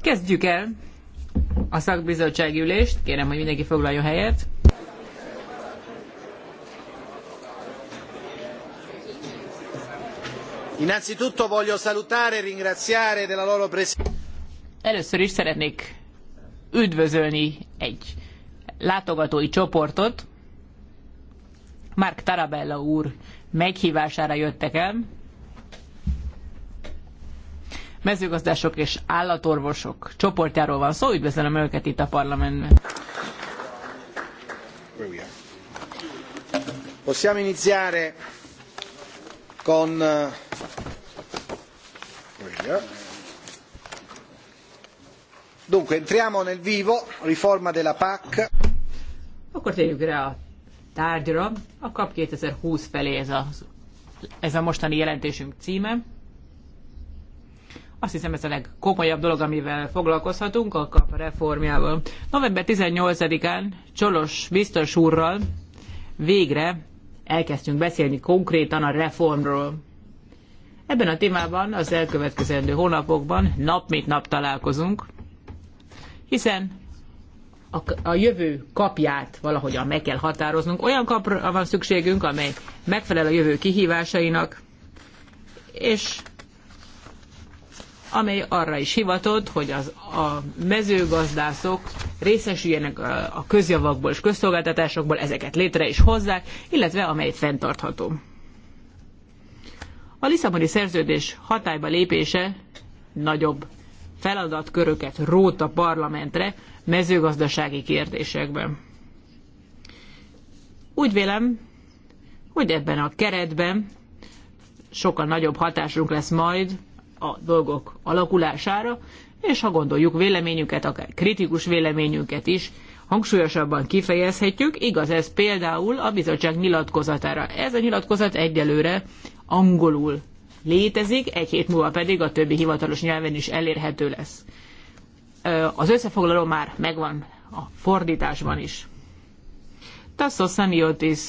Kezdjük el a szakbizottság ülést. Kérem, hogy mindenki foglaljon helyet. Innanzitutto voglio salutare e ringraziare della loro Először is szeretnék üdvözölni egy látogatói csoportot. Mark Tarabella úr meghívására jöttek el mezőgazdások és állatorvosok csoportjáról van szó. Üdvözlöm őket itt a parlamentben. Possiamo iniziare con eh, Dunque, entriamo nel vivo, riforma della PAC. Akkor térjük rá a tárgyra. A KAP 2020 felé ez a, ez a mostani jelentésünk címe. Azt hiszem ez a legkomolyabb dolog, amivel foglalkozhatunk a KAP reformjával. November 18-án Csolos biztos úrral végre elkezdtünk beszélni konkrétan a reformról. Ebben a témában az elkövetkezendő hónapokban nap mint nap találkozunk, hiszen a, a jövő kapját valahogyan meg kell határoznunk. Olyan kapra van szükségünk, amely megfelel a jövő kihívásainak, és amely arra is hivatott, hogy az, a mezőgazdászok részesüljenek a, a közjavakból és közszolgáltatásokból, ezeket létre is hozzák, illetve amely fenntartható. A Lisszaboni szerződés hatályba lépése nagyobb feladatköröket rót a parlamentre mezőgazdasági kérdésekben. Úgy vélem, hogy ebben a keretben sokkal nagyobb hatásunk lesz majd a dolgok alakulására, és ha gondoljuk véleményünket, akár kritikus véleményünket is, hangsúlyosabban kifejezhetjük, igaz ez például a bizottság nyilatkozatára. Ez a nyilatkozat egyelőre angolul létezik, egy hét múlva pedig a többi hivatalos nyelven is elérhető lesz. Az összefoglaló már megvan a fordításban is. Tasso Semiotis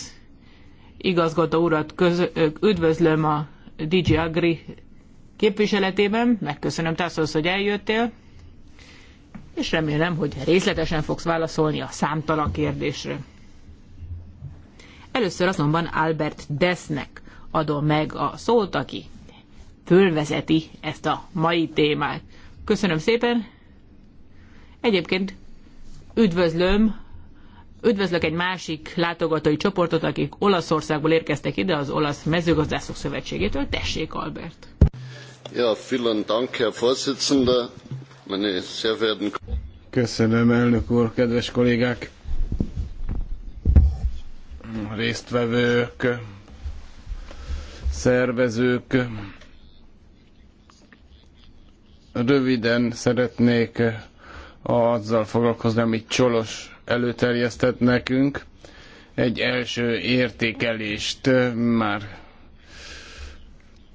igazgató urat köz, üdvözlöm a DJ Agri képviseletében. Megköszönöm, Tászorsz, hogy eljöttél, és remélem, hogy részletesen fogsz válaszolni a számtalan kérdésre. Először azonban Albert Desznek adom meg a szót, aki fölvezeti ezt a mai témát. Köszönöm szépen! Egyébként üdvözlöm, üdvözlök egy másik látogatói csoportot, akik Olaszországból érkeztek ide, az Olasz Mezőgazdászok Szövetségétől. Tessék, Albert! Köszönöm, elnök úr, kedves kollégák, résztvevők, szervezők. Röviden szeretnék azzal foglalkozni, amit Csolos előterjesztett nekünk. Egy első értékelést már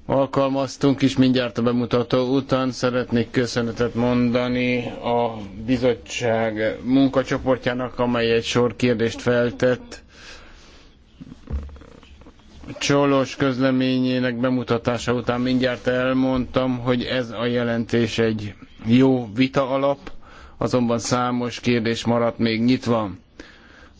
alkalmaztunk is. Mindjárt a bemutató után szeretnék köszönetet mondani a bizottság munkacsoportjának, amely egy sor kérdést feltett. Csolos közleményének bemutatása után mindjárt elmondtam, hogy ez a jelentés egy jó vita alap, azonban számos kérdés maradt még nyitva.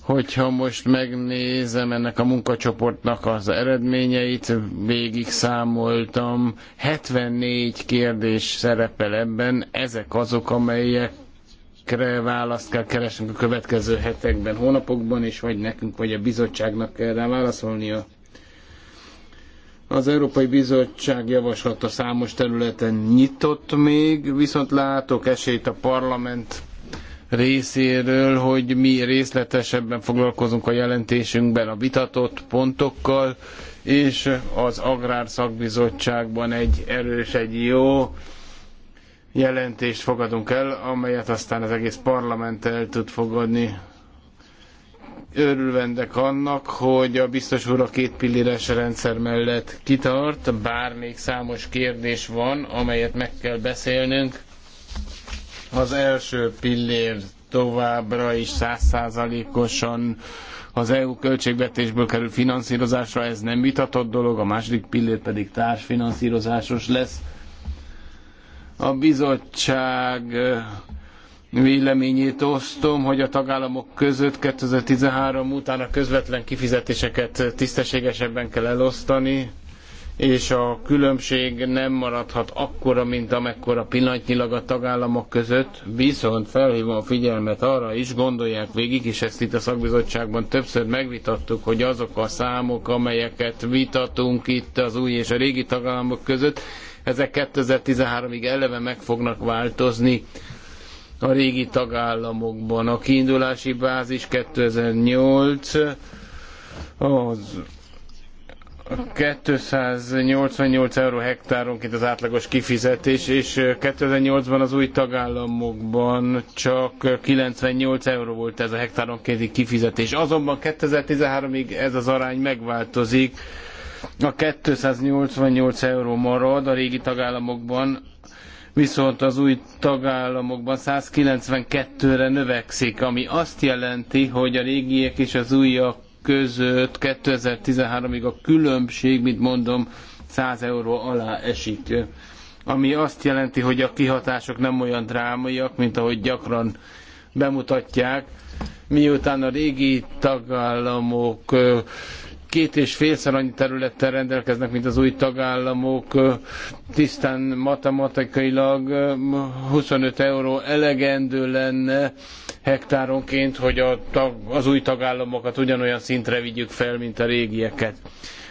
Hogyha most megnézem ennek a munkacsoportnak az eredményeit, végig számoltam, 74 kérdés szerepel ebben, ezek azok, amelyek választ kell keresnünk a következő hetekben, hónapokban, is, vagy nekünk, vagy a bizottságnak kell rá válaszolnia. Az Európai Bizottság javaslata számos területen nyitott még, viszont látok esélyt a parlament részéről, hogy mi részletesebben foglalkozunk a jelentésünkben a vitatott pontokkal, és az Agrárszakbizottságban egy erős, egy jó jelentést fogadunk el, amelyet aztán az egész parlament el tud fogadni. Örülvendek annak, hogy a biztos úr a két pilléres rendszer mellett kitart, bár még számos kérdés van, amelyet meg kell beszélnünk az első pillér továbbra is százszázalékosan az EU költségvetésből kerül finanszírozásra, ez nem vitatott dolog, a második pillér pedig társfinanszírozásos lesz. A bizottság véleményét osztom, hogy a tagállamok között 2013 után a közvetlen kifizetéseket tisztességesebben kell elosztani, és a különbség nem maradhat akkora, mint amekkora pillanatnyilag a tagállamok között, viszont felhívom a figyelmet arra is, gondolják végig, és ezt itt a szakbizottságban többször megvitattuk, hogy azok a számok, amelyeket vitatunk itt az új és a régi tagállamok között, ezek 2013-ig eleve meg fognak változni a régi tagállamokban. A kiindulási bázis 2008, az 288 euró hektáronként az átlagos kifizetés, és 2008-ban az új tagállamokban csak 98 euró volt ez a hektáronkénti kifizetés. Azonban 2013-ig ez az arány megváltozik. A 288 euró marad a régi tagállamokban, viszont az új tagállamokban 192-re növekszik, ami azt jelenti, hogy a régiek és az újak között 2013-ig a különbség, mint mondom, 100 euró alá esik. Ami azt jelenti, hogy a kihatások nem olyan drámaiak, mint ahogy gyakran bemutatják, miután a régi tagállamok két és félszer annyi területtel rendelkeznek, mint az új tagállamok, tisztán matematikailag 25 euró elegendő lenne hektáronként, hogy a tag, az új tagállamokat ugyanolyan szintre vigyük fel, mint a régieket.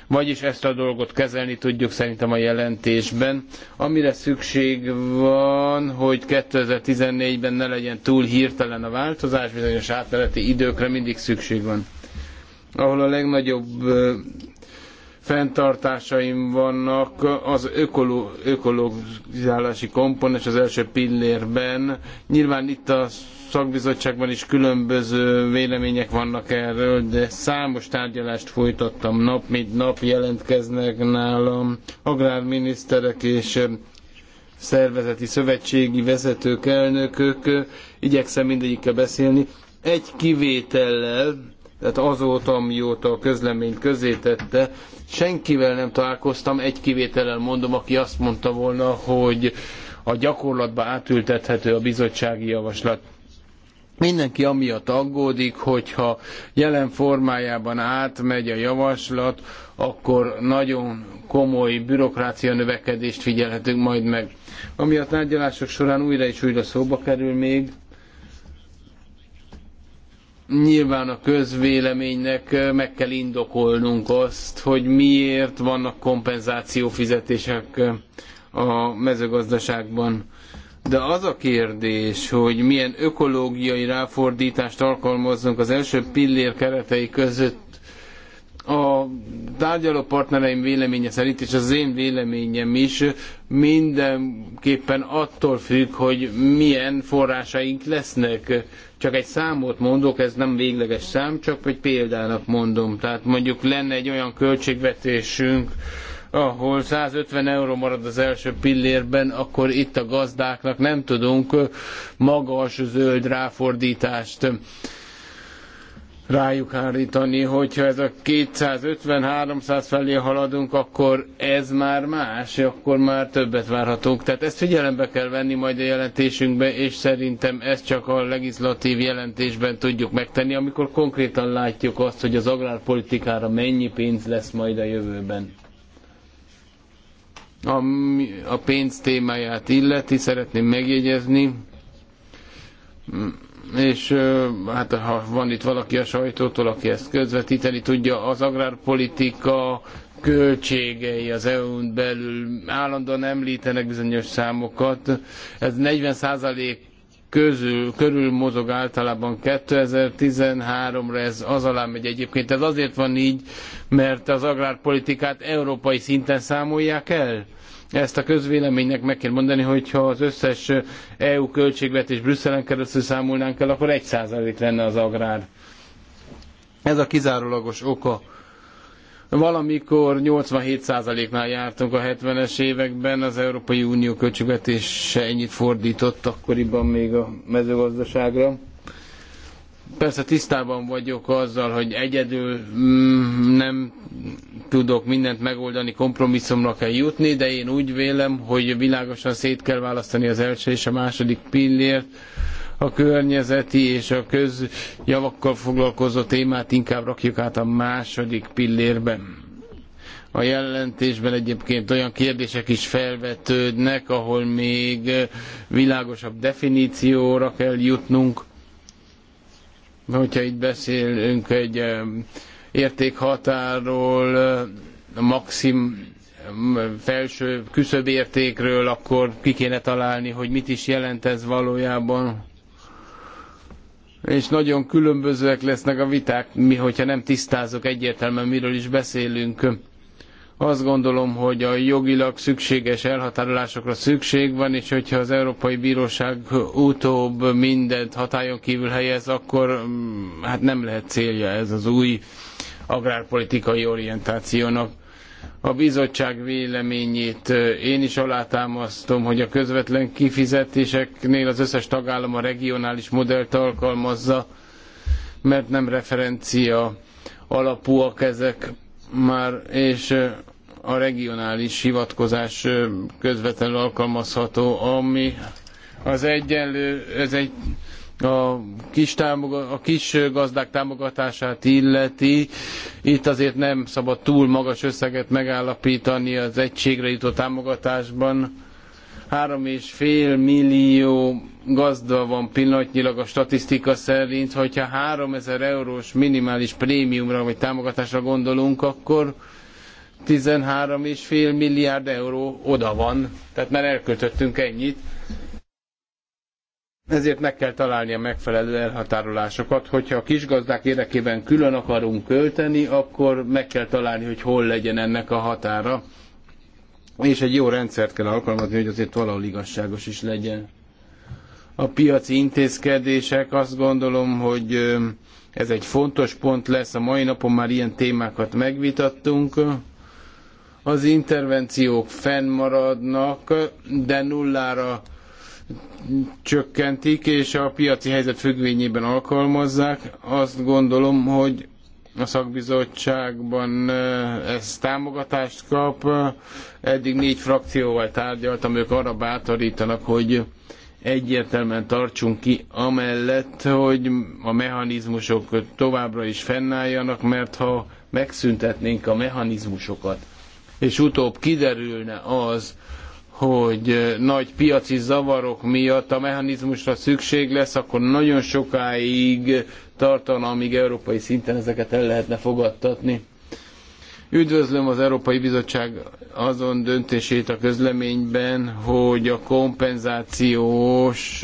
Vagyis ezt a dolgot kezelni tudjuk szerintem a jelentésben. Amire szükség van, hogy 2014-ben ne legyen túl hirtelen a változás, bizonyos átmeneti időkre mindig szükség van. Ahol a legnagyobb fenntartásaim vannak az ökolo, ökologizálási komponens az első pillérben. Nyilván itt az szakbizottságban is különböző vélemények vannak erről, de számos tárgyalást folytattam nap, mint nap jelentkeznek nálam agrárminiszterek és szervezeti szövetségi vezetők, elnökök, igyekszem mindegyikkel beszélni. Egy kivétellel, tehát azóta, mióta a közleményt tette, senkivel nem találkoztam, egy kivétellel mondom, aki azt mondta volna, hogy a gyakorlatba átültethető a bizottsági javaslat. Mindenki amiatt aggódik, hogyha jelen formájában átmegy a javaslat, akkor nagyon komoly bürokrácia növekedést figyelhetünk majd meg. Ami a tárgyalások során újra és újra szóba kerül még, nyilván a közvéleménynek meg kell indokolnunk azt, hogy miért vannak kompenzáció fizetések a mezőgazdaságban de az a kérdés, hogy milyen ökológiai ráfordítást alkalmazzunk az első pillér keretei között, a tárgyaló partnereim véleménye szerint, és az én véleményem is mindenképpen attól függ, hogy milyen forrásaink lesznek. Csak egy számot mondok, ez nem végleges szám, csak egy példának mondom. Tehát mondjuk lenne egy olyan költségvetésünk, ahol 150 euró marad az első pillérben, akkor itt a gazdáknak nem tudunk magas zöld ráfordítást rájuk állítani, hogyha ez a 250-300 felé haladunk, akkor ez már más, akkor már többet várhatunk. Tehát ezt figyelembe kell venni majd a jelentésünkbe, és szerintem ezt csak a legislatív jelentésben tudjuk megtenni, amikor konkrétan látjuk azt, hogy az agrárpolitikára mennyi pénz lesz majd a jövőben. A, a pénz témáját illeti, szeretném megjegyezni, és hát ha van itt valaki a sajtótól, aki ezt közvetíteni tudja, az agrárpolitika költségei az EU-n belül állandóan említenek bizonyos számokat. Ez 40 százalék közül, körül mozog általában 2013-ra, ez az alá megy egyébként. Ez azért van így, mert az agrárpolitikát európai szinten számolják el. Ezt a közvéleménynek meg kell mondani, hogy ha az összes EU költségvetés Brüsszelen keresztül számolnánk el, akkor 1% lenne az agrár. Ez a kizárólagos oka Valamikor 87%-nál jártunk a 70-es években, az Európai Unió költségvetése ennyit fordított akkoriban még a mezőgazdaságra. Persze tisztában vagyok azzal, hogy egyedül mm, nem tudok mindent megoldani, kompromisszumra kell jutni, de én úgy vélem, hogy világosan szét kell választani az első és a második pillért a környezeti és a közjavakkal foglalkozó témát inkább rakjuk át a második pillérbe. A jelentésben egyébként olyan kérdések is felvetődnek, ahol még világosabb definícióra kell jutnunk. Hogyha itt beszélünk egy eh, értékhatáról, eh, maxim eh, felső küszöbértékről, akkor ki kéne találni, hogy mit is jelent ez valójában és nagyon különbözőek lesznek a viták, mi, hogyha nem tisztázok egyértelműen, miről is beszélünk. Azt gondolom, hogy a jogilag szükséges elhatárolásokra szükség van, és hogyha az Európai Bíróság utóbb mindent hatályon kívül helyez, akkor mm, hát nem lehet célja ez az új agrárpolitikai orientációnak a bizottság véleményét. Én is alátámasztom, hogy a közvetlen kifizetéseknél az összes tagállam a regionális modellt alkalmazza, mert nem referencia alapúak ezek már, és a regionális hivatkozás közvetlenül alkalmazható, ami az egyenlő, ez egy a kis, a kis gazdák támogatását illeti, itt azért nem szabad túl magas összeget megállapítani az egységre jutó támogatásban. 3,5 millió gazda van pillanatnyilag a statisztika szerint, hogyha 3000 eurós minimális prémiumra vagy támogatásra gondolunk, akkor 13,5 milliárd euró oda van, tehát már elköltöttünk ennyit ezért meg kell találni a megfelelő elhatárolásokat, hogyha a kisgazdák érdekében külön akarunk költeni, akkor meg kell találni, hogy hol legyen ennek a határa. És egy jó rendszert kell alkalmazni, hogy azért valahol igazságos is legyen. A piaci intézkedések azt gondolom, hogy ez egy fontos pont lesz. A mai napon már ilyen témákat megvitattunk az intervenciók fennmaradnak, de nullára csökkentik, és a piaci helyzet függvényében alkalmazzák. Azt gondolom, hogy a szakbizottságban ez támogatást kap. Eddig négy frakcióval tárgyaltam, ők arra bátorítanak, hogy egyértelműen tartsunk ki amellett, hogy a mechanizmusok továbbra is fennálljanak, mert ha megszüntetnénk a mechanizmusokat, és utóbb kiderülne az, hogy nagy piaci zavarok miatt a mechanizmusra szükség lesz, akkor nagyon sokáig tartana, amíg európai szinten ezeket el lehetne fogadtatni. Üdvözlöm az Európai Bizottság azon döntését a közleményben, hogy a kompenzációs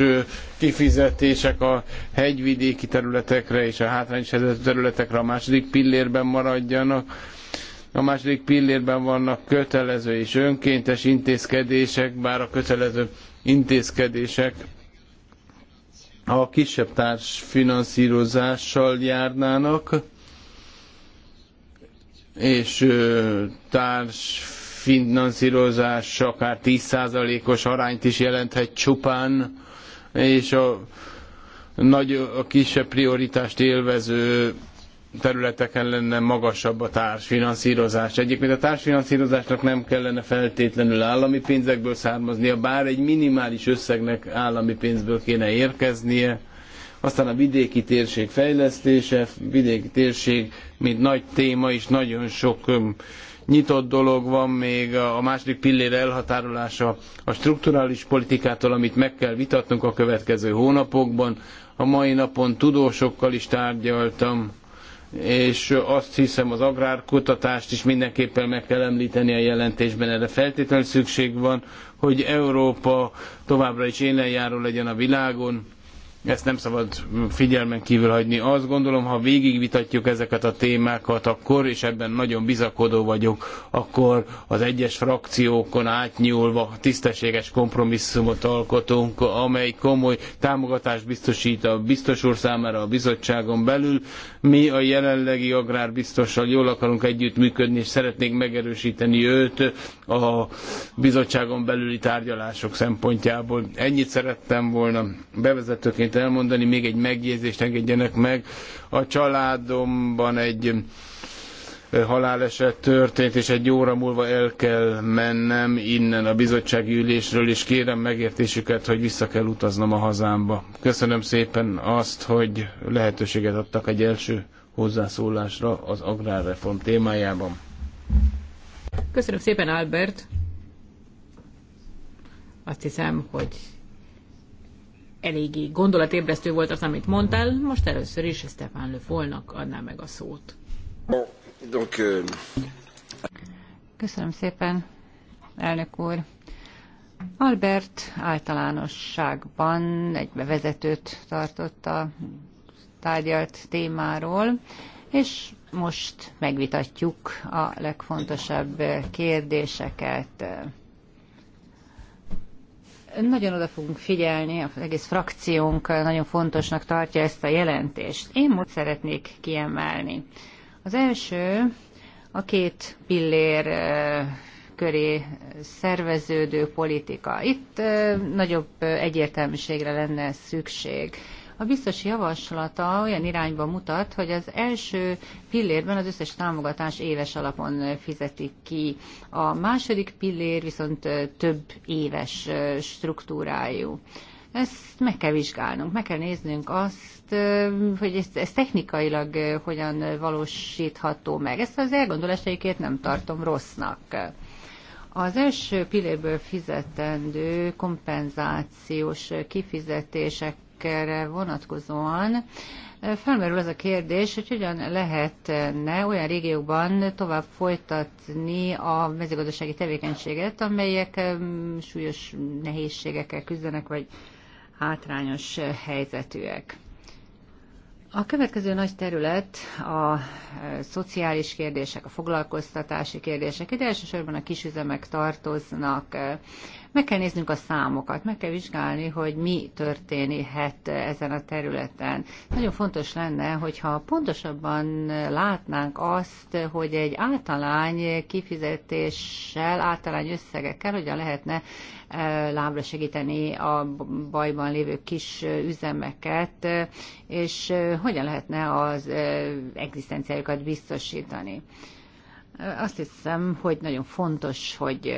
kifizetések a hegyvidéki területekre és a hátrányos területekre a második pillérben maradjanak a második pillérben vannak kötelező és önkéntes intézkedések, bár a kötelező intézkedések a kisebb társfinanszírozással járnának, és társfinanszírozás akár 10%-os arányt is jelenthet csupán, és a, nagy, a kisebb prioritást élvező területeken lenne magasabb a társfinanszírozás. Egyébként a társfinanszírozásnak nem kellene feltétlenül állami pénzekből származnia, bár egy minimális összegnek állami pénzből kéne érkeznie. Aztán a vidéki térség fejlesztése, vidéki térség, mint nagy téma is, nagyon sok nyitott dolog van még, a második pillér elhatárolása a strukturális politikától, amit meg kell vitatnunk a következő hónapokban. A mai napon tudósokkal is tárgyaltam, és azt hiszem az agrárkutatást is mindenképpen meg kell említeni a jelentésben, erre feltétlenül szükség van, hogy Európa továbbra is élenjáró legyen a világon, ezt nem szabad figyelmen kívül hagyni. Azt gondolom, ha végigvitatjuk ezeket a témákat, akkor, és ebben nagyon bizakodó vagyok, akkor az egyes frakciókon átnyúlva tisztességes kompromisszumot alkotunk, amely komoly támogatást biztosít a biztos úr számára a bizottságon belül. Mi a jelenlegi agrárbiztossal jól akarunk együttműködni, és szeretnénk megerősíteni őt a bizottságon belüli tárgyalások szempontjából. Ennyit szerettem volna bevezetőként valamit elmondani, még egy megjegyzést engedjenek meg. A családomban egy eh, haláleset történt, és egy óra múlva el kell mennem innen a bizottsági ülésről, és kérem megértésüket, hogy vissza kell utaznom a hazámba. Köszönöm szépen azt, hogy lehetőséget adtak egy első hozzászólásra az agrárreform témájában. Köszönöm szépen, Albert! Azt hiszem, hogy eléggé gondolatébresztő volt az, amit mondtál. Most először is Stefan Le Folnak adná meg a szót. Euh, Köszönöm szépen, elnök úr. Albert általánosságban egy bevezetőt tartott a tárgyalt témáról, és most megvitatjuk a legfontosabb kérdéseket. Nagyon oda fogunk figyelni, az egész frakciónk nagyon fontosnak tartja ezt a jelentést. Én most szeretnék kiemelni. Az első a két pillér köré szerveződő politika. Itt nagyobb egyértelműségre lenne szükség. A biztos javaslata olyan irányba mutat, hogy az első pillérben az összes támogatás éves alapon fizetik ki. A második pillér viszont több éves struktúrájú. Ezt meg kell vizsgálnunk, meg kell néznünk azt, hogy ez, ez technikailag hogyan valósítható meg. Ezt az elgondolásaikért nem tartom rossznak. Az első pillérből fizetendő kompenzációs kifizetések gyerekekre vonatkozóan felmerül az a kérdés, hogy hogyan lehetne olyan régiókban tovább folytatni a mezőgazdasági tevékenységet, amelyek súlyos nehézségekkel küzdenek, vagy hátrányos helyzetűek. A következő nagy terület a e, szociális kérdések, a foglalkoztatási kérdések. Ide elsősorban a kisüzemek tartoznak. E, meg kell néznünk a számokat, meg kell vizsgálni, hogy mi történhet ezen a területen. Nagyon fontos lenne, hogyha pontosabban látnánk azt, hogy egy általány kifizetéssel, általány összegekkel hogyan lehetne e, lábra segíteni a bajban lévő kis üzemeket, és hogyan lehetne az e, egzisztenciájukat biztosítani. Azt hiszem, hogy nagyon fontos, hogy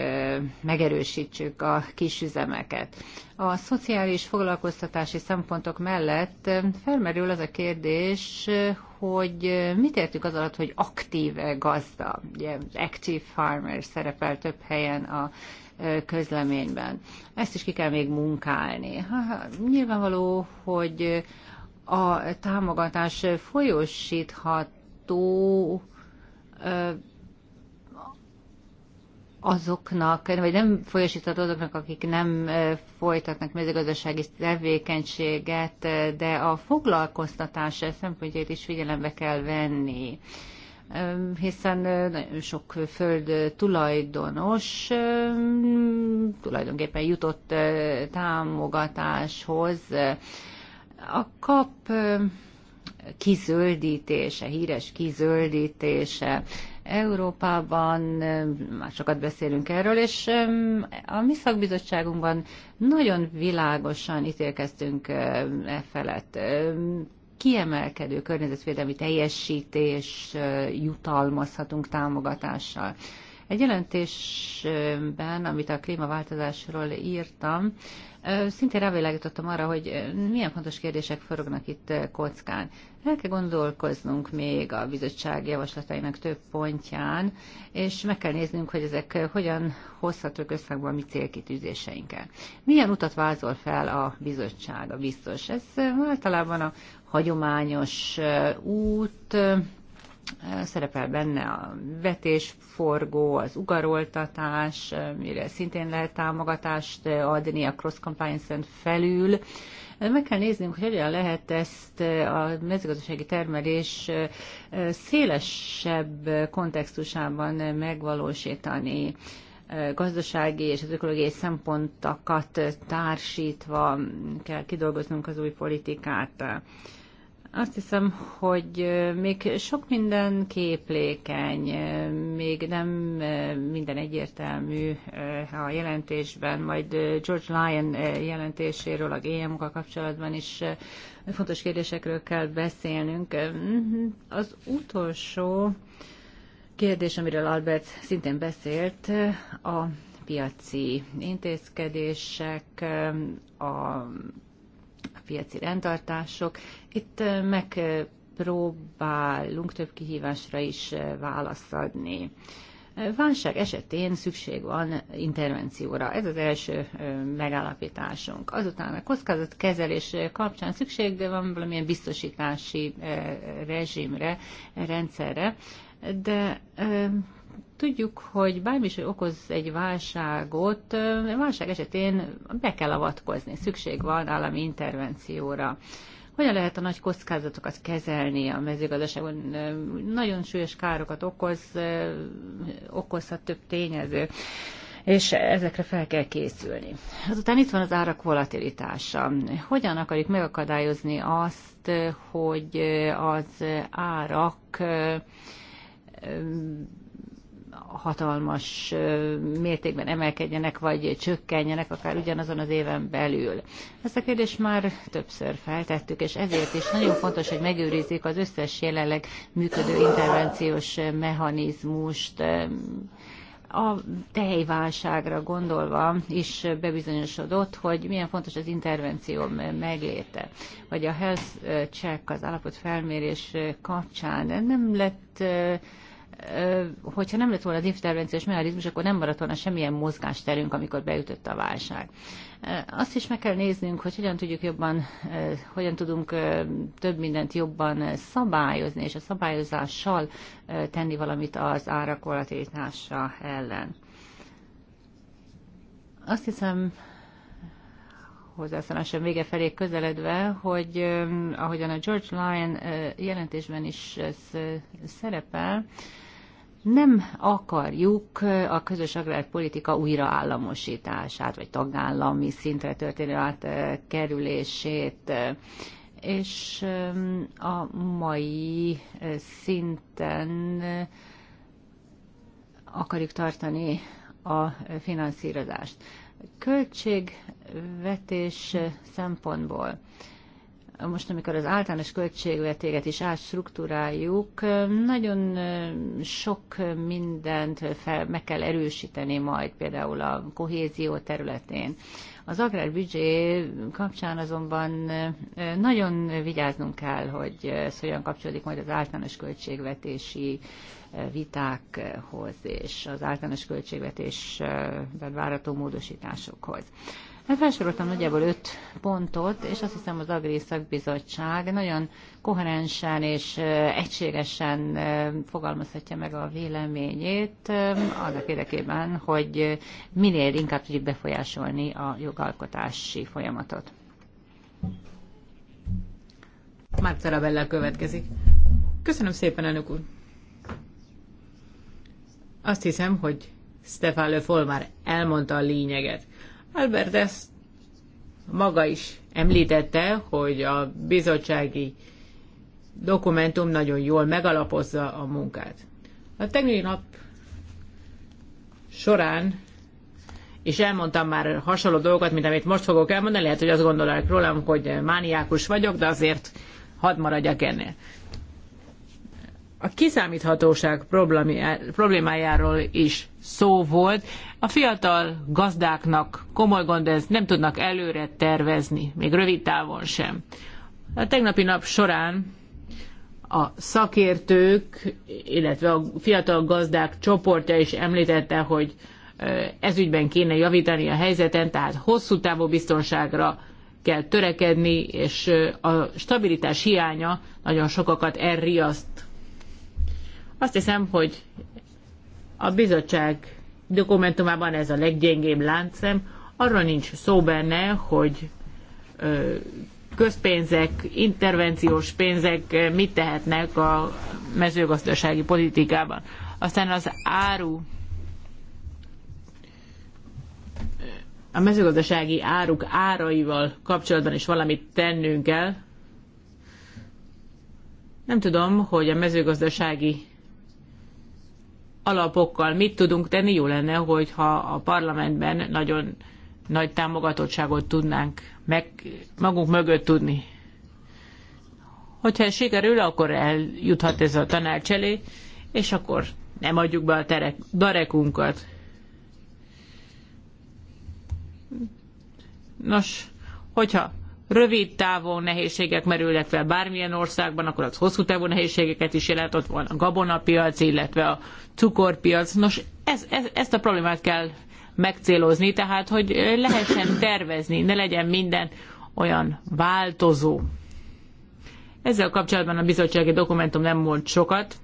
megerősítsük a kisüzemeket. A szociális foglalkoztatási szempontok mellett felmerül az a kérdés, hogy mit értük az alatt, hogy aktív gazda, ugye active farmer szerepel több helyen a közleményben. Ezt is ki kell még munkálni. Ha, nyilvánvaló, hogy a támogatás folyósítható azoknak, vagy nem folyosított azoknak, akik nem e, folytatnak mezőgazdasági tevékenységet, e, de a foglalkoztatás szempontjait is figyelembe kell venni e, hiszen nagyon sok föld tulajdonos tulajdonképpen jutott támogatáshoz. A kap kizöldítése, híres kizöldítése. Európában, már sokat beszélünk erről, és a mi szakbizottságunkban nagyon világosan ítélkeztünk e felett kiemelkedő környezetvédelmi teljesítés jutalmazhatunk támogatással. Egy jelentésben, amit a klímaváltozásról írtam, szintén rávilágítottam arra, hogy milyen fontos kérdések forognak itt kockán. El kell gondolkoznunk még a bizottság javaslatainak több pontján, és meg kell néznünk, hogy ezek hogyan hozhatók összhangba a mi célkitűzéseinkkel. Milyen utat vázol fel a bizottság, a biztos? Ez általában a hagyományos út, szerepel benne a vetésforgó, az ugaroltatás, mire szintén lehet támogatást adni a cross compliance felül. Meg kell néznünk, hogy hogyan lehet ezt a mezőgazdasági termelés szélesebb kontextusában megvalósítani gazdasági és az ökológiai szempontokat társítva kell kidolgoznunk az új politikát. Azt hiszem, hogy még sok minden képlékeny, még nem minden egyértelmű a jelentésben, majd George Lyon jelentéséről, a GM-kal kapcsolatban is fontos kérdésekről kell beszélnünk. M-hm, az utolsó kérdés, amiről Albert szintén beszélt, a piaci intézkedések, a piaci rendtartások. Itt megpróbálunk több kihívásra is választ adni. Válság esetén szükség van intervencióra. Ez az első megállapításunk. Azután a kezelés kapcsán szükség van valamilyen biztosítási rezsimre, rendszerre, de Tudjuk, hogy bármi is okoz egy válságot, válság esetén be kell avatkozni, szükség van állami intervencióra. Hogyan lehet a nagy kockázatokat kezelni a mezőgazdaságon? Nagyon súlyos károkat okoz, okozhat több tényező és ezekre fel kell készülni. Azután itt van az árak volatilitása. Hogyan akarjuk megakadályozni azt, hogy az árak hatalmas mértékben emelkedjenek, vagy csökkenjenek, akár ugyanazon az éven belül. Ezt a kérdést már többször feltettük, és ezért is nagyon fontos, hogy megőrizzük az összes jelenleg működő intervenciós mechanizmust, a tejválságra gondolva is bebizonyosodott, hogy milyen fontos az intervenció megléte. Vagy a health check, az állapotfelmérés kapcsán nem lett hogyha nem lett volna az intervenciós mechanizmus, akkor nem maradt volna semmilyen mozgásterünk, amikor beütött a válság. Azt is meg kell néznünk, hogy hogyan tudjuk jobban, hogyan tudunk több mindent jobban szabályozni, és a szabályozással tenni valamit az árak volatilitása ellen. Azt hiszem, hozzászólásom vége felé közeledve, hogy ahogyan a George Lyon jelentésben is szerepel, nem akarjuk a közös agrárpolitika újraállamosítását, vagy tagállami szintre történő átkerülését, és a mai szinten akarjuk tartani a finanszírozást. Költségvetés szempontból most, amikor az általános költségvetéget is átstruktúráljuk, nagyon sok mindent fel, meg kell erősíteni majd, például a kohézió területén. Az agrárbüdzsé kapcsán azonban nagyon vigyáznunk kell, hogy ez hogyan kapcsolódik majd az általános költségvetési vitákhoz és az általános költségvetésben várató módosításokhoz. Hát felsoroltam nagyjából öt pontot, és azt hiszem az Agri Szakbizottság nagyon koherensen és egységesen fogalmazhatja meg a véleményét annak érdekében, hogy minél inkább tudjuk befolyásolni a jogalkotási folyamatot. Már Tarabella következik. Köszönöm szépen, elnök úr. Azt hiszem, hogy Stefan Le már elmondta a lényeget. Albert ezt maga is említette, hogy a bizottsági dokumentum nagyon jól megalapozza a munkát. A tegnap során, és elmondtam már hasonló dolgokat, mint amit most fogok elmondani, lehet, hogy azt gondolják rólam, hogy mániákus vagyok, de azért hadd maradjak ennél a kiszámíthatóság problémájáról is szó volt. A fiatal gazdáknak komoly gond ez, nem tudnak előre tervezni, még rövid távon sem. A tegnapi nap során a szakértők, illetve a fiatal gazdák csoportja is említette, hogy ez ügyben kéne javítani a helyzeten, tehát hosszú távú biztonságra kell törekedni, és a stabilitás hiánya nagyon sokakat elriaszt azt hiszem, hogy a bizottság dokumentumában ez a leggyengébb láncszem. Arról nincs szó benne, hogy közpénzek, intervenciós pénzek mit tehetnek a mezőgazdasági politikában. Aztán az áru a mezőgazdasági áruk áraival kapcsolatban is valamit tennünk kell. Nem tudom, hogy a mezőgazdasági alapokkal mit tudunk tenni, jó lenne, hogyha a parlamentben nagyon nagy támogatottságot tudnánk meg, magunk mögött tudni. Hogyha ez sikerül, akkor eljuthat ez a tanács elé, és akkor nem adjuk be a terek, darekunkat. Nos, hogyha rövid távon nehézségek merülnek fel bármilyen országban, akkor az hosszú távú nehézségeket is jelent, ott van a gabonapiac, illetve a cukorpiac. Nos, ez, ez, ezt a problémát kell megcélozni, tehát hogy lehessen tervezni, ne legyen minden olyan változó. Ezzel kapcsolatban a bizottsági dokumentum nem mond sokat.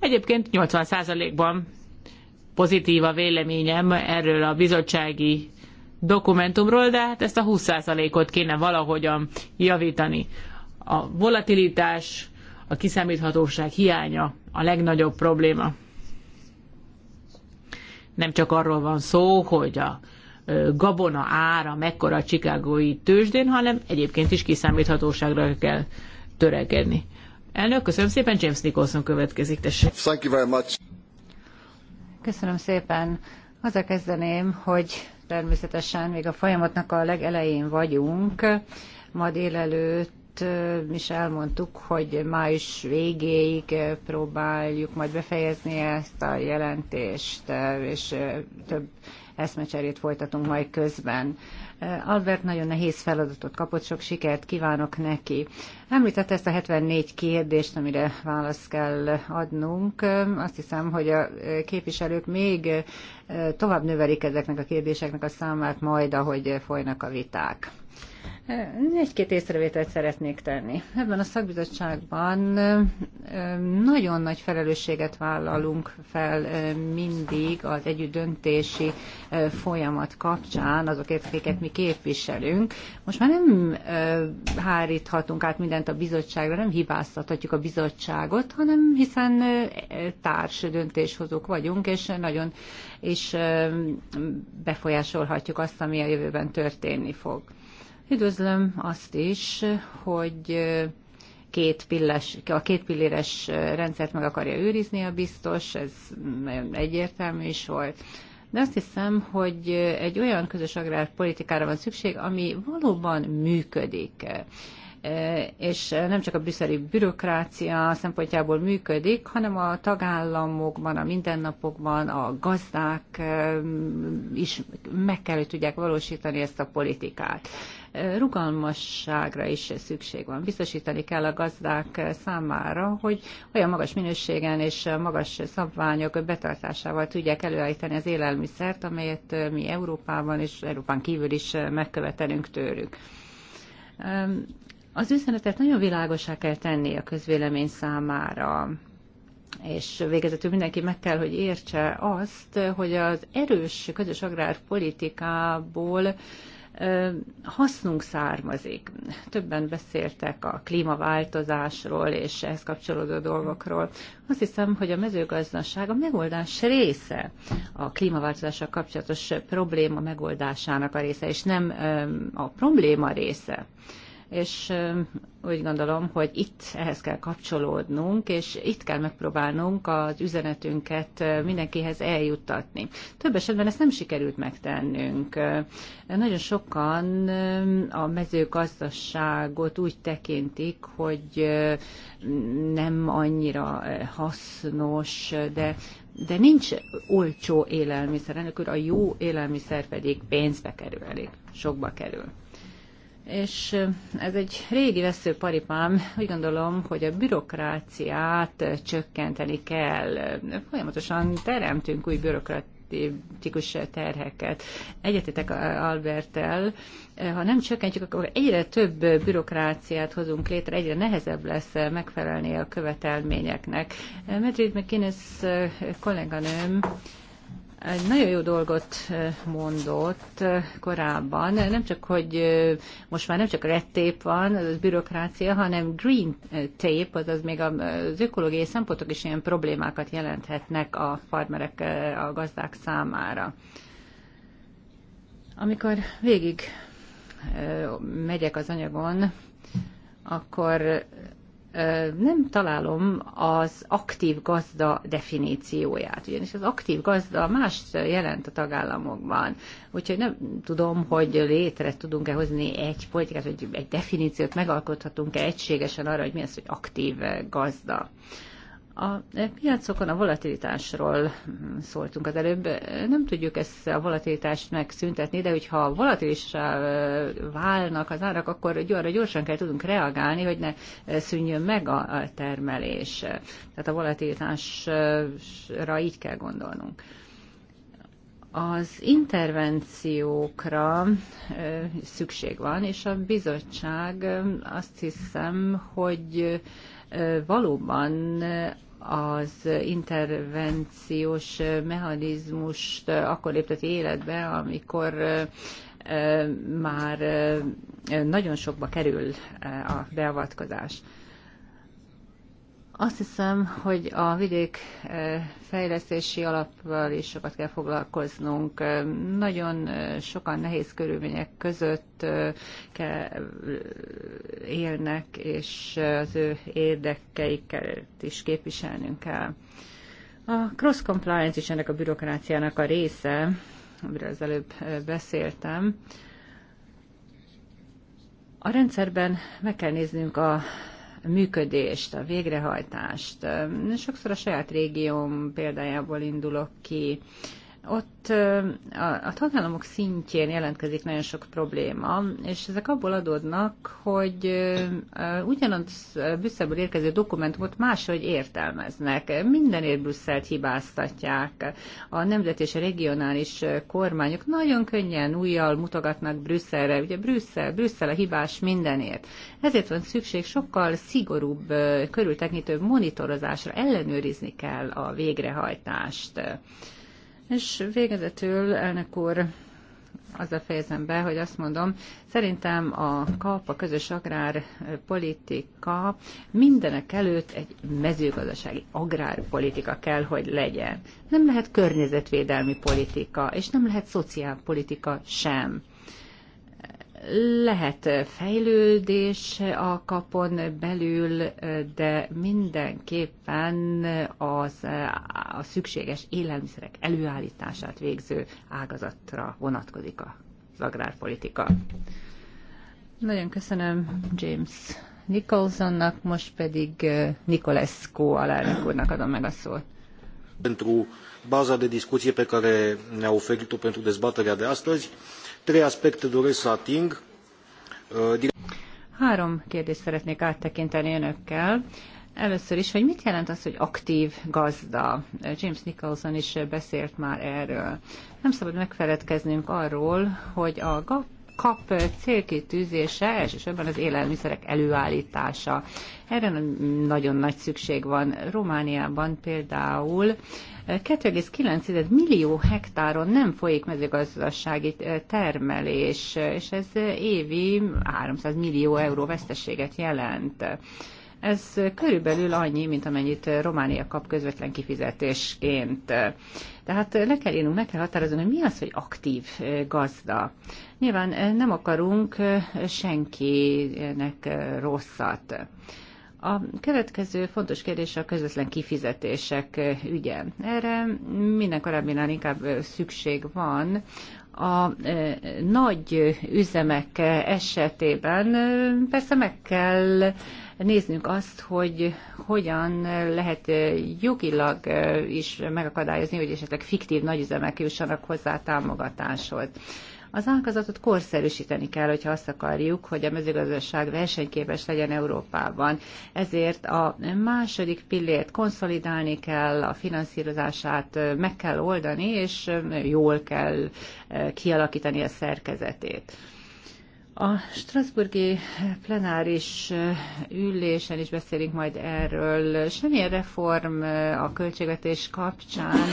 Egyébként 80%-ban pozitív a véleményem erről a bizottsági dokumentumról, de hát ezt a 20%-ot kéne valahogyan javítani. A volatilitás, a kiszámíthatóság hiánya a legnagyobb probléma. Nem csak arról van szó, hogy a gabona ára mekkora a csikágói tőzsdén, hanem egyébként is kiszámíthatóságra kell törekedni. Elnök, köszönöm szépen, James Nicholson következik, tessék. Thank you very much. Köszönöm szépen. Azzal kezdeném, hogy Természetesen még a folyamatnak a legelején vagyunk. Ma délelőtt is elmondtuk, hogy május végéig próbáljuk majd befejezni ezt a jelentést, és több eszmecserét folytatunk majd közben. Eh, Albert nagyon nehéz feladatot kapott, sok sikert kívánok neki. Említette ezt a 74 kérdést, amire választ kell adnunk. Eh, azt hiszem, hogy a eh, képviselők még tovább növelik ezeknek a kérdéseknek a számát majd, ahogy folynak a viták. Egy-két észrevételt szeretnék tenni. Ebben a szakbizottságban nagyon nagy felelősséget vállalunk fel mindig az együtt döntési folyamat kapcsán, azokért, akiket mi képviselünk. Most már nem háríthatunk át mindent a bizottságra, nem hibáztathatjuk a bizottságot, hanem hiszen társ döntéshozók vagyunk, és nagyon is befolyásolhatjuk azt, ami a jövőben történni fog. Üdvözlöm azt is, hogy két pilles, a két pilléres rendszert meg akarja őrizni a biztos, ez nagyon egyértelmű is volt. De azt hiszem, hogy egy olyan közös agrárpolitikára van szükség, ami valóban működik és nem csak a brüsszeli bürokrácia szempontjából működik, hanem a tagállamokban, a mindennapokban a gazdák is meg kell, hogy tudják valósítani ezt a politikát rugalmasságra is szükség van. Biztosítani kell a gazdák számára, hogy olyan magas minőségen és magas szabványok betartásával tudják előállítani az élelmiszert, amelyet mi Európában és Európán kívül is megkövetelünk tőlük. Az üzenetet nagyon világosá kell tenni a közvélemény számára, és végezetül mindenki meg kell, hogy értse azt, hogy az erős közös agrárpolitikából hasznunk származik. Többen beszéltek a klímaváltozásról és ehhez kapcsolódó dolgokról. Azt hiszem, hogy a mezőgazdaság a megoldás része, a klímaváltozással kapcsolatos probléma megoldásának a része, és nem a probléma része és úgy gondolom, hogy itt ehhez kell kapcsolódnunk, és itt kell megpróbálnunk az üzenetünket mindenkihez eljuttatni. Több esetben ezt nem sikerült megtennünk. Nagyon sokan a mezőgazdaságot úgy tekintik, hogy nem annyira hasznos, de de nincs olcsó élelmiszer, ennek a jó élelmiszer pedig pénzbe kerül elég, sokba kerül és ez egy régi veszőparipám. Úgy gondolom, hogy a bürokráciát csökkenteni kell. Folyamatosan teremtünk új bürokratikus terheket. Egyetetek Albertel, ha nem csökkentjük, akkor egyre több bürokráciát hozunk létre, egyre nehezebb lesz megfelelni a követelményeknek. Madrid McInnes kolléganőm egy nagyon jó dolgot mondott korábban, nem csak, hogy most már nem csak red tape van, az bürokrácia, hanem green tape, azaz még az ökológiai szempontok is ilyen problémákat jelenthetnek a farmerek, a gazdák számára. Amikor végig megyek az anyagon, akkor nem találom az aktív gazda definícióját, ugyanis az aktív gazda más jelent a tagállamokban. Úgyhogy nem tudom, hogy létre tudunk-e hozni egy politikát, vagy egy definíciót megalkothatunk-e egységesen arra, hogy mi az, hogy aktív gazda. A piacokon a volatilitásról szóltunk az előbb. Nem tudjuk ezt a volatilitást megszüntetni, de hogyha volatilissá válnak az árak, akkor arra gyorsan kell tudunk reagálni, hogy ne szűnjön meg a termelés. Tehát a volatilitásra így kell gondolnunk. Az intervenciókra szükség van, és a bizottság azt hiszem, hogy valóban az intervenciós mechanizmust akkor lépteti életbe, amikor már nagyon sokba kerül a beavatkozás. Azt hiszem, hogy a vidék eh, fejlesztési alapval is sokat kell foglalkoznunk. Eh, nagyon eh, sokan nehéz körülmények között élnek, és az ő érdekeiket is képviselnünk kell. A cross-compliance is ennek a bürokráciának a része, amiről az előbb beszéltem. A rendszerben meg kell néznünk a működést, a végrehajtást. Sokszor a saját régióm példájából indulok ki ott a, a tagállamok szintjén jelentkezik nagyon sok probléma, és ezek abból adódnak, hogy ugyanaz Brüsszelből érkező dokumentumot máshogy értelmeznek. Mindenért Brüsszelt hibáztatják. A nemzet és a regionális kormányok nagyon könnyen újjal mutogatnak Brüsszelre. Ugye Brüsszel, Brüsszel a hibás mindenért. Ezért van szükség sokkal szigorúbb, körültekintőbb monitorozásra ellenőrizni kell a végrehajtást. És végezetül, elnök úr, azzal fejezem be, hogy azt mondom, szerintem a KAP, a közös agrárpolitika eh, mindenek előtt egy mezőgazdasági agrárpolitika kell, hogy legyen. Nem lehet környezetvédelmi politika, és nem lehet szociálpolitika sem. Lehet fejlődés a kapon belül, de mindenképpen az, a szükséges élelmiszerek előállítását végző ágazatra vonatkozik az agrárpolitika. Nagyon köszönöm James Nicholsonnak, most pedig eh, Nicolescu alelnök úrnak adom meg a szót. Pentru baza de discuție pe care ne-a oferit-o pentru dezbaterea de astăzi, Trei aspecte doresc să ating. Uh, Három kérdést szeretnék áttekinteni önökkel. Először is, hogy mit jelent az, hogy aktív gazda? James Nicholson is beszélt már erről. Nem szabad megfeledkeznünk arról, hogy a GAP kap célkitűzése elsősorban az élelmiszerek előállítása. Erre nagyon nagy szükség van. Romániában például 2,9 millió hektáron nem folyik mezőgazdasági termelés, és ez évi 300 millió euró veszteséget jelent. Ez körülbelül annyi, mint amennyit Románia kap közvetlen kifizetésként. Tehát le kell írnunk, meg kell határozni, hogy mi az, hogy aktív eh, gazda. Nyilván eh, nem akarunk eh, senkinek rosszat. A következő fontos kérdés a közvetlen kifizetések ügye. Erre minden korábbinál inkább szükség van. A nagy üzemek esetében persze meg kell néznünk azt, hogy hogyan lehet jogilag is megakadályozni, hogy esetleg fiktív nagyüzemek jussanak hozzá támogatáshoz. Az ágazatot korszerűsíteni kell, hogyha azt akarjuk, hogy a mezőgazdaság versenyképes legyen Európában. Ezért a második pillért konszolidálni kell, a finanszírozását meg kell oldani, és jól kell kialakítani a szerkezetét. A Strasburgi plenáris eh, ülésen is beszélünk majd erről. Semmilyen reform eh, a költségvetés kapcsán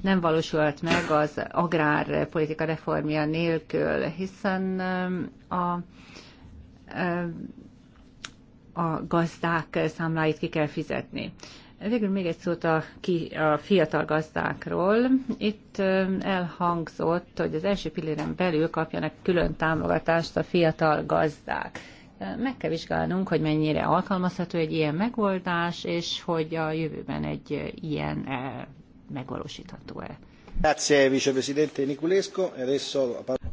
nem valósult meg az agrárpolitika reformja nélkül, hiszen eh, a a gazdák számláit ki kell fizetni. Végül még egy szót a, ki, a fiatal gazdákról. Itt elhangzott, hogy az első pilléren belül kapjanak külön támogatást a fiatal gazdák. Meg kell vizsgálnunk, hogy mennyire alkalmazható egy ilyen megoldás, és hogy a jövőben egy ilyen megvalósítható-e. E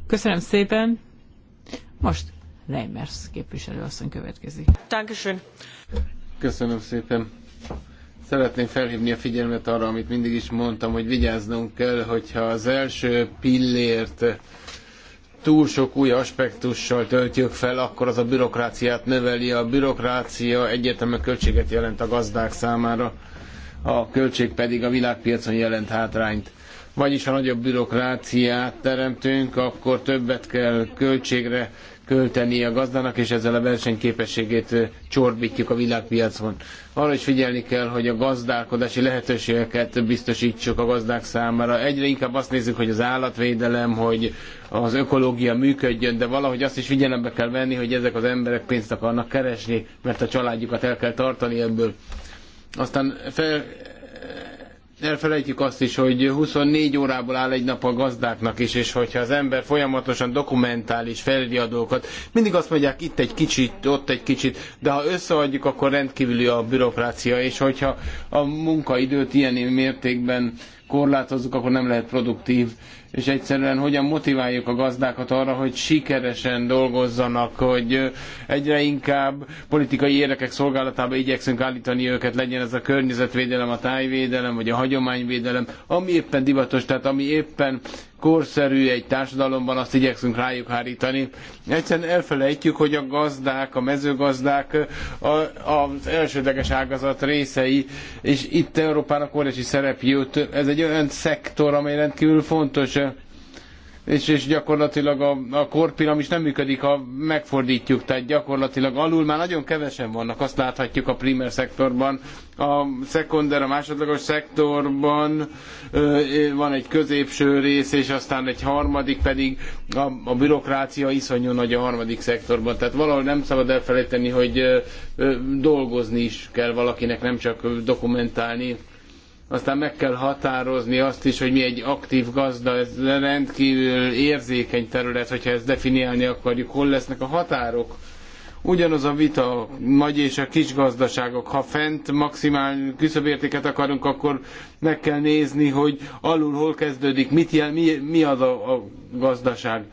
Köszönöm szépen. Most Leimers képviselő asszony következik. Köszönöm szépen. Szeretném felhívni a figyelmet arra, amit mindig is mondtam, hogy vigyáznunk kell, hogyha az első pillért túl sok új aspektussal töltjük fel, akkor az a bürokráciát növeli. A bürokrácia egyértelmű költséget jelent a gazdák számára, a költség pedig a világpiacon jelent hátrányt. Vagyis ha nagyobb bürokráciát teremtünk, akkor többet kell költségre költeni a gazdának, és ezzel a versenyképességét csorbítjuk a világpiacon. Arra is figyelni kell, hogy a gazdálkodási lehetőségeket biztosítsuk a gazdák számára. Egyre inkább azt nézzük, hogy az állatvédelem, hogy az ökológia működjön, de valahogy azt is figyelembe kell venni, hogy ezek az emberek pénzt akarnak keresni, mert a családjukat el kell tartani ebből. Aztán fel, elfelejtjük azt is, hogy 24 órából áll egy nap a gazdáknak is, és hogyha az ember folyamatosan dokumentál és felírja dolgokat, mindig azt mondják itt egy kicsit, ott egy kicsit, de ha összeadjuk, akkor rendkívüli a bürokrácia, és hogyha a munkaidőt ilyen mértékben korlátozzuk, akkor nem lehet produktív és egyszerűen hogyan motiváljuk a gazdákat arra, hogy sikeresen dolgozzanak, hogy egyre inkább politikai érdekek szolgálatába igyekszünk állítani őket, legyen ez a környezetvédelem, a tájvédelem, vagy a hagyományvédelem, ami éppen divatos, tehát ami éppen korszerű egy társadalomban, azt igyekszünk rájuk hárítani. Egyszerűen elfelejtjük, hogy a gazdák, a mezőgazdák a, az elsődleges ágazat részei, és itt Európának óriási szerep jött. Ez egy olyan szektor, amely rendkívül fontos és, és gyakorlatilag a, a korpiramis nem működik, ha megfordítjuk, tehát gyakorlatilag alul már nagyon kevesen vannak, azt láthatjuk a primer szektorban, a szekonder, a másodlagos szektorban ö, van egy középső rész, és aztán egy harmadik pedig a, a bürokrácia iszonyú nagy a harmadik szektorban, tehát valahol nem szabad elfelejteni, hogy ö, ö, dolgozni is kell valakinek, nem csak dokumentálni aztán meg kell határozni azt is, hogy mi egy aktív gazda, ez rendkívül érzékeny terület, hogyha ezt definiálni akarjuk, hol lesznek a határok. Ugyanaz a vita a nagy és a kis gazdaságok. Ha fent maximál küszöbértéket akarunk, akkor meg kell nézni, hogy alul hol kezdődik, mit jel, mi, mi az a, a gazdaság.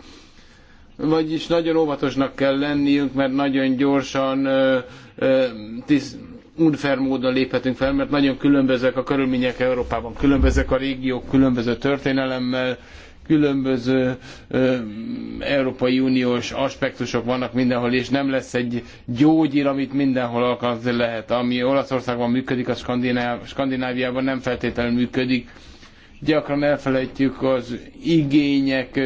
Vagyis nagyon óvatosnak kell lenniünk, mert nagyon gyorsan ö, ö, tiszt, unfair módon léphetünk fel, mert nagyon különbözőek a körülmények Európában, különbözőek a régiók, különböző történelemmel, különböző ö, Európai Uniós aspektusok vannak mindenhol, és nem lesz egy gyógyír, amit mindenhol alkalmazni lehet. Ami Olaszországban működik, a Skandináviában nem feltétlenül működik gyakran elfelejtjük az igények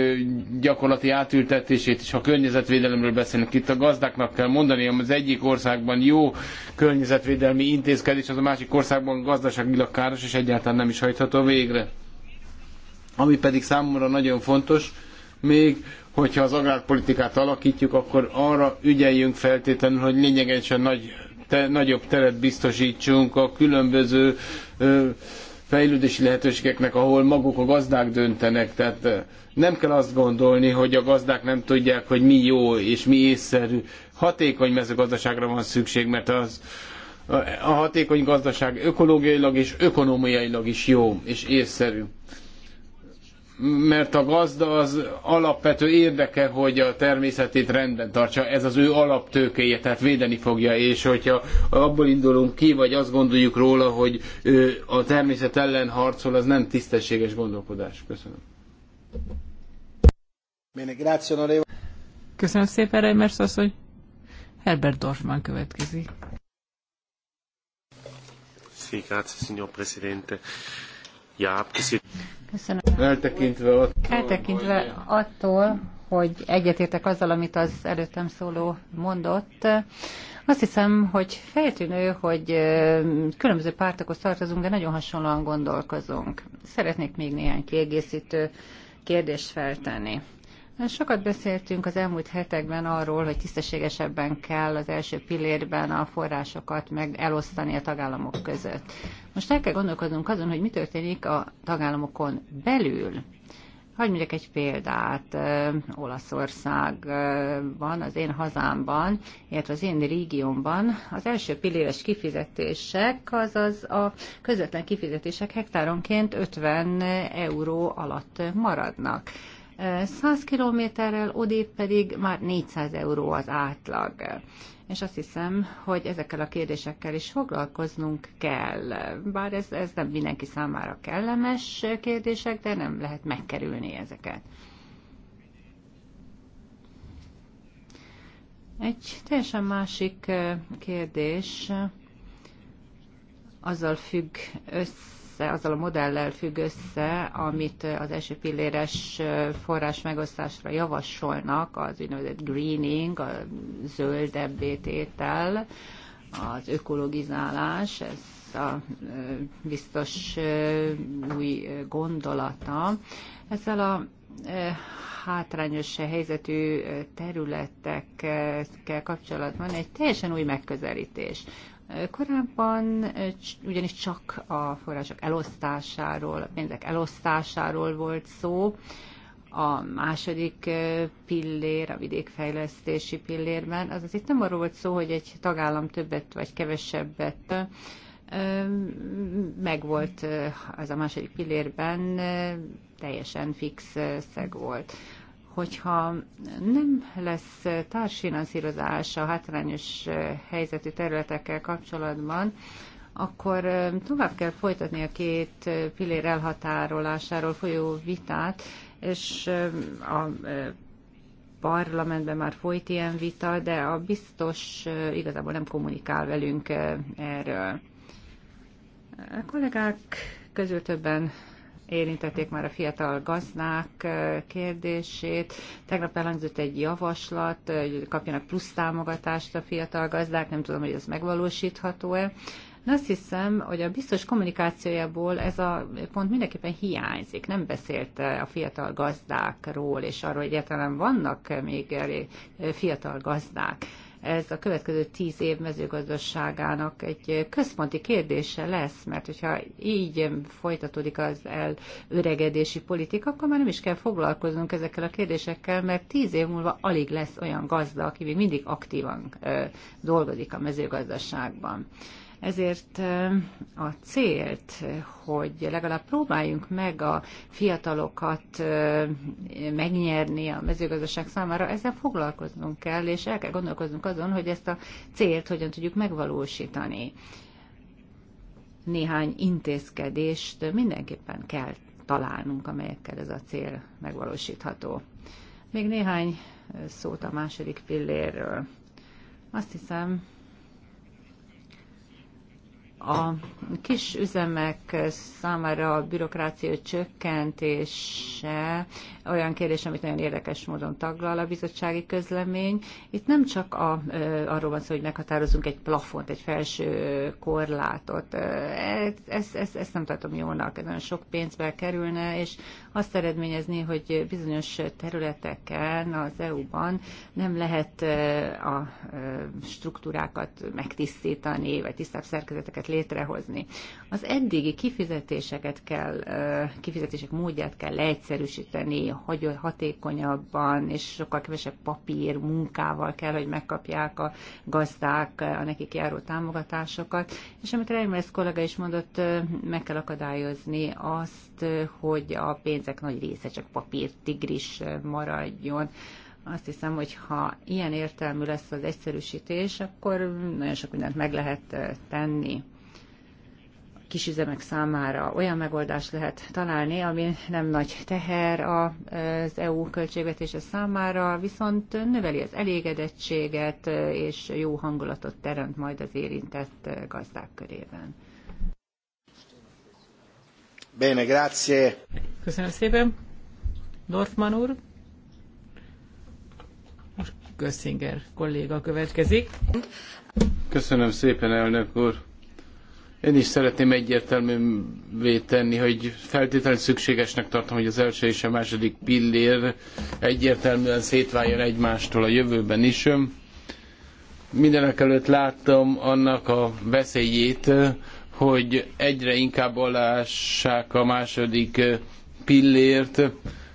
gyakorlati átültetését, és ha környezetvédelemről beszélünk, itt a gazdáknak kell mondani, hogy az egyik országban jó környezetvédelmi intézkedés, az a másik országban gazdaságilag káros, és egyáltalán nem is hajtható végre. Ami pedig számomra nagyon fontos, még hogyha az agrárpolitikát alakítjuk, akkor arra ügyeljünk feltétlenül, hogy lényegesen nagy, te, nagyobb teret biztosítsunk a különböző ö, fejlődési lehetőségeknek, ahol maguk a gazdák döntenek. Tehát eh, nem kell azt gondolni, hogy a gazdák nem tudják, hogy mi jó és mi észszerű. Hatékony mezőgazdaságra van szükség, mert az a hatékony gazdaság ökológiailag és ökonomiailag is jó és észszerű mert a gazda az alapvető érdeke, hogy a természetét rendben tartsa, ez az ő alaptőkéje, tehát védeni fogja, és hogyha abból indulunk ki, vagy azt gondoljuk róla, hogy ő a természet ellen harcol, az nem tisztességes gondolkodás. Köszönöm. Köszönöm szépen, Reimers asszony. Herbert Dorfman következik. Sí, grazie, signor Presidente. Ja, Köszönöm. Eltekintve, Eltekintve attól, hogy egyetértek azzal, amit az előttem szóló mondott, azt hiszem, hogy feltűnő, hogy különböző pártokhoz tartozunk, de nagyon hasonlóan gondolkozunk. Szeretnék még néhány kiegészítő kérdést feltenni. Sokat beszéltünk az elmúlt hetekben arról, hogy tisztességesebben kell az első pillérben a forrásokat meg elosztani a tagállamok között. Most el kell gondolkodnunk azon, hogy mi történik a tagállamokon belül. Hagyj mondjak egy példát. Olaszországban, az én hazámban, illetve az én régiómban az első pilléres kifizetések, azaz a közvetlen kifizetések hektáronként 50 euró alatt maradnak. 100 kilométerrel odébb pedig már 400 euró az átlag. És azt hiszem, hogy ezekkel a kérdésekkel is foglalkoznunk kell. Bár ez, ez nem mindenki számára kellemes kérdések, de nem lehet megkerülni ezeket. Egy teljesen másik kérdés azzal függ össze, össze, azzal a modellel függ össze, amit az első pilléres forrás megosztásra javasolnak, az úgynevezett greening, a zöldebbé tétel, az ökologizálás, ez a biztos új gondolata. Ezzel a hátrányos helyzetű területekkel kapcsolatban egy teljesen új megközelítés. Korábban ugyanis csak a források elosztásáról, a pénzek elosztásáról volt szó, a második pillér, a vidékfejlesztési pillérben, azaz itt nem arról volt szó, hogy egy tagállam többet vagy kevesebbet megvolt az a második pillérben, teljesen fix szeg volt hogyha nem lesz társfinanszírozás a hátrányos helyzetű területekkel kapcsolatban, akkor tovább kell folytatni a két pillér elhatárolásáról folyó vitát, és a parlamentben már folyt ilyen vita, de a biztos igazából nem kommunikál velünk erről. A kollégák közül többen érintették már a fiatal gazdák kérdését. Tegnap elhangzott egy javaslat, hogy kapjanak plusz támogatást a fiatal gazdák, nem tudom, hogy ez megvalósítható-e. De azt hiszem, hogy a biztos kommunikációjából ez a pont mindenképpen hiányzik. Nem beszélt a fiatal gazdákról, és arról, hogy egyáltalán vannak még fiatal gazdák ez a következő tíz év mezőgazdaságának egy központi kérdése lesz, mert hogyha így folytatódik az elöregedési politika, akkor már nem is kell foglalkoznunk ezekkel a kérdésekkel, mert tíz év múlva alig lesz olyan gazda, aki még mindig aktívan dolgozik a mezőgazdaságban. Ezért a célt, hogy legalább próbáljunk meg a fiatalokat megnyerni a mezőgazdaság számára, ezzel foglalkoznunk kell, és el kell gondolkoznunk azon, hogy ezt a célt hogyan tudjuk megvalósítani. Néhány intézkedést mindenképpen kell találnunk, amelyekkel ez a cél megvalósítható. Még néhány szót a második pillérről. Azt hiszem, a kis üzemek számára a bürokrácia csökkentése olyan kérdés, amit nagyon érdekes módon taglal a bizottsági közlemény. Itt nem csak a, arról van szó, hogy meghatározunk egy plafont, egy felső korlátot. Ezt, ezt, ezt nem tartom jónak, ez nagyon sok pénzbe kerülne, és azt eredményezni, hogy bizonyos területeken az EU-ban nem lehet a struktúrákat megtisztítani, vagy tisztább szerkezeteket létrehozni. Az eddigi kifizetéseket kell, kifizetések módját kell leegyszerűsíteni, hogy hatékonyabban és sokkal kevesebb papír munkával kell, hogy megkapják a gazdák a nekik járó támogatásokat. És amit Reimers kollega is mondott, meg kell akadályozni azt, hogy a pénz pénzek nagy része csak papírtigris maradjon. Azt hiszem, hogy ha ilyen értelmű lesz az egyszerűsítés, akkor nagyon sok mindent meg lehet tenni kisüzemek számára olyan megoldást lehet találni, ami nem nagy teher az EU költségvetése számára, viszont növeli az elégedettséget és jó hangulatot teremt majd az érintett gazdák körében. Bene, grazie. Köszönöm szépen. Dorfman úr. Most Gössinger kolléga következik. Köszönöm szépen, elnök úr. Én is szeretném egyértelművé tenni, hogy feltétlenül szükségesnek tartom, hogy az első és a második pillér egyértelműen szétváljon egymástól a jövőben is. Mindenekelőtt láttam annak a veszélyét, hogy egyre inkább alássák a második pillért,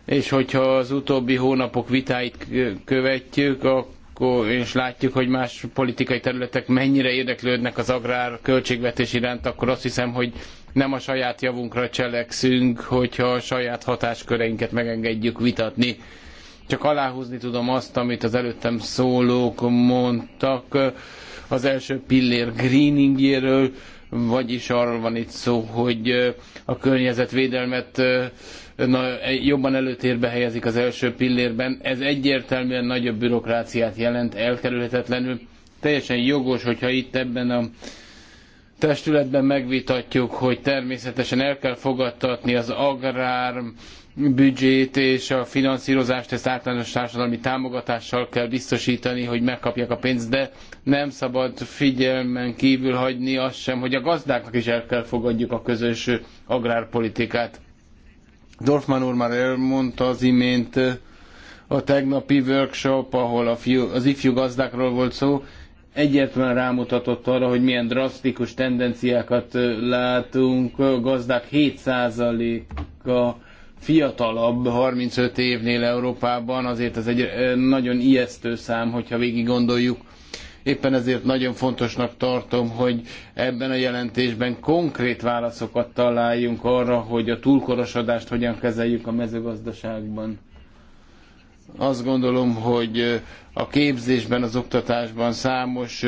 és hogyha az utóbbi hónapok vitáit követjük, akkor és látjuk, hogy más politikai területek mennyire érdeklődnek az agrár költségvetés iránt, akkor azt hiszem, hogy nem a saját javunkra cselekszünk, hogyha a saját hatásköreinket megengedjük vitatni. Csak aláhúzni tudom azt, amit az előttem szólók mondtak az első pillér greeningjéről, vagyis arról van itt szó, hogy a környezetvédelmet na, jobban előtérbe helyezik az első pillérben. Ez egyértelműen nagyobb bürokráciát jelent, elkerülhetetlenül. Teljesen jogos, hogyha itt ebben a testületben megvitatjuk, hogy természetesen el kell fogadtatni az agrár büdzsét és a finanszírozást, ezt általános társadalmi támogatással kell biztosítani, hogy megkapják a pénzt, de nem szabad figyelmen kívül hagyni azt sem, hogy a gazdáknak is el kell fogadjuk a közös agrárpolitikát. Dorfman úr már elmondta az imént a tegnapi workshop, ahol a fiú, az ifjú gazdákról volt szó, egyetlen rámutatott arra, hogy milyen drasztikus tendenciákat látunk. A gazdák 7%-a fiatalabb 35 évnél Európában, azért ez egy nagyon ijesztő szám, hogyha végig gondoljuk. Éppen ezért nagyon fontosnak tartom, hogy ebben a jelentésben konkrét válaszokat találjunk arra, hogy a túlkorosodást hogyan kezeljük a mezőgazdaságban. Azt gondolom, hogy a képzésben, az oktatásban számos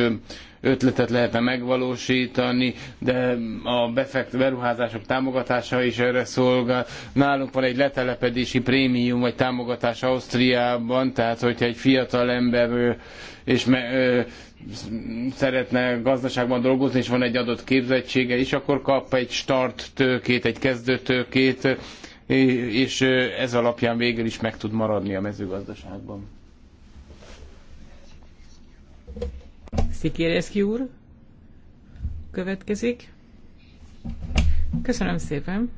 ötletet lehetne megvalósítani, de a befekt, beruházások támogatása is erre szolgál. Nálunk van egy letelepedési prémium vagy támogatás Ausztriában, tehát hogyha egy fiatal ember és me, ö, szeretne gazdaságban dolgozni, és van egy adott képzettsége is, akkor kap egy start tőkét, egy kezdőtőkét, és ez alapján végül is meg tud maradni a mezőgazdaságban. Szikérjeszki úr következik. Köszönöm szépen.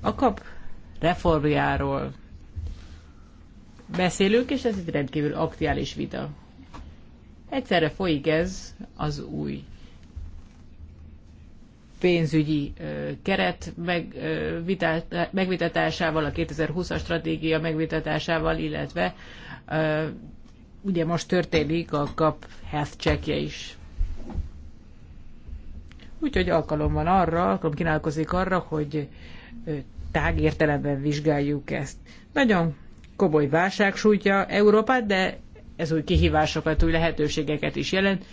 A kap reformjáról beszélünk, és ez egy rendkívül aktuális vita. Egyszerre folyik ez az új pénzügyi keret megvitatásával, a 2020-as stratégia megvitatásával, illetve ugye most történik a kap health checkje is. Úgyhogy alkalom van arra, alkalom kínálkozik arra, hogy tág értelemben vizsgáljuk ezt. Nagyon komoly válság sújtja Európát, de ez új kihívásokat, új lehetőségeket is jelent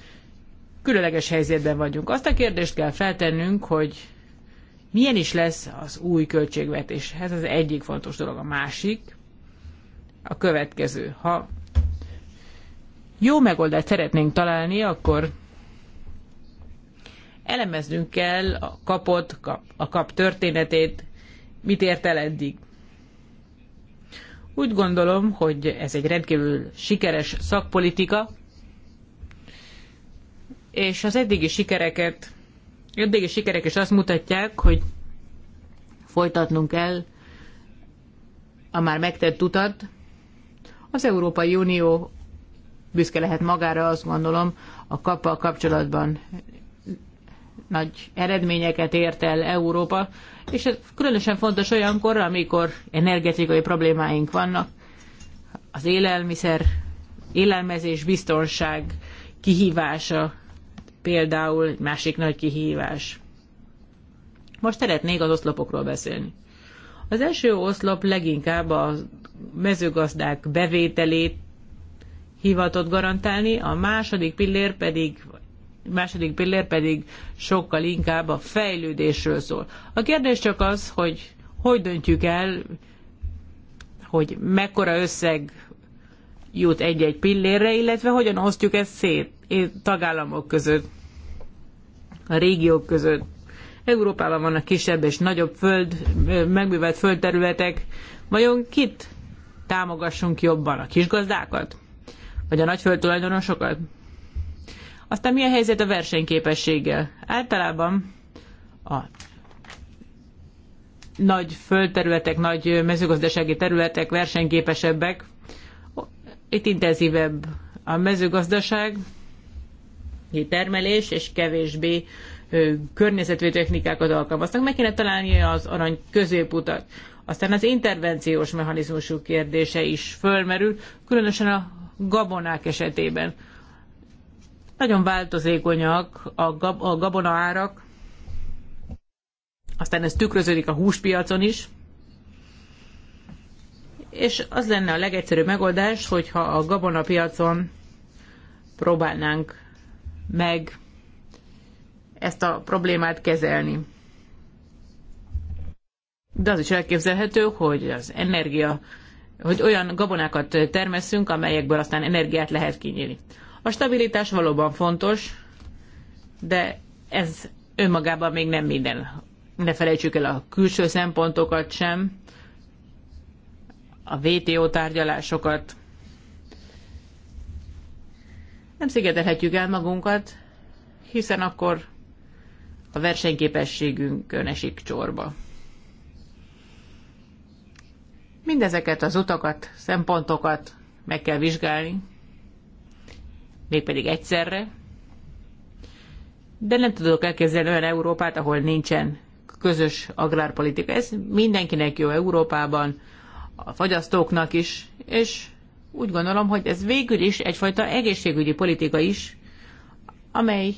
különleges helyzetben vagyunk. Azt a kérdést kell feltennünk, hogy milyen is lesz az új költségvetés. Ez az egyik fontos dolog. A másik, a következő. Ha jó megoldást szeretnénk találni, akkor elemeznünk kell a kapot, a kap történetét, mit ért el eddig. Úgy gondolom, hogy ez egy rendkívül sikeres szakpolitika, és az eddigi sikereket, eddigi sikerek is azt mutatják, hogy folytatnunk kell a már megtett utat. Az Európai Unió büszke lehet magára, azt gondolom, a kappal kapcsolatban nagy eredményeket ért el Európa, és ez különösen fontos olyankor, amikor energetikai problémáink vannak, az élelmiszer, élelmezés, biztonság kihívása például egy másik nagy kihívás. Most szeretnék az oszlopokról beszélni. Az első oszlop leginkább a mezőgazdák bevételét hivatott garantálni, a második pillér pedig második pillér pedig sokkal inkább a fejlődésről szól. A kérdés csak az, hogy hogy döntjük el, hogy mekkora összeg jut egy-egy pillérre, illetve hogyan osztjuk ezt szét tagállamok között, a régiók között. Európában vannak kisebb és nagyobb föld, megművelt földterületek. Vajon kit támogassunk jobban? A kisgazdákat? Vagy a nagyföldtulajdonosokat? Aztán mi a helyzet a versenyképességgel? Általában a nagy földterületek, nagy mezőgazdasági területek versenyképesebbek. Itt intenzívebb a mezőgazdaság, termelés, és kevésbé környezetvédő technikákat alkalmaznak. Meg kéne találni az arany középutat. Aztán az intervenciós mechanizmusú kérdése is fölmerül, különösen a gabonák esetében. Nagyon változékonyak a, gab- a gabona árak, aztán ez tükröződik a húspiacon is, és az lenne a legegyszerűbb megoldás, hogyha a gabonapiacon próbálnánk meg ezt a problémát kezelni. De az is elképzelhető, hogy az energia, hogy olyan gabonákat termeszünk, amelyekből aztán energiát lehet kinyíni. A stabilitás valóban fontos, de ez önmagában még nem minden. Ne felejtsük el a külső szempontokat sem, a VTO tárgyalásokat, nem szigetelhetjük el magunkat, hiszen akkor a versenyképességünkön esik csorba. Mindezeket az utakat, szempontokat meg kell vizsgálni, mégpedig egyszerre, de nem tudok elképzelni olyan Európát, ahol nincsen közös agrárpolitika. Ez mindenkinek jó Európában, a fogyasztóknak is, és úgy gondolom, hogy ez végül is egyfajta egészségügyi politika is, amely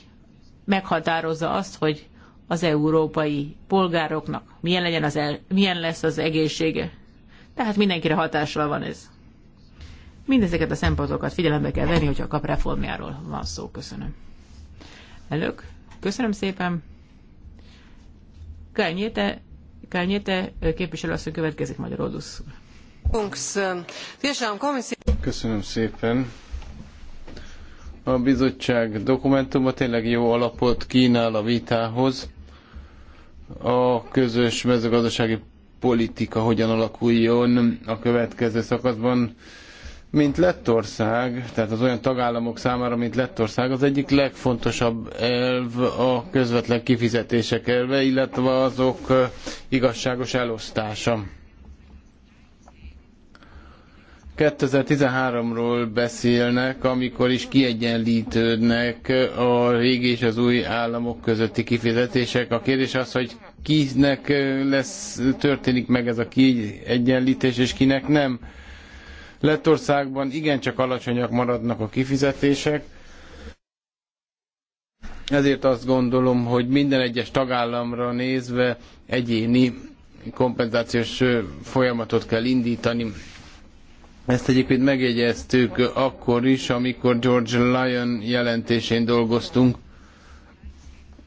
meghatározza azt, hogy az európai polgároknak milyen, legyen az el, milyen lesz az egészsége. Tehát mindenkire hatással van ez. Mindezeket a szempontokat figyelembe kell venni, hogyha a kap reformjáról van szó. Köszönöm. Elők köszönöm szépen. Kányéte, Kányéte képviselő hogy következik Magyar Odusz. Köszönöm szépen. A bizottság dokumentuma tényleg jó alapot kínál a vitához. A közös mezőgazdasági politika hogyan alakuljon a következő szakaszban mint Lettország, tehát az olyan tagállamok számára, mint Lettország, az egyik legfontosabb elv a közvetlen kifizetések elve, illetve azok igazságos elosztása. 2013-ról beszélnek, amikor is kiegyenlítődnek a régi és az új államok közötti kifizetések. A kérdés az, hogy kinek lesz, történik meg ez a kiegyenlítés, és kinek nem. Lettországban igencsak alacsonyak maradnak a kifizetések, ezért azt gondolom, hogy minden egyes tagállamra nézve egyéni kompenzációs folyamatot kell indítani ezt egyébként megjegyeztük akkor is, amikor George Lyon jelentésén dolgoztunk,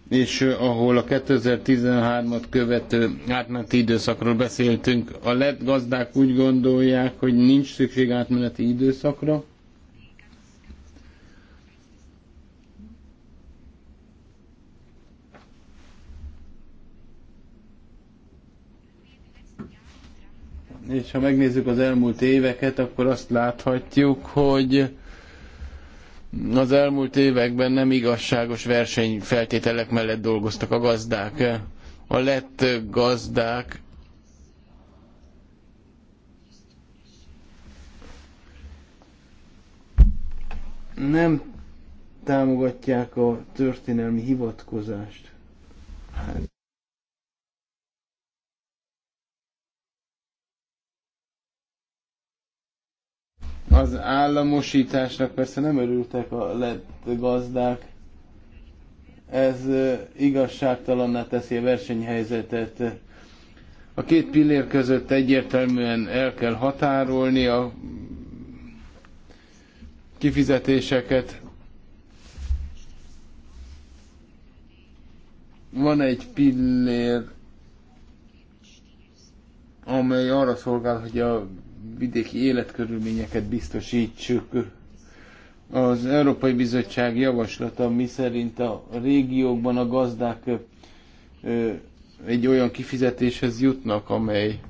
és ahol a 2013-at követő átmeneti időszakról beszéltünk. A lett gazdák úgy gondolják, hogy nincs szükség átmeneti időszakra, és ha megnézzük az elmúlt éveket, akkor azt láthatjuk, hogy az elmúlt években nem igazságos versenyfeltételek mellett dolgoztak a gazdák. A lett gazdák nem támogatják a történelmi hivatkozást. Hát. Az államosításnak persze nem örültek a lett gazdák. Ez igazságtalanná teszi a versenyhelyzetet. A két pillér között egyértelműen el kell határolni a kifizetéseket. Van egy pillér, amely arra szolgál, hogy a vidéki életkörülményeket biztosítsuk. Az Európai Bizottság javaslata, mi szerint a régiókban a gazdák egy olyan kifizetéshez jutnak, amely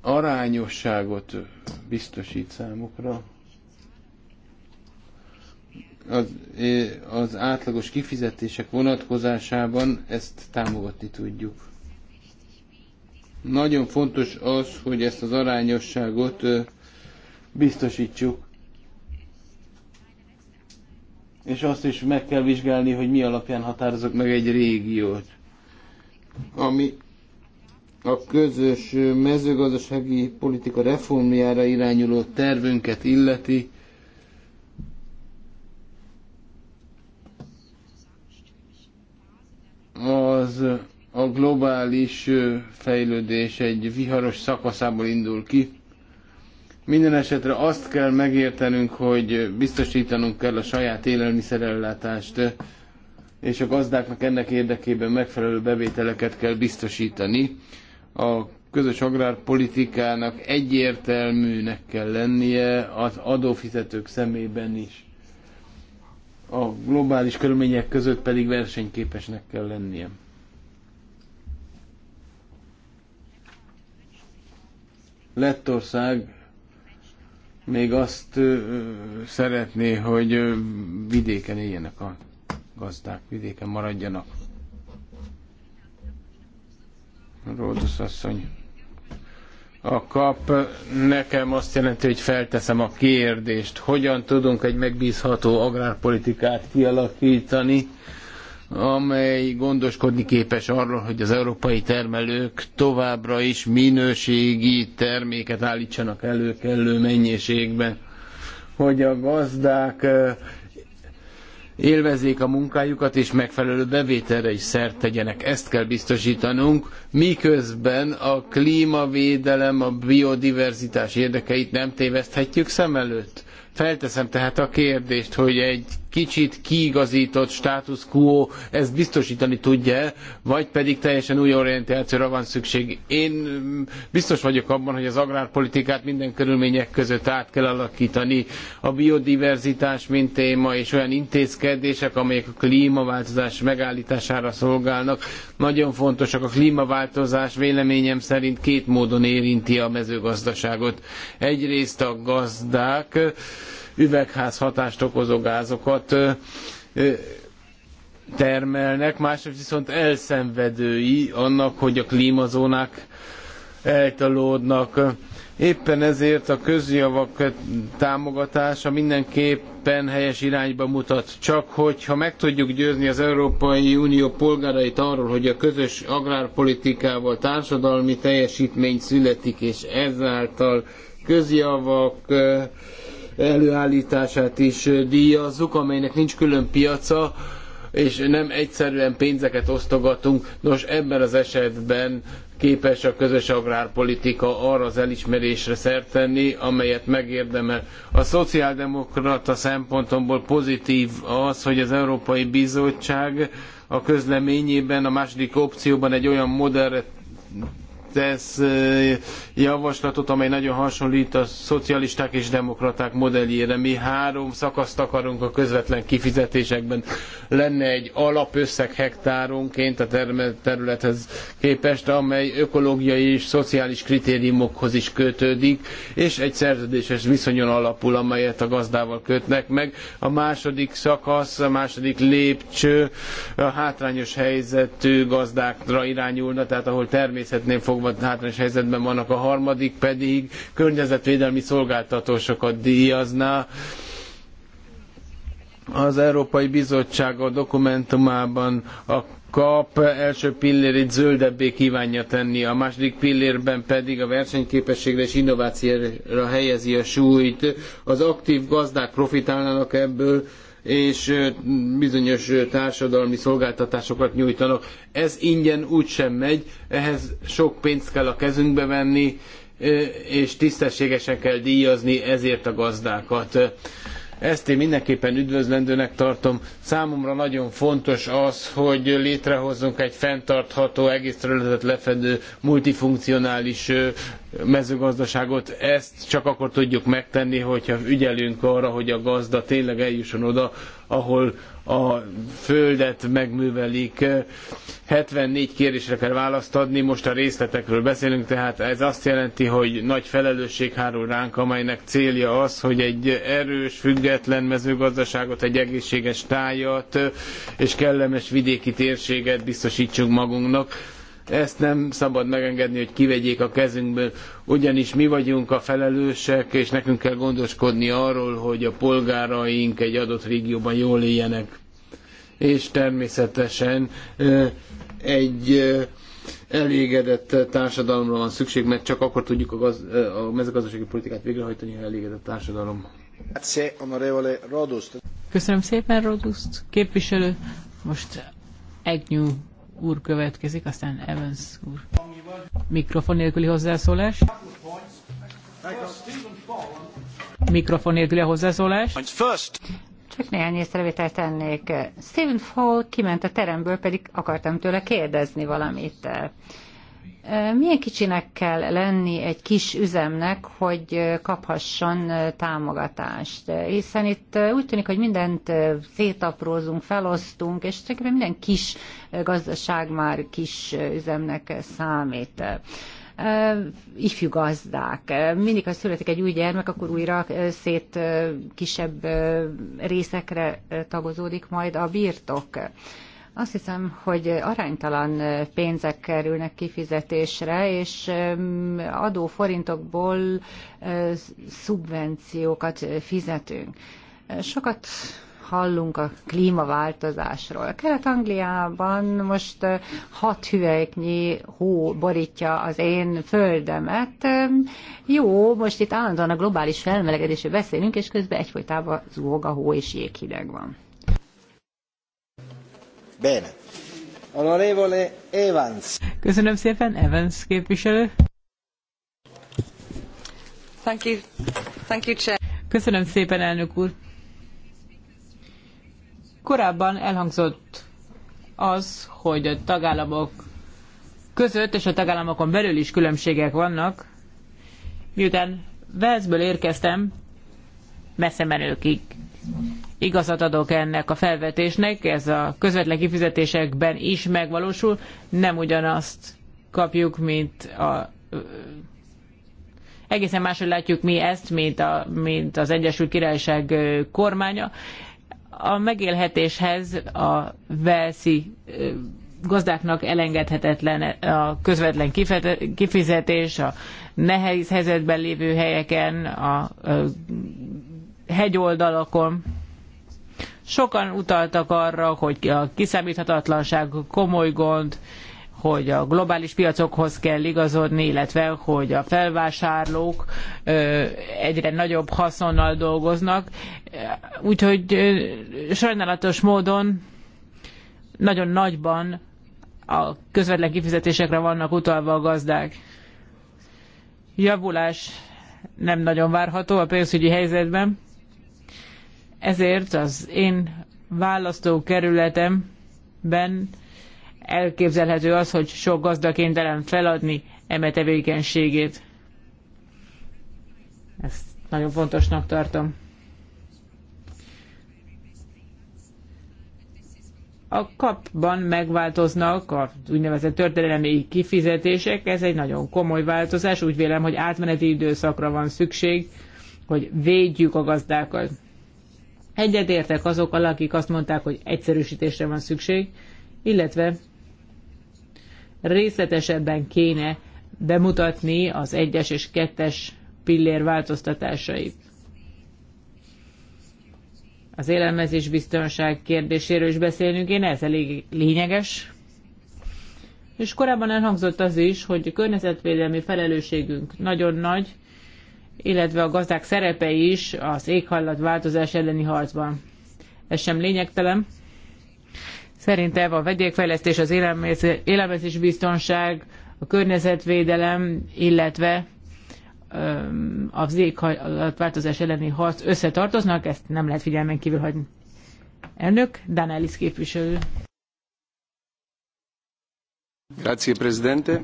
arányosságot biztosít számukra. Az, az átlagos kifizetések vonatkozásában ezt támogatni tudjuk. Nagyon fontos az, hogy ezt az arányosságot biztosítsuk. És azt is meg kell vizsgálni, hogy mi alapján határozok meg egy régiót. Ami a közös mezőgazdasági politika reformjára irányuló tervünket illeti, az a globális fejlődés egy viharos szakaszából indul ki. Minden esetre azt kell megértenünk, hogy biztosítanunk kell a saját élelmiszerellátást, és a gazdáknak ennek érdekében megfelelő bevételeket kell biztosítani. A közös agrárpolitikának egyértelműnek kell lennie az adófizetők szemében is. A globális körülmények között pedig versenyképesnek kell lennie. Lettország még azt szeretné, hogy vidéken éljenek a gazdák, vidéken maradjanak. Ródusz asszony. A kap nekem azt jelenti, hogy felteszem a kérdést, hogyan tudunk egy megbízható agrárpolitikát kialakítani, amely gondoskodni képes arról, hogy az európai termelők továbbra is minőségi terméket állítsanak elő kellő mennyiségben, hogy a gazdák élvezzék a munkájukat és megfelelő bevételre is szert tegyenek. Ezt kell biztosítanunk, miközben a klímavédelem, a biodiverzitás érdekeit nem téveszthetjük szem előtt. Felteszem tehát a kérdést, hogy egy kicsit kiigazított status quo ezt biztosítani tudja, vagy pedig teljesen új orientációra van szükség. Én mm, biztos vagyok abban, hogy az agrárpolitikát minden körülmények között át kell alakítani. A biodiverzitás, mint téma, és olyan intézkedések, amelyek a klímaváltozás megállítására szolgálnak, nagyon fontosak. A klímaváltozás véleményem szerint két módon érinti a mezőgazdaságot. Egyrészt a gazdák, üvegházhatást okozó gázokat termelnek, másrészt viszont elszenvedői annak, hogy a klímazónák eltalódnak. Éppen ezért a közjavak támogatása mindenképpen helyes irányba mutat. Csak hogyha meg tudjuk győzni az Európai Unió polgárait arról, hogy a közös agrárpolitikával társadalmi teljesítmény születik, és ezáltal közjavak előállítását is díjazzuk, amelynek nincs külön piaca, és nem egyszerűen pénzeket osztogatunk. Nos, ebben az esetben képes a közös agrárpolitika arra az elismerésre szert tenni, amelyet megérdemel. A szociáldemokrata szempontomból pozitív az, hogy az Európai Bizottság a közleményében, a második opcióban egy olyan modellre tesz javaslatot, amely nagyon hasonlít a szocialisták és demokraták modelljére. Mi három szakaszt akarunk a közvetlen kifizetésekben. Lenne egy alapösszeg hektáronként a területhez képest, amely ökológiai és szociális kritériumokhoz is kötődik, és egy szerződéses viszonyon alapul, amelyet a gazdával kötnek meg. A második szakasz, a második lépcső a hátrányos helyzetű gazdákra irányulna, tehát ahol természetnél fogva legjobban hátrányos helyzetben vannak, a harmadik pedig környezetvédelmi szolgáltatósokat díjazná. Az Európai Bizottság a dokumentumában a kap első pillérét zöldebbé kívánja tenni, a második pillérben pedig a versenyképességre és innovációra helyezi a súlyt. Az aktív gazdák profitálnának ebből, és bizonyos társadalmi szolgáltatásokat nyújtanak. Ez ingyen úgysem megy, ehhez sok pénzt kell a kezünkbe venni, és tisztességesen kell díjazni ezért a gazdákat ezt én mindenképpen üdvözlendőnek tartom. Számomra nagyon fontos az, hogy létrehozzunk egy fenntartható, egész területet lefedő, multifunkcionális mezőgazdaságot. Ezt csak akkor tudjuk megtenni, hogyha ügyelünk arra, hogy a gazda tényleg eljusson oda, ahol a földet megművelik. 74 kérdésre kell választ adni, most a részletekről beszélünk, tehát ez azt jelenti, hogy nagy felelősség hárul ránk, amelynek célja az, hogy egy erős, független mezőgazdaságot, egy egészséges tájat és kellemes vidéki térséget biztosítsunk magunknak ezt nem szabad megengedni, hogy kivegyék a kezünkből, ugyanis mi vagyunk a felelősek, és nekünk kell gondoskodni arról, hogy a polgáraink egy adott régióban jól éljenek. És természetesen egy elégedett társadalomra van szükség, mert csak akkor tudjuk a, gaz, a mezőgazdasági politikát végrehajtani, ha elégedett társadalom. Köszönöm szépen, Rodust. Képviselő, most Egnyú úr következik, aztán Evans úr. Mikrofon nélküli hozzászólás. Mikrofon nélküli hozzászólás. Csak néhány észrevételt tennék. Stephen Fall kiment a teremből, pedig akartam tőle kérdezni valamit. Milyen kicsinek kell lenni egy kis üzemnek, hogy kaphasson támogatást? Hiszen itt úgy tűnik, hogy mindent szétaprózunk, felosztunk, és csak minden kis gazdaság már kis üzemnek számít ifjú gazdák. Mindig, ha születik egy új gyermek, akkor újra szét kisebb részekre tagozódik majd a birtok. Azt hiszem, hogy aránytalan pénzek kerülnek kifizetésre, és adó forintokból e, szubvenciókat fizetünk. Sokat hallunk a klímaváltozásról. Kelet-Angliában most e, hat hüvelyknyi hó borítja az én földemet. E, jó, most itt állandóan a globális felmelegedésről beszélünk, és közben egyfolytában zúg a hó és jéghideg van. Bene. Honorevole Evans. Köszönöm szépen, Evans képviselő. Thank you. Thank you, Chair. Köszönöm szépen, elnök úr. Korábban elhangzott az, hogy a tagállamok között és a tagállamokon belül is különbségek vannak. Miután Velszből érkeztem, messze menőkig igazat adok ennek a felvetésnek, ez a közvetlen kifizetésekben is megvalósul, nem ugyanazt kapjuk, mint a egészen máshogy látjuk mi ezt, mint, a, mint az Egyesült Királyság kormánya. A megélhetéshez a velszi gazdáknak elengedhetetlen a közvetlen kifizetés, a nehéz helyzetben lévő helyeken, a hegyoldalakon. Sokan utaltak arra, hogy a kiszámíthatatlanság komoly gond, hogy a globális piacokhoz kell igazodni, illetve hogy a felvásárlók egyre nagyobb haszonnal dolgoznak. Úgyhogy sajnálatos módon nagyon nagyban a közvetlen kifizetésekre vannak utalva a gazdák. Javulás nem nagyon várható a pénzügyi helyzetben. Ezért az én választókerületemben elképzelhető az, hogy sok gazda kénytelen feladni eme tevékenységét. Ezt nagyon fontosnak tartom. A kapban megváltoznak az úgynevezett történelmi kifizetések, ez egy nagyon komoly változás, úgy vélem, hogy átmeneti időszakra van szükség, hogy védjük a gazdákat. Egyetértek azokkal, akik azt mondták, hogy egyszerűsítésre van szükség, illetve részletesebben kéne bemutatni az egyes és kettes pillér változtatásait. Az élelmezés biztonság kérdéséről is beszélnünk, én ez elég lényeges. És korábban elhangzott az is, hogy a környezetvédelmi felelősségünk nagyon nagy, illetve a gazdák szerepe is az éghajlatváltozás elleni harcban. Ez sem lényegtelen. Szerintem a vegyékfejlesztés, az élelmezés biztonság, a környezetvédelem, illetve az éghajlatváltozás elleni harc összetartoznak, ezt nem lehet figyelmen kívül hagyni. Elnök, Danelis képviselő. Grazie, Presidente.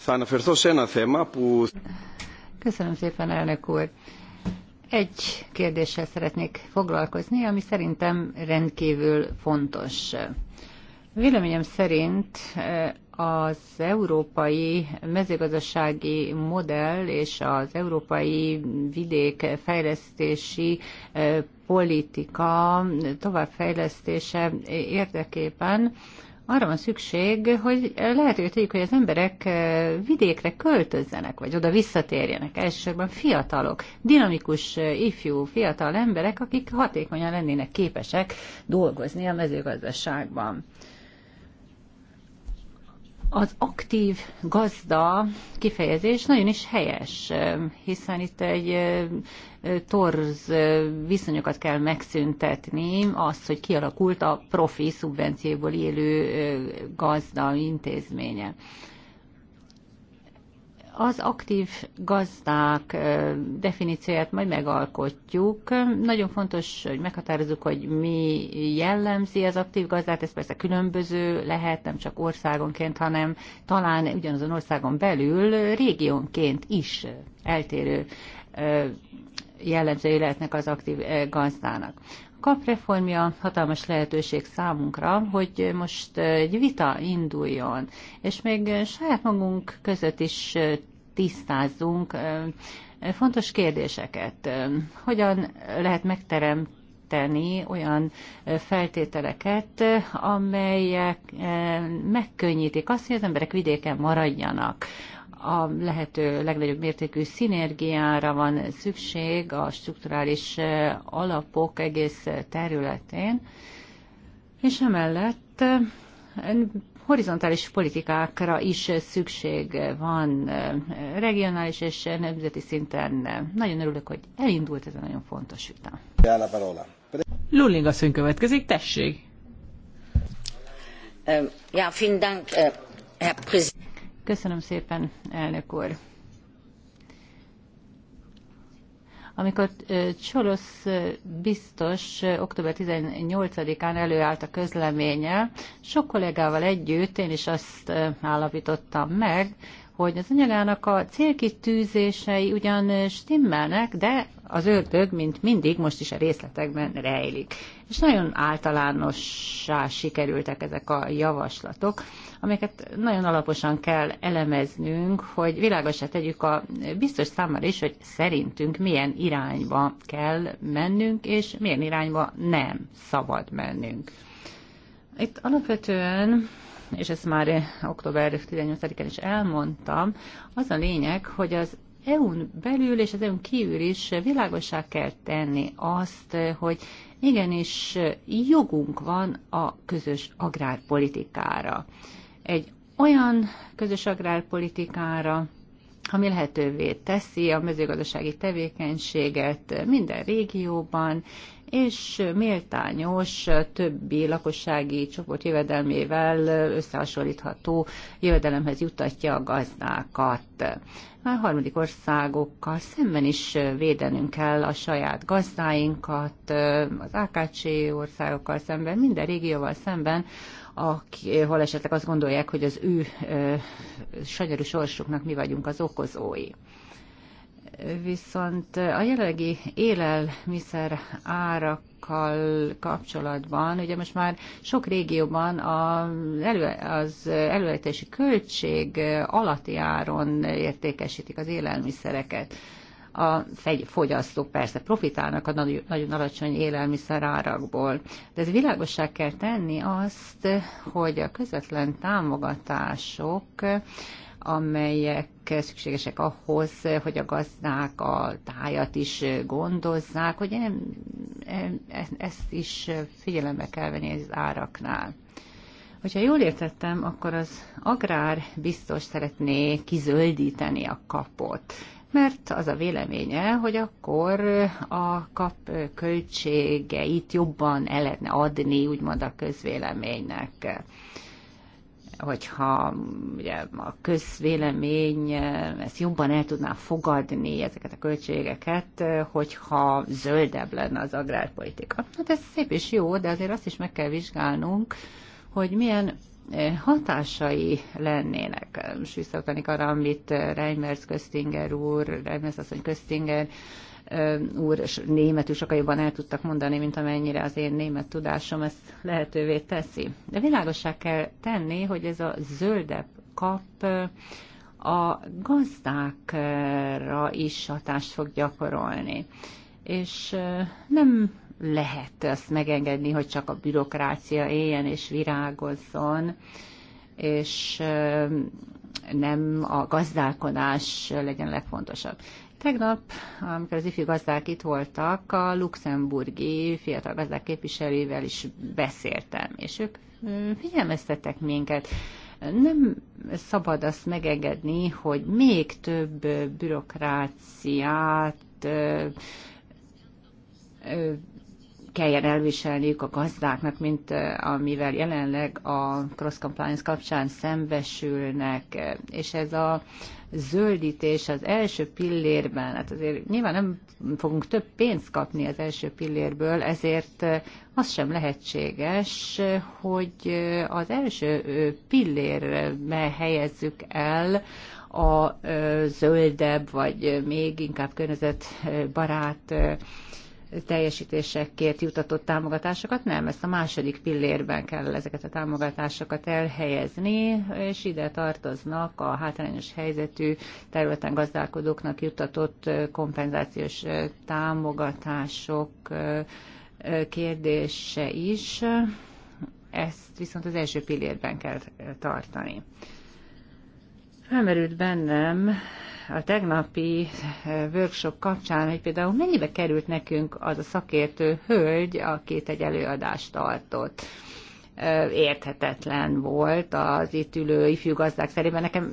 Θα αναφερθώ σε ένα θέμα που... Köszönöm szépen, elnök úr. Egy kérdéssel szeretnék foglalkozni, ami szerintem rendkívül fontos. Véleményem szerint eh, az európai mezőgazdasági modell és az európai vidék fejlesztési eh, politika továbbfejlesztése érdekében arra van szükség, hogy lehetővé tegyük, hogy az emberek eh, vidékre költözzenek, vagy oda visszatérjenek. Elsősorban fiatalok, dinamikus, eh, ifjú, fiatal emberek, akik hatékonyan lennének képesek dolgozni a mezőgazdaságban. Az aktív gazda kifejezés nagyon is helyes, eh, hiszen itt egy torz viszonyokat kell megszüntetni, az, hogy kialakult a profi szubvencióból élő gazda intézménye az aktív gazdák definícióját majd megalkotjuk. Nagyon fontos, hogy meghatározzuk, hogy mi jellemzi az aktív gazdát, ez persze különböző lehet, nem csak országonként, hanem talán ugyanazon országon belül régiónként is eltérő jellemzői lehetnek az aktív eh, gazdának. A kapreformja hatalmas lehetőség számunkra, hogy most eh, egy vita induljon, és még saját magunk között is eh, tisztázzunk fontos kérdéseket. Hogyan lehet megteremteni tenni olyan feltételeket, amelyek megkönnyítik azt, hogy az emberek vidéken maradjanak a lehető legnagyobb mértékű szinergiára van szükség a strukturális eh, alapok egész eh, területén, és emellett eh, horizontális politikákra is szükség van regionális és nemzeti szinten. Nagyon örülök, hogy elindult ez a nagyon fontos vita. Lulling asszony következik, tessék! Ja, vielen Dank, Herr Präsident. Köszönöm szépen, elnök úr. Amikor Csolosz biztos október 18-án előállt a közleménye, sok kollégával együtt én is azt állapítottam meg, hogy az anyagának a célkitűzései ugyan stimmelnek, de az ördög, mint mindig, most is a részletekben rejlik. És nagyon általánossá sikerültek ezek a javaslatok, amiket nagyon alaposan kell elemeznünk, hogy világosra tegyük a biztos számára is, hogy szerintünk milyen irányba kell mennünk, és milyen irányba nem szabad mennünk. Itt alapvetően és ezt már október 18-án is elmondtam, az a lényeg, hogy az EU-n belül és az EU-n kívül is világosá kell tenni azt, hogy igenis jogunk van a közös agrárpolitikára. Egy olyan közös agrárpolitikára, ami lehetővé teszi a mezőgazdasági tevékenységet minden régióban, és méltányos többi lakossági csoport jövedelmével összehasonlítható jövedelemhez jutatja a gazdákat. A harmadik országokkal szemben is védenünk kell a saját gazdáinkat, az AKC országokkal szemben, minden régióval szemben, ahol esetleg azt gondolják, hogy az ő ö, sanyarú sorsuknak mi vagyunk az okozói viszont a jelenlegi élelmiszer árak kapcsolatban, ugye most már sok régióban a elő, az előállítási költség alatti áron értékesítik az élelmiszereket. A fogyasztók persze profitálnak a nagyon, nagyon alacsony élelmiszer árakból, de ez világosá kell tenni azt, hogy a közvetlen támogatások amelyek szükségesek ahhoz, hogy a gazdák a tájat is gondozzák, hogy nem, e-, ezt is figyelembe kell venni az áraknál. Hogyha jól értettem, akkor az agrár biztos szeretné kizöldíteni a kapot, mert az a véleménye, hogy akkor a kap költségeit jobban el lehetne adni, úgymond a közvéleménynek hogyha ugye, a közvélemény eh, ezt jobban el tudná fogadni, ezeket a költségeket, eh, hogyha zöldebb lenne az agrárpolitika. Hát ez szép és jó, de azért azt is meg kell vizsgálnunk, hogy milyen eh, hatásai lennének. Most visszautalnék arra, amit Reimers Köztinger úr, Reimers asszony Köztinger úr németül sokkal jobban el tudtak mondani, mint amennyire az én német tudásom ezt lehetővé teszi. De világosá kell tenni, hogy ez a zöldebb kap a gazdákra is hatást fog gyakorolni. És nem lehet azt megengedni, hogy csak a bürokrácia éljen és virágozzon, és nem a gazdálkodás legyen legfontosabb. Tegnap, amikor az ifjú gazdák itt voltak, a luxemburgi fiatal gazdák képviselővel is beszéltem, és ők figyelmeztettek minket. Nem szabad azt megengedni, hogy még több bürokráciát kelljen elviselniük a gazdáknak, mint amivel jelenleg a cross compliance kapcsán szembesülnek, és ez a zöldítés az első pillérben, hát azért nyilván nem fogunk több pénzt kapni az első pillérből, ezért az sem lehetséges, hogy az első pillérbe helyezzük el a zöldebb, vagy még inkább környezetbarát teljesítésekért jutatott támogatásokat, nem, ezt a második pillérben kell ezeket a támogatásokat elhelyezni, és ide tartoznak a hátrányos helyzetű területen gazdálkodóknak jutatott kompenzációs támogatások kérdése is, ezt viszont az első pillérben kell tartani. Felmerült bennem a tegnapi eh, workshop kapcsán, hogy például mennyibe került nekünk az a szakértő hölgy, aki egy előadást tartott érthetetlen volt az itt ülő ifjú gazdák szerében. Nekem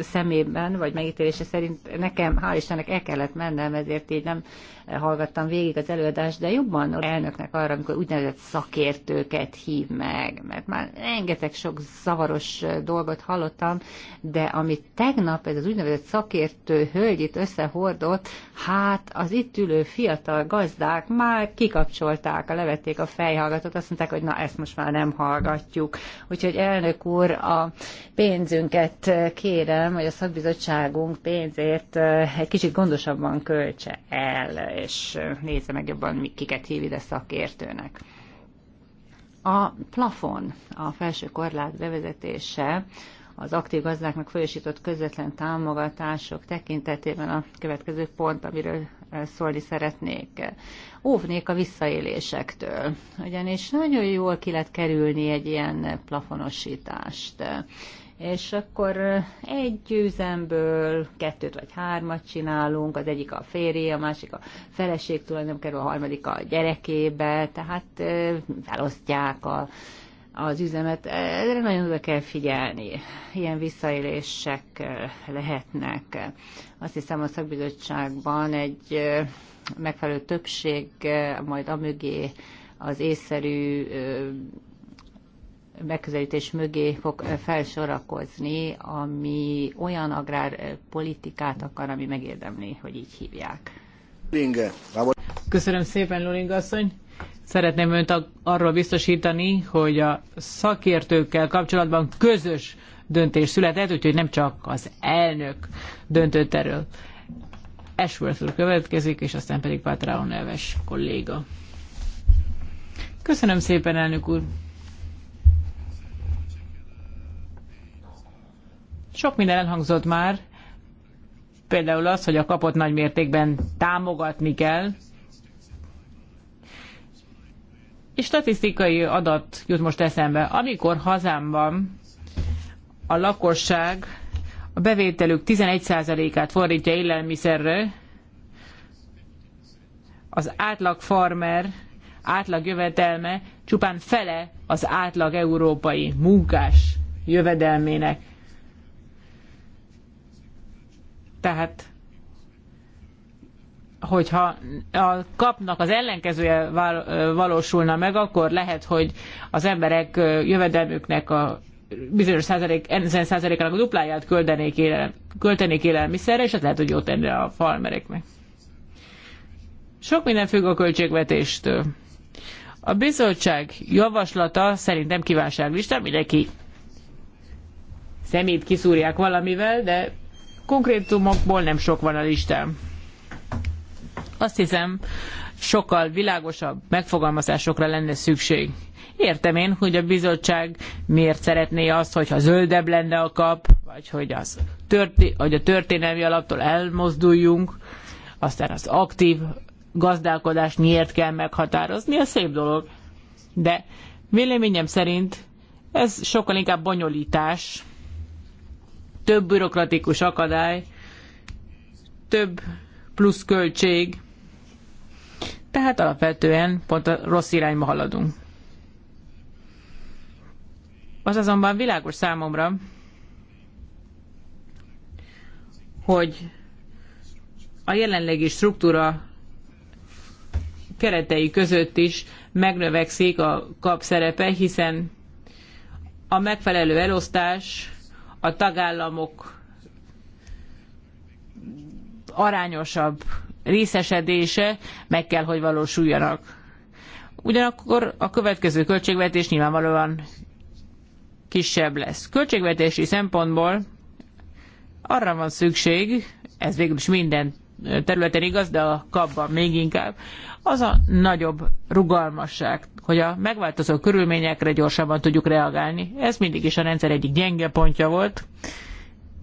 szemében, vagy megítélése szerint nekem, hál' Istennek, el kellett mennem, ezért így nem hallgattam végig az előadást, de jobban elnöknek arra, amikor úgynevezett szakértőket hív meg, mert már rengeteg sok zavaros dolgot hallottam, de amit tegnap ez az úgynevezett szakértő hölgy itt összehordott, hát az itt ülő fiatal gazdák már kikapcsolták, levették a fejhallgatót, azt mondták, hogy na ezt most már nem hallgatjuk. Úgyhogy elnök úr, a pénzünket kérem, hogy a szakbizottságunk pénzért eh, egy kicsit gondosabban költse el, és eh, nézze meg jobban, kiket hív ide szakértőnek. A plafon, a felső korlát bevezetése az aktív gazdáknak folyosított közvetlen támogatások tekintetében a következő pont, amiről szólni szeretnék. Óvnék a visszaélésektől, ugyanis nagyon jól ki lehet kerülni egy ilyen plafonosítást. És akkor egy üzemből kettőt vagy hármat csinálunk, az egyik a férje, a másik a feleség tulajdonképpen kerül, a harmadik a gyerekébe, tehát felosztják a az üzemet. Erre nagyon oda kell figyelni. Ilyen visszaélések lehetnek. Azt hiszem a szakbizottságban egy megfelelő többség majd a mögé, az észszerű megközelítés mögé fog felsorakozni, ami olyan agrárpolitikát akar, ami megérdemli, hogy így hívják. Köszönöm szépen, Luling asszony! Szeretném önt arról biztosítani, hogy a szakértőkkel kapcsolatban közös döntés született, úgyhogy nem csak az elnök döntött erről. Ashworth úr következik, és aztán pedig Patraon neves kolléga. Köszönöm szépen, elnök úr! Sok minden elhangzott már, például az, hogy a kapott nagymértékben mértékben támogatni kell, és statisztikai adat jut most eszembe. Amikor hazámban a lakosság a bevételük 11%-át fordítja élelmiszerre, az átlag farmer, átlag jövedelme csupán fele az átlag európai munkás jövedelmének. Tehát hogyha a kapnak az ellenkezője valósulna meg, akkor lehet, hogy az emberek jövedelmüknek a bizonyos százalék, ezen százalékának a dupláját költenék, élel, költenék élelmiszerre, és ez lehet, hogy jót tenni a falmereknek. Sok minden függ a költségvetéstől. A bizottság javaslata szerintem kívánságlista, mindenki szemét kiszúrják valamivel, de konkrétumokból nem sok van a listán. Azt hiszem, sokkal világosabb megfogalmazásokra lenne szükség. Értem én, hogy a bizottság miért szeretné azt, hogyha zöldebb lenne a kap, vagy hogy, az történ- hogy a történelmi alaptól elmozduljunk, aztán az aktív gazdálkodást miért kell meghatározni, a szép dolog. De véleményem szerint ez sokkal inkább bonyolítás, több bürokratikus akadály, több plusz költség, tehát alapvetően pont a rossz irányba haladunk. Az azonban világos számomra, hogy a jelenlegi struktúra keretei között is megnövekszik a kap szerepe, hiszen a megfelelő elosztás a tagállamok arányosabb részesedése meg kell, hogy valósuljanak. Ugyanakkor a következő költségvetés nyilvánvalóan kisebb lesz. Költségvetési szempontból arra van szükség, ez végül is minden területen igaz, de a kapban még inkább, az a nagyobb rugalmasság, hogy a megváltozó körülményekre gyorsabban tudjuk reagálni. Ez mindig is a rendszer egyik gyenge pontja volt,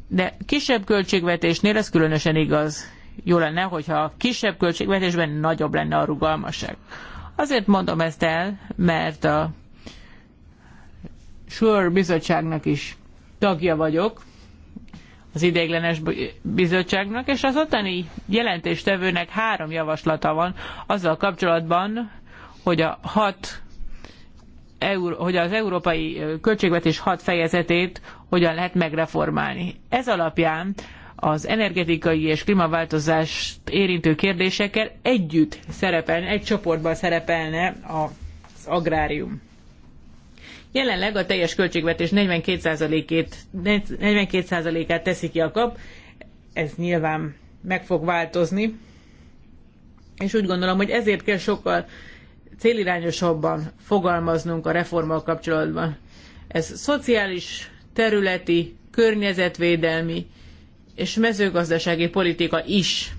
de kisebb költségvetésnél ez különösen igaz jó lenne, hogyha kisebb költségvetésben nagyobb lenne a rugalmasság. Azért mondom ezt el, mert a Sör bizottságnak is tagja vagyok, az ideiglenes bizottságnak, és az ottani jelentéstevőnek három javaslata van azzal kapcsolatban, hogy a hat hogy az európai költségvetés hat fejezetét hogyan lehet megreformálni. Ez alapján az energetikai és klímaváltozást érintő kérdésekkel együtt szerepelne, egy csoportban szerepelne az agrárium. Jelenleg a teljes költségvetés 42%-át 42 teszi ki a kap, ez nyilván meg fog változni, és úgy gondolom, hogy ezért kell sokkal célirányosabban fogalmaznunk a reformmal kapcsolatban. Ez szociális, területi, környezetvédelmi, és mezőgazdasági politika is.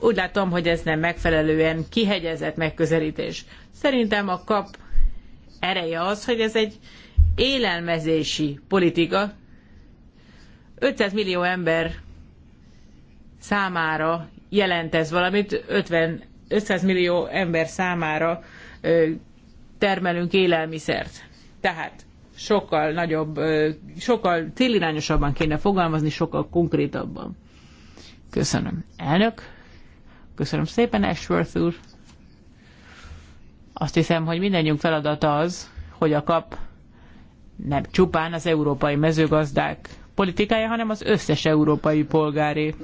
Úgy látom, hogy ez nem megfelelően kihegyezett megközelítés. Szerintem a kap ereje az, hogy ez egy élelmezési politika. 500 millió ember számára jelent ez valamit, 50, 500 millió ember számára termelünk élelmiszert. Tehát sokkal nagyobb, sokkal célirányosabban kéne fogalmazni, sokkal konkrétabban. Köszönöm. Elnök, köszönöm szépen, Ashworth úr. Azt hiszem, hogy mindannyiunk feladata az, hogy a kap nem csupán az európai mezőgazdák politikája, hanem az összes európai polgáré.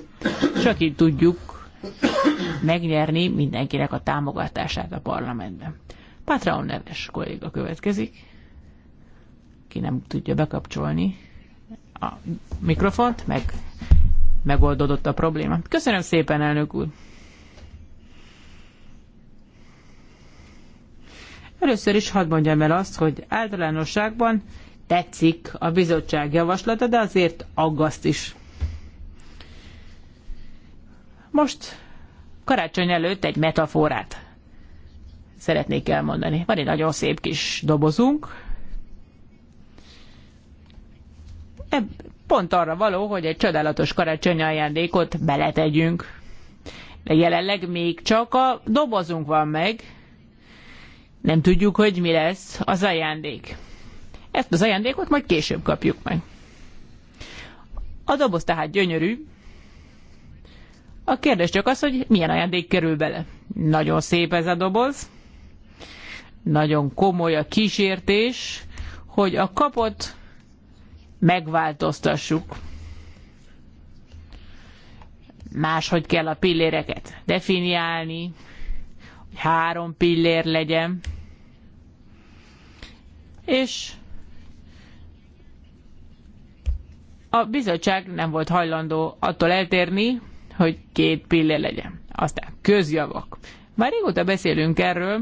Csak így tudjuk megnyerni mindenkinek a támogatását a parlamentben. Patraon neves kolléga következik aki nem tudja bekapcsolni a mikrofont, meg megoldódott a probléma. Köszönöm szépen, elnök úr! Először is hadd mondjam el azt, hogy általánosságban tetszik a bizottság javaslata, de azért aggaszt is. Most karácsony előtt egy metaforát szeretnék elmondani. Van egy nagyon szép kis dobozunk, E, pont arra való, hogy egy csodálatos karácsonyi ajándékot beletegyünk. De jelenleg még csak a dobozunk van meg. Nem tudjuk, hogy mi lesz az ajándék. Ezt az ajándékot majd később kapjuk meg. A doboz tehát gyönyörű. A kérdés csak az, hogy milyen ajándék kerül bele. Nagyon szép ez a doboz. Nagyon komoly a kísértés, hogy a kapott megváltoztassuk. Máshogy kell a pilléreket definiálni, hogy három pillér legyen, és a bizottság nem volt hajlandó attól eltérni, hogy két pillér legyen. Aztán közjavak. Már régóta beszélünk erről,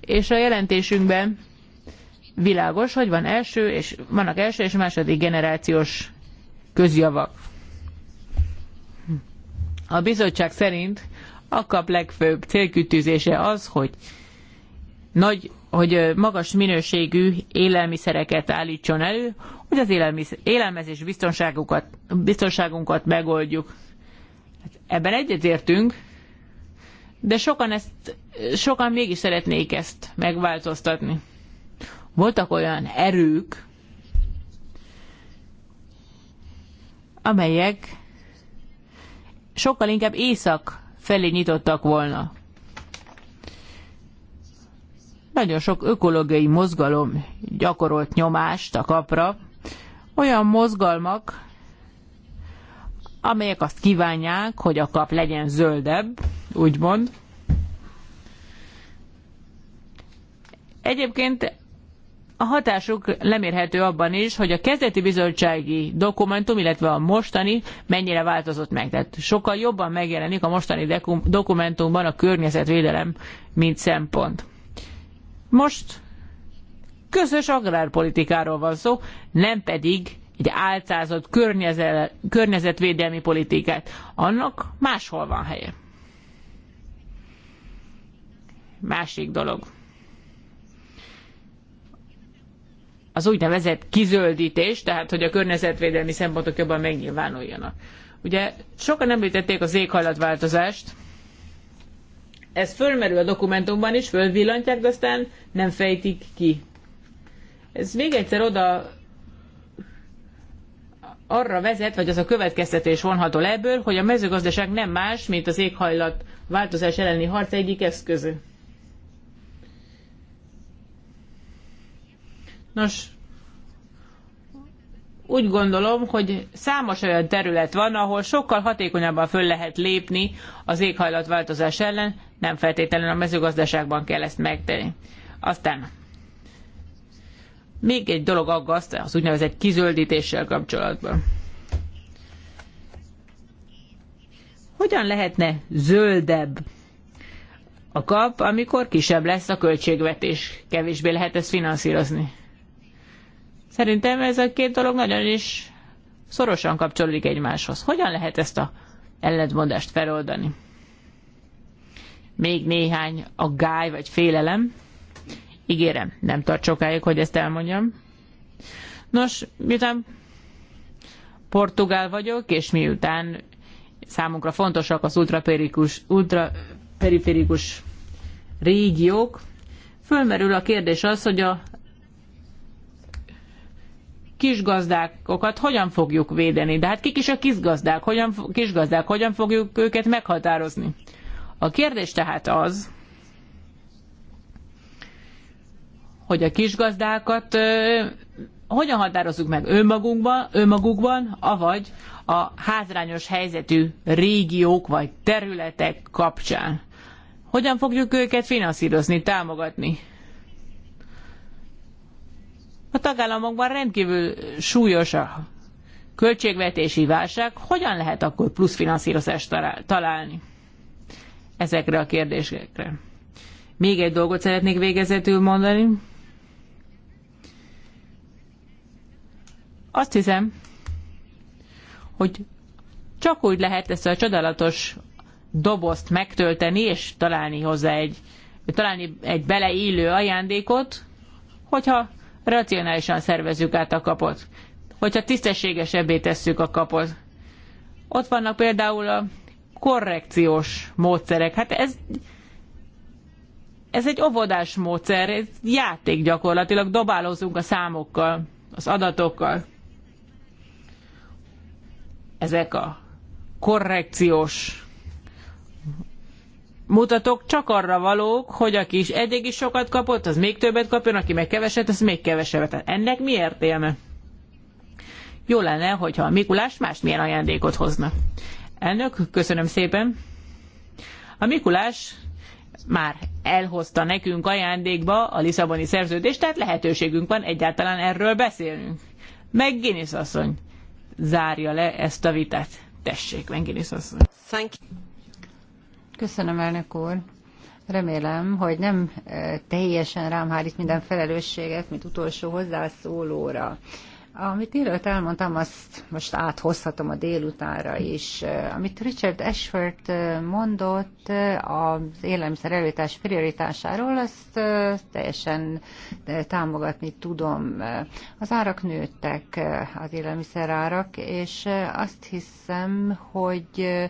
és a jelentésünkben Világos, hogy van első és vannak első és második generációs közjavak. A bizottság szerint a kap legfőbb célkütűzése az, hogy nagy, hogy magas minőségű élelmiszereket állítson elő, hogy az élelmezés biztonságunkat, biztonságunkat megoldjuk. Hát ebben egyetértünk, de sokan, ezt, sokan mégis szeretnék ezt megváltoztatni voltak olyan erők, amelyek sokkal inkább észak felé nyitottak volna. Nagyon sok ökológiai mozgalom gyakorolt nyomást a kapra, olyan mozgalmak, amelyek azt kívánják, hogy a kap legyen zöldebb, úgymond. Egyébként a hatásuk lemérhető abban is, hogy a kezdeti bizottsági dokumentum, illetve a mostani mennyire változott meg. Tehát sokkal jobban megjelenik a mostani dokumentumban a környezetvédelem, mint szempont. Most közös agrárpolitikáról van szó, nem pedig egy álcázott környezetvédelmi politikát. Annak máshol van helye. Másik dolog. az úgynevezett kizöldítés, tehát hogy a környezetvédelmi szempontok jobban megnyilvánuljanak. Ugye sokan említették az éghajlatváltozást, ez fölmerül a dokumentumban is, fölvillantják, de aztán nem fejtik ki. Ez még egyszer oda arra vezet, vagy az a következtetés vonható le ebből, hogy a mezőgazdaság nem más, mint az éghajlat változás elleni harc egyik eszköze. Nos, úgy gondolom, hogy számos olyan terület van, ahol sokkal hatékonyabban föl lehet lépni az éghajlatváltozás ellen, nem feltétlenül a mezőgazdaságban kell ezt megtenni. Aztán még egy dolog aggaszt az úgynevezett kizöldítéssel kapcsolatban. Hogyan lehetne zöldebb a kap, amikor kisebb lesz a költségvetés, kevésbé lehet ezt finanszírozni? Szerintem ez a két dolog nagyon is szorosan kapcsolódik egymáshoz. Hogyan lehet ezt a ellentmondást feloldani? Még néhány a gáj vagy félelem. Ígérem, nem tart sokáig, hogy ezt elmondjam. Nos, miután portugál vagyok, és miután számunkra fontosak az ultraperikus, ultraperiférikus régiók, fölmerül a kérdés az, hogy a Kisgazdákokat hogyan fogjuk védeni? De hát kik is a kisgazdák? Hogyan, kisgazdák? Hogyan fogjuk őket meghatározni? A kérdés tehát az, hogy a kisgazdákat ö, hogyan határozzuk meg önmagunkban, önmagukban, avagy a hátrányos helyzetű régiók vagy területek kapcsán. Hogyan fogjuk őket finanszírozni, támogatni? A tagállamokban rendkívül súlyos a költségvetési válság, hogyan lehet akkor plusz finanszírozást találni ezekre a kérdésekre? Még egy dolgot szeretnék végezetül mondani. Azt hiszem, hogy csak úgy lehet ezt a csodálatos dobozt megtölteni, és találni hozzá egy, találni egy beleillő ajándékot, hogyha racionálisan szervezzük át a kapot. Hogyha tisztességesebbé tesszük a kapot. Ott vannak például a korrekciós módszerek. Hát ez, ez egy óvodás módszer, ez játék gyakorlatilag, dobálózunk a számokkal, az adatokkal. Ezek a korrekciós mutatók csak arra valók, hogy aki is eddig is sokat kapott, az még többet kapjon, aki meg keveset, az még kevesebbet. Hát ennek mi értelme? Jó lenne, hogyha a Mikulás másmilyen ajándékot hozna. Elnök, köszönöm szépen. A Mikulás már elhozta nekünk ajándékba a Lisszaboni szerződést, tehát lehetőségünk van egyáltalán erről beszélnünk. Meg Guinness asszony zárja le ezt a vitát. Tessék, meg Guinness asszony. Thank you. Köszönöm, elnök úr. Remélem, hogy nem teljesen rám hárít minden felelősséget, mint utolsó hozzászólóra. Amit élőt elmondtam, azt most áthozhatom a délutánra is. Amit Richard Ashford mondott az élelmiszer előítás prioritásáról, azt teljesen támogatni tudom. Az árak nőttek, az élelmiszer árak, és azt hiszem, hogy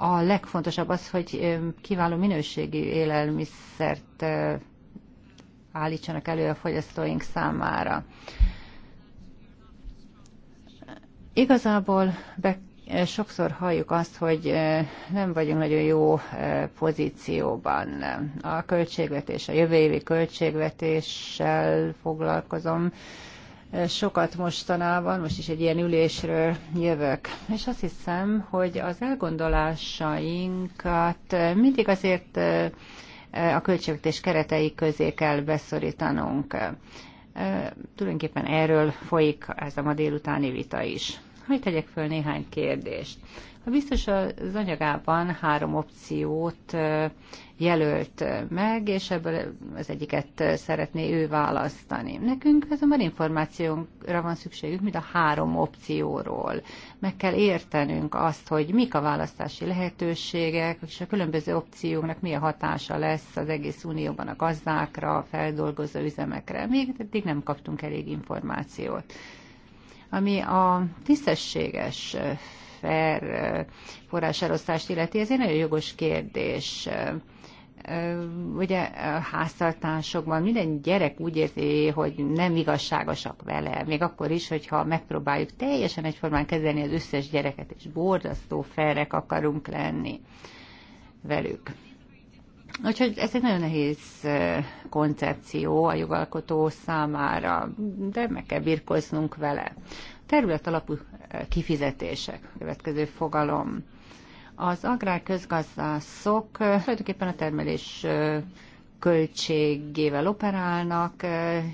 a legfontosabb az, hogy kiváló minőségű élelmiszert állítsanak elő a fogyasztóink számára. Igazából be, sokszor halljuk azt, hogy nem vagyunk nagyon jó pozícióban. A költségvetés, a jövő évi költségvetéssel foglalkozom, sokat mostanában, most is egy ilyen ülésről jövök. És azt hiszem, hogy az elgondolásainkat mindig azért a költségvetés keretei közé kell beszorítanunk. Tulajdonképpen erről folyik ez a ma délutáni vita is. Hogy tegyek föl néhány kérdést. A biztos az anyagában három opciót jelölt meg, és ebből az egyiket szeretné ő választani. Nekünk azonban információra van szükségünk mint a három opcióról. Meg kell értenünk azt, hogy mik a választási lehetőségek, és a különböző opcióknak mi a hatása lesz az egész unióban a gazdákra, a feldolgozó üzemekre. Még eddig nem kaptunk elég információt. Ami a tisztességes fair forráselosztást illeti, ez egy nagyon jogos kérdés ugye a háztartásokban minden gyerek úgy érzi, hogy nem igazságosak vele, még akkor is, hogyha megpróbáljuk teljesen egyformán kezelni az összes gyereket, és borzasztó felrek akarunk lenni velük. Úgyhogy ez egy nagyon nehéz koncepció a jogalkotó számára, de meg kell birkoznunk vele. Terület alapú kifizetések, a következő fogalom. Az agrárközgazdászok tulajdonképpen a termelés költségével operálnak,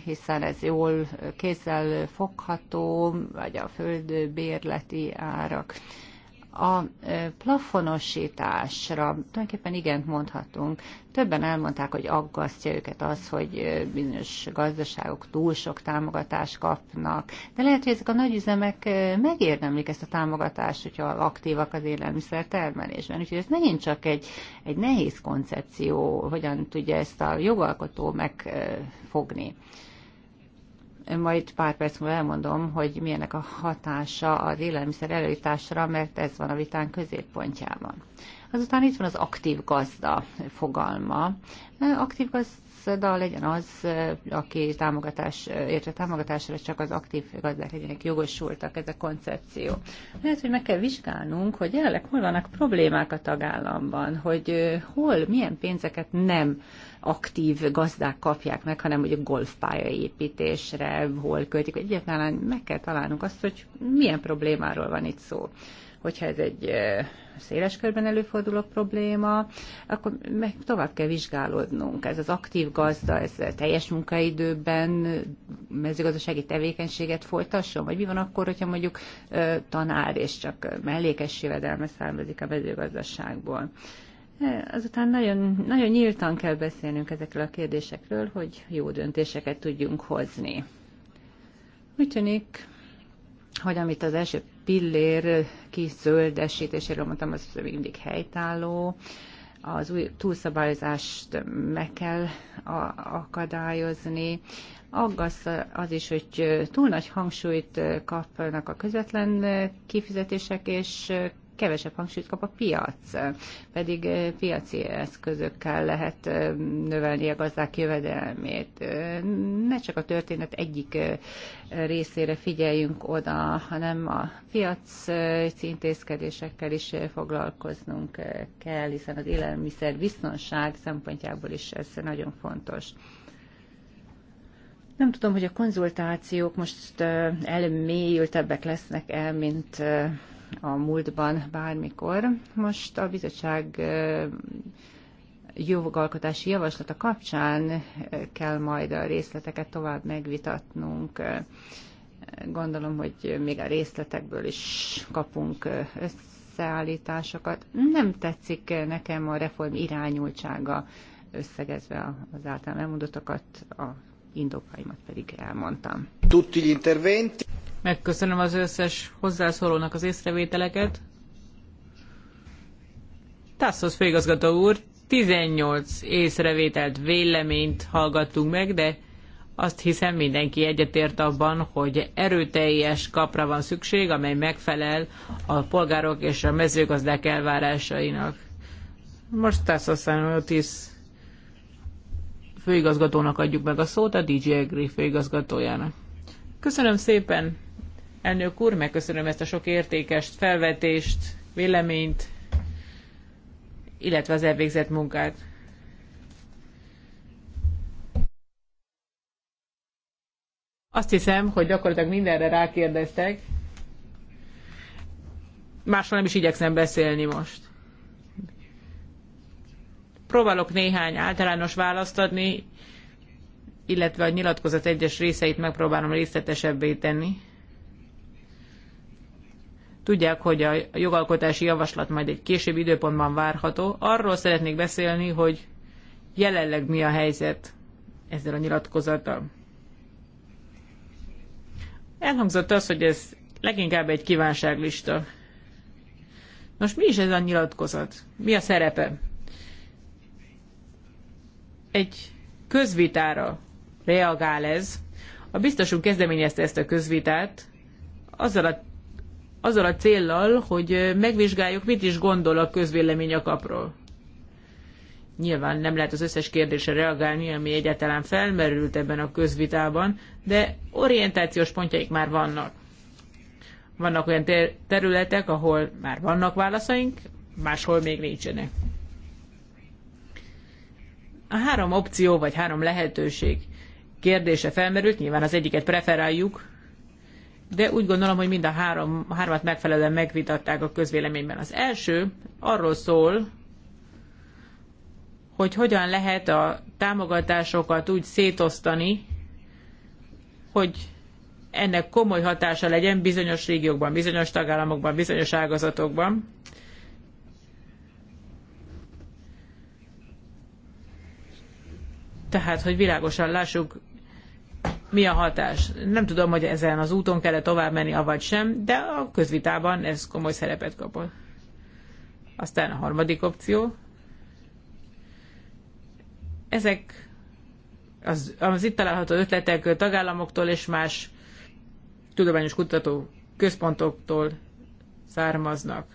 hiszen ez jól kézzel fogható, vagy a földbérleti árak. A plafonosításra tulajdonképpen igent mondhatunk. Többen elmondták, hogy aggasztja őket az, hogy bizonyos gazdaságok túl sok támogatást kapnak, de lehet, hogy ezek a nagyüzemek megérdemlik ezt a támogatást, hogyha aktívak az élelmiszer termelésben. Úgyhogy ez megint csak egy, egy nehéz koncepció, hogyan tudja ezt a jogalkotó megfogni majd pár perc múlva elmondom, hogy milyenek a hatása az élelmiszer előításra, mert ez van a vitán középpontjában. Azután itt van az aktív gazda fogalma. Aktív gazda legyen az, aki támogatás, értve támogatásra csak az aktív gazdák legyenek jogosultak, ez a koncepció. Lehet, hogy meg kell vizsgálnunk, hogy jelenleg hol vannak problémák a tagállamban, hogy hol, milyen pénzeket nem aktív gazdák kapják meg, hanem hogy a golfpálya építésre hol költik. Egyáltalán meg kell találnunk azt, hogy milyen problémáról van itt szó hogyha ez egy széles körben előforduló probléma, akkor meg tovább kell vizsgálódnunk. Ez az aktív gazda, ez teljes munkaidőben mezőgazdasági tevékenységet folytasson? Vagy mi van akkor, hogyha mondjuk tanár és csak mellékes jövedelme származik a mezőgazdaságból? E, azután nagyon, nagyon nyíltan kell beszélnünk ezekről a kérdésekről, hogy jó döntéseket tudjunk hozni. Úgy tűnik, hogy amit az első pillér kiszöldesítéséről mondtam, az mindig helytálló. Az új túlszabályozást meg kell akadályozni. Aggaszt az is, hogy túl nagy hangsúlyt kapnak a közvetlen kifizetések, és kevesebb hangsúlyt kap a piac, pedig piaci eszközökkel lehet növelni a gazdák jövedelmét. Ne csak a történet egyik részére figyeljünk oda, hanem a piac intézkedésekkel is foglalkoznunk kell, hiszen az élelmiszer biztonság szempontjából is ez nagyon fontos. Nem tudom, hogy a konzultációk most elmélyültebbek lesznek el, mint a múltban bármikor. Most a bizottság jogalkotási javaslata kapcsán kell majd a részleteket tovább megvitatnunk. Gondolom, hogy még a részletekből is kapunk összeállításokat. Nem tetszik nekem a reform irányultsága összegezve az általán elmondottakat a indokaimat pedig elmondtam. Tutti gli interventi. Megköszönöm az összes hozzászólónak az észrevételeket. Tasszosz főigazgató úr, 18 észrevételt, véleményt hallgattunk meg, de azt hiszem mindenki egyetért abban, hogy erőteljes kapra van szükség, amely megfelel a polgárok és a mezőgazdák elvárásainak. Most Tasszosz Anotis főigazgatónak adjuk meg a szót, a DJ Agri főigazgatójának. Köszönöm szépen, elnök úr, megköszönöm ezt a sok értékes felvetést, véleményt, illetve az elvégzett munkát. Azt hiszem, hogy gyakorlatilag mindenre rákérdeztek. Másról nem is igyekszem beszélni most. Próbálok néhány általános választ adni, illetve a nyilatkozat egyes részeit megpróbálom részletesebbé tenni. Tudják, hogy a jogalkotási javaslat majd egy később időpontban várható. Arról szeretnék beszélni, hogy jelenleg mi a helyzet ezzel a nyilatkozattal. Elhangzott az, hogy ez leginkább egy kívánságlista. Nos, mi is ez a nyilatkozat? Mi a szerepe? egy közvitára reagál ez. A biztosunk kezdeményezte ezt a közvitát azzal a, azzal a céllal, hogy megvizsgáljuk, mit is gondol a közvélemény a kapról. Nyilván nem lehet az összes kérdésre reagálni, ami egyáltalán felmerült ebben a közvitában, de orientációs pontjaik már vannak. Vannak olyan ter területek, ahol már vannak válaszaink, máshol még nincsenek. A három opció, vagy három lehetőség kérdése felmerült, nyilván az egyiket preferáljuk, de úgy gondolom, hogy mind a három, hármat megfelelően megvitatták a közvéleményben. Az első arról szól, hogy hogyan lehet a támogatásokat úgy szétosztani, hogy ennek komoly hatása legyen bizonyos régiókban, bizonyos tagállamokban, bizonyos ágazatokban, Tehát, hogy világosan lássuk, mi a hatás. Nem tudom, hogy ezen az úton kell-e tovább menni, avagy sem, de a közvitában ez komoly szerepet kapott. Aztán a harmadik opció. Ezek az, az itt található ötletek tagállamoktól és más tudományos kutató központoktól származnak.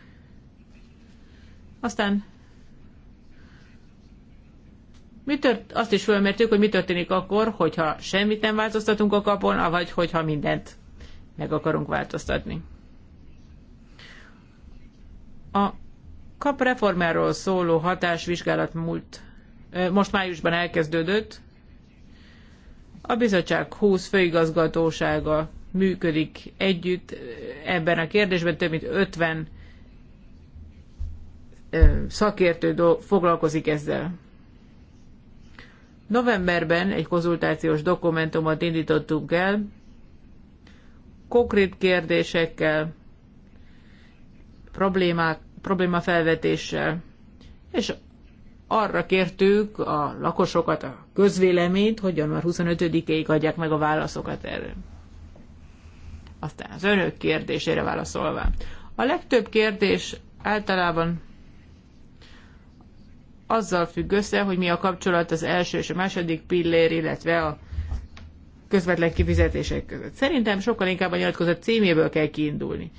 Aztán mi tört, azt is fölmértük, hogy mi történik akkor, hogyha semmit nem változtatunk a kapon, vagy hogyha mindent meg akarunk változtatni. A kap reformáról szóló hatásvizsgálat múlt, most májusban elkezdődött. A bizottság 20 főigazgatósága működik együtt ebben a kérdésben, több mint 50 szakértő foglalkozik ezzel. Novemberben egy konzultációs dokumentumot indítottunk el, konkrét kérdésekkel, problémák, problémafelvetéssel, és arra kértük a lakosokat, a közvéleményt, hogy január 25-ig adják meg a válaszokat erről. Aztán az önök kérdésére válaszolva. A legtöbb kérdés általában azzal függ össze, hogy mi a kapcsolat az első és a második pillér, illetve a közvetlen kifizetések között. Szerintem sokkal inkább a nyilatkozat címéből kell kiindulni.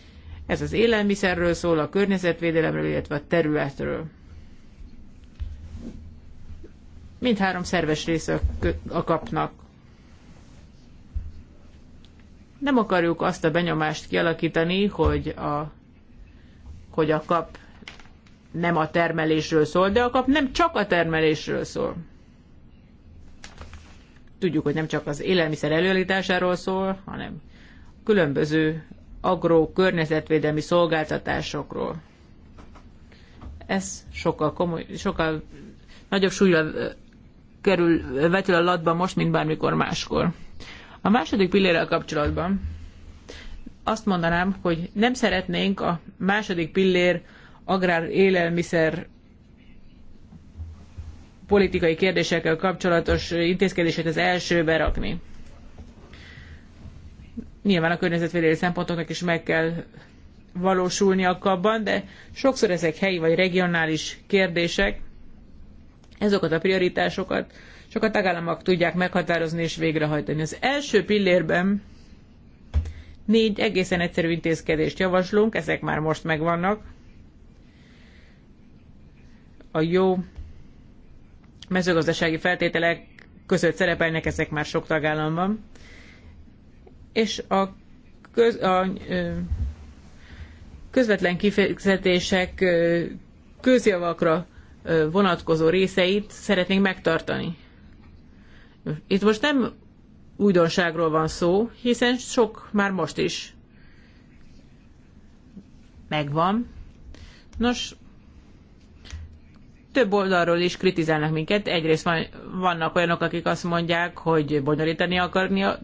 Ez az élelmiszerről szól, a környezetvédelemről, illetve a területről. Mindhárom szerves része a kapnak. Nem akarjuk azt a benyomást kialakítani, hogy a, hogy a kap nem a termelésről szól, de a kap nem csak a termelésről szól. Tudjuk, hogy nem csak az élelmiszer előállításáról szól, hanem különböző agró környezetvédelmi szolgáltatásokról. Ez sokkal, komoly, sokkal nagyobb súlyra kerül, vetül a latban most, mint bármikor máskor. A második pillérrel kapcsolatban azt mondanám, hogy nem szeretnénk a második pillér agrár élelmiszer politikai kérdésekkel kapcsolatos intézkedéseket az elsőbe rakni. Nyilván a környezetvédelmi szempontoknak is meg kell valósulniak abban, de sokszor ezek helyi vagy regionális kérdések, ezokat a prioritásokat csak a tagállamok tudják meghatározni és végrehajtani. Az első pillérben négy egészen egyszerű intézkedést javaslunk, ezek már most megvannak a jó mezőgazdasági feltételek között szerepelnek, ezek már sok tagállamban. És a, köz, a közvetlen kifizetések közjavakra vonatkozó részeit szeretnénk megtartani. Itt most nem újdonságról van szó, hiszen sok már most is megvan. Nos, több oldalról is kritizálnak minket. Egyrészt van, vannak olyanok, akik azt mondják, hogy bonyolítani akarni a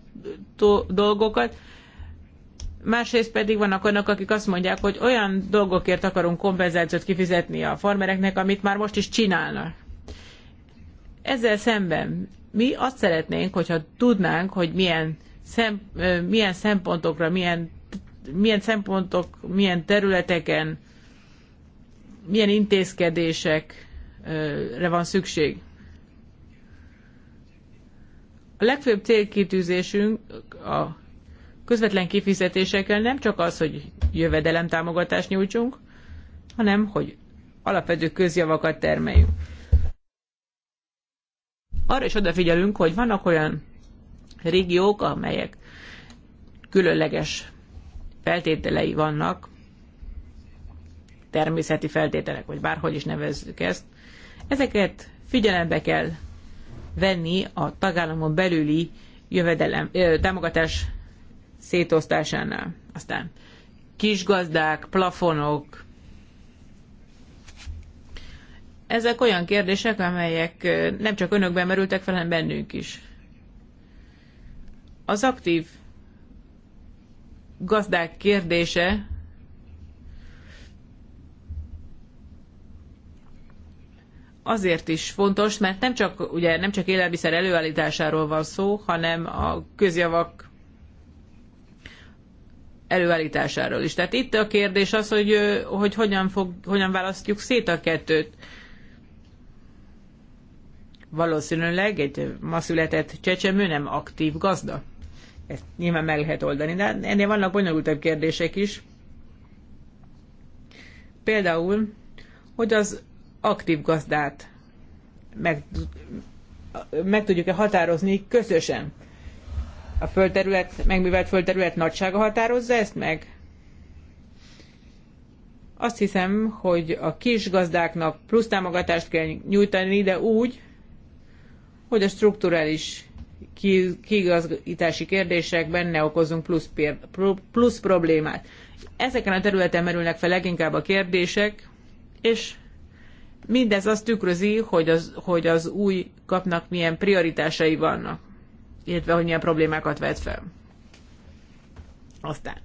dolgokat, másrészt pedig vannak olyanok, akik azt mondják, hogy olyan dolgokért akarunk kompenzációt kifizetni a farmereknek, amit már most is csinálnak. Ezzel szemben mi azt szeretnénk, hogyha tudnánk, hogy milyen, szem, milyen szempontokra, milyen, milyen szempontok, milyen területeken, milyen intézkedések re van szükség. A legfőbb célkitűzésünk a közvetlen kifizetésekkel nem csak az, hogy támogatást nyújtsunk, hanem hogy alapvető közjavakat termeljünk. Arra is odafigyelünk, hogy vannak olyan régiók, amelyek különleges feltételei vannak, természeti feltételek, vagy bárhogy is nevezzük ezt, Ezeket figyelembe kell venni a tagállamon belüli jövedelem, ö, támogatás szétosztásánál. Aztán kisgazdák, plafonok, ezek olyan kérdések, amelyek nem csak önökben merültek fel, hanem bennünk is. Az aktív gazdák kérdése azért is fontos, mert nem csak, ugye, nem csak élelmiszer előállításáról van szó, hanem a közjavak előállításáról is. Tehát itt a kérdés az, hogy, hogy hogyan, fog, hogyan választjuk szét a kettőt. Valószínűleg egy ma született csecsemő nem aktív gazda. Ezt nyilván meg lehet oldani, de ennél vannak bonyolultabb kérdések is. Például, hogy az aktív gazdát meg, meg tudjuk-e határozni közösen. A földterület, megművelt földterület nagysága határozza ezt meg? Azt hiszem, hogy a kis gazdáknak plusz támogatást kell nyújtani, de úgy, hogy a strukturális kigazítási kérdésekben ne okozunk plusz, pér, plusz problémát. Ezeken a területen merülnek fel leginkább a kérdések, és Mindez azt tükrözi, hogy az, hogy az új kapnak milyen prioritásai vannak, illetve hogy milyen problémákat vet fel. Aztán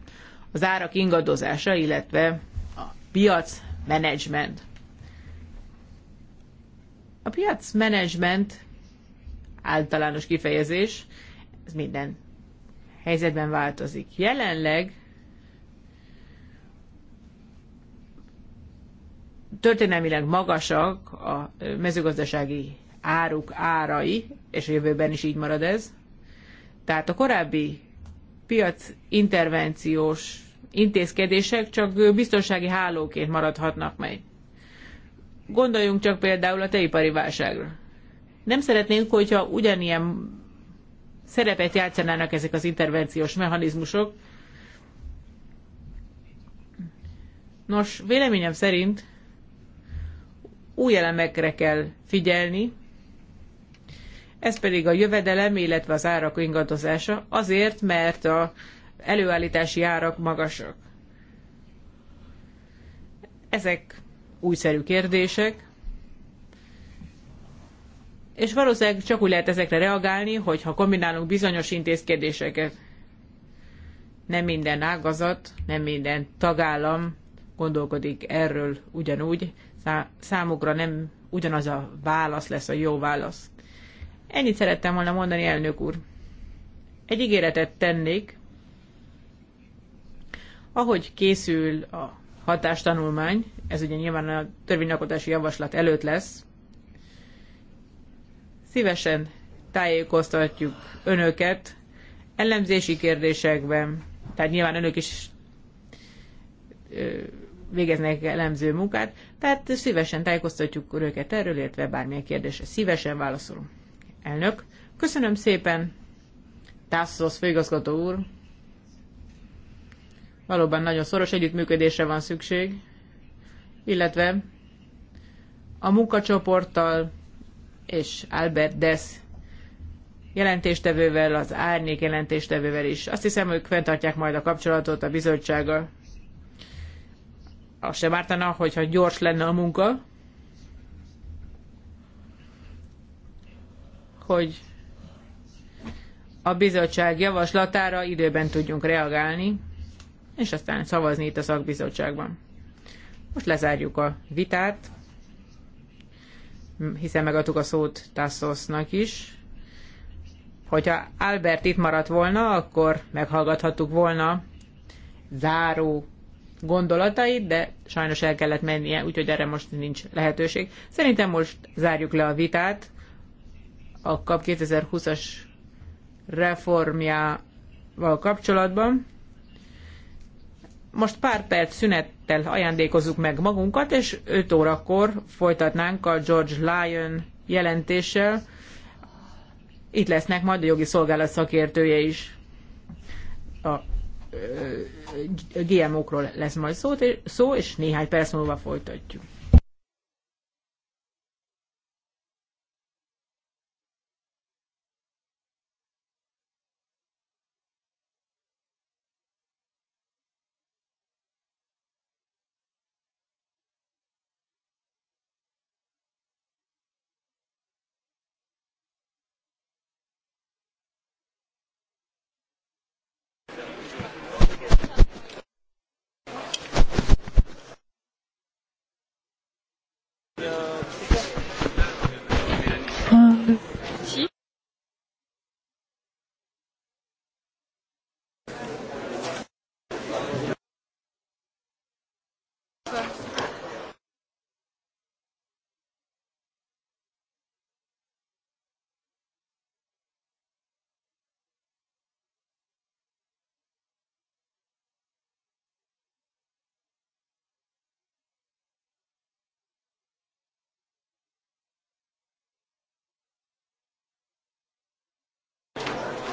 az árak ingadozása, illetve a piac menedzsment. A piac menedzsment általános kifejezés, ez minden helyzetben változik. Jelenleg történelmileg magasak a mezőgazdasági áruk árai, és a jövőben is így marad ez. Tehát a korábbi piac intervenciós intézkedések csak biztonsági hálóként maradhatnak meg. Gondoljunk csak például a teipari válságra. Nem szeretnénk, hogyha ugyanilyen szerepet játszanának ezek az intervenciós mechanizmusok. Nos, véleményem szerint új elemekre kell figyelni, ez pedig a jövedelem, illetve az árak ingadozása, azért, mert a előállítási árak magasak. Ezek újszerű kérdések, és valószínűleg csak úgy lehet ezekre reagálni, hogyha kombinálunk bizonyos intézkedéseket. Nem minden ágazat, nem minden tagállam gondolkodik erről ugyanúgy, számukra nem ugyanaz a válasz lesz a jó válasz. Ennyit szerettem volna mondani, elnök úr. Egy ígéretet tennék, ahogy készül a hatástanulmány, ez ugye nyilván a törvényalkotási javaslat előtt lesz, szívesen tájékoztatjuk önöket elemzési kérdésekben, tehát nyilván önök is végeznek elemző munkát, tehát szívesen tájékoztatjuk őket erről, illetve bármilyen kérdésre szívesen válaszolunk. Elnök, köszönöm szépen, Tászosz főigazgató úr. Valóban nagyon szoros együttműködésre van szükség, illetve a munkacsoporttal és Albert Dess jelentéstevővel, az árnyék jelentéstevővel is. Azt hiszem, hogy fenntartják majd a kapcsolatot a bizottsággal az sem ártana, hogyha gyors lenne a munka, hogy a bizottság javaslatára időben tudjunk reagálni, és aztán szavazni itt a szakbizottságban. Most lezárjuk a vitát, hiszen megadtuk a szót Tassosnak is. Hogyha Albert itt maradt volna, akkor meghallgathattuk volna záró gondolatait, de sajnos el kellett mennie, úgyhogy erre most nincs lehetőség. Szerintem most zárjuk le a vitát. A KAP 2020-as reformjával kapcsolatban. Most pár perc szünettel ajándékozzuk meg magunkat, és 5 órakor folytatnánk a George Lyon jelentéssel. Itt lesznek majd a jogi szolgálat szakértője is. A GMO-król lesz majd szó, és néhány perc múlva folytatjuk.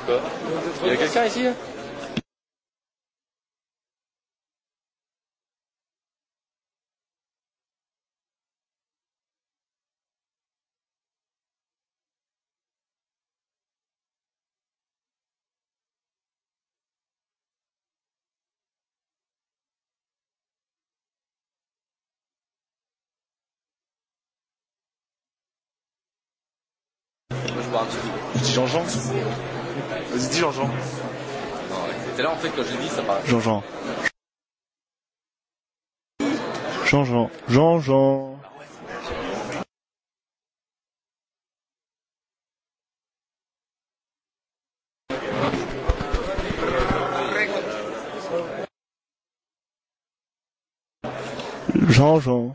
quoi Il y a quelqu'un ici Petit Jean-Jean Vas-y, dis Jean-Jean. Tout à l'heure, en fait, quand j'ai dit, ça paraît. Jean-Jean. Jean-Jean. Jean-Jean. Jean-Jean.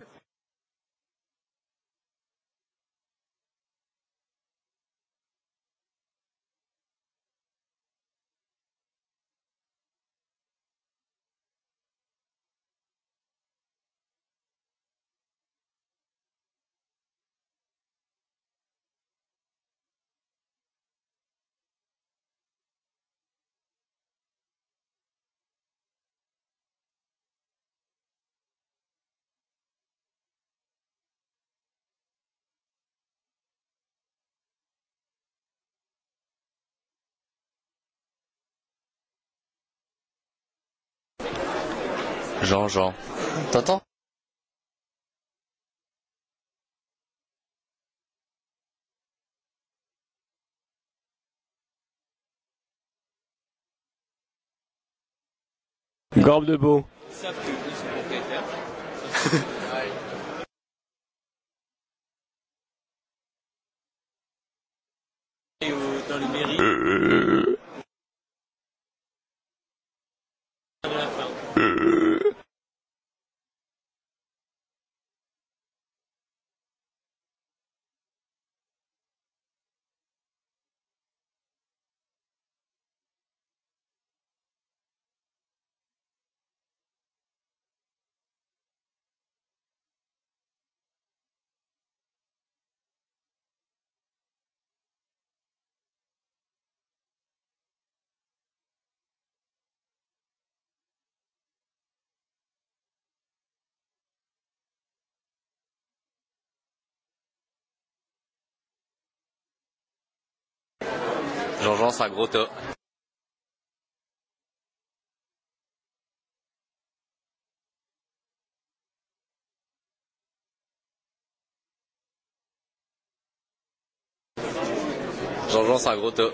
Jean-Jean. T'entends Gorbe de beau. debout. Euh, Jean-Jean Sagrota. Jean-Jean Sagrota.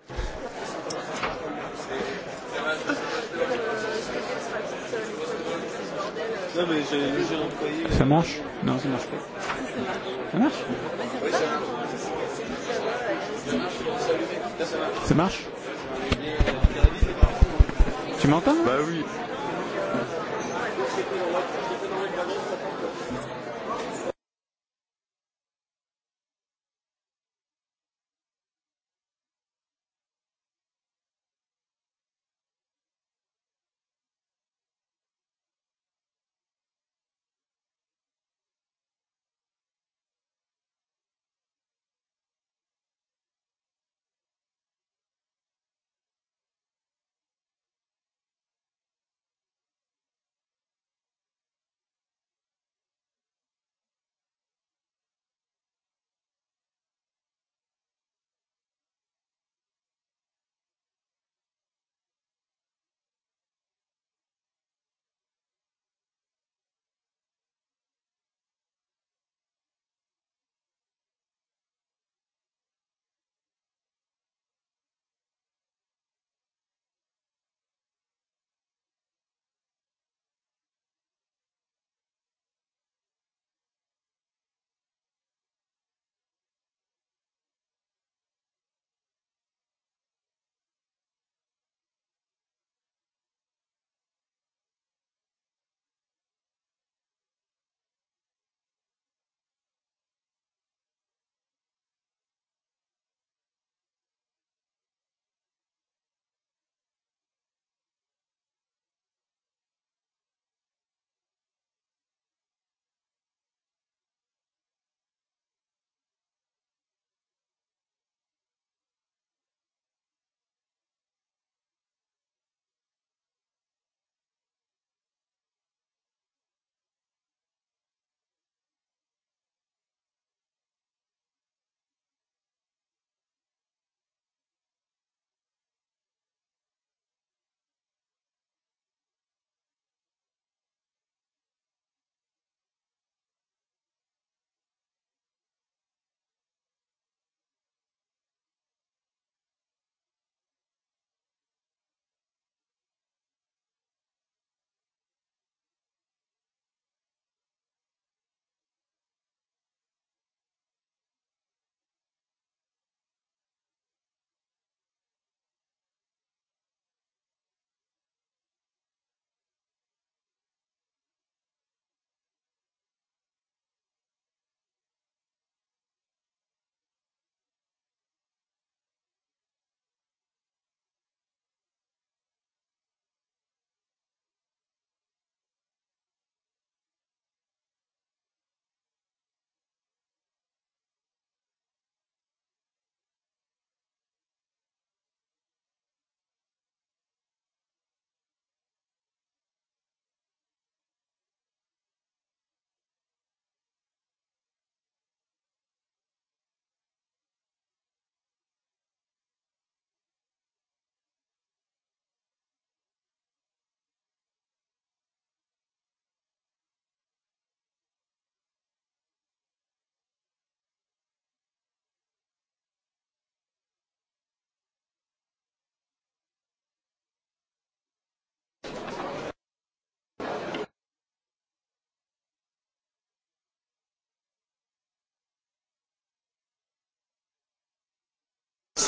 ça, mais j'ai employé. Ça marche Non, ça marche pas. Ça marche Ça marche Tu m'entends Bah oui.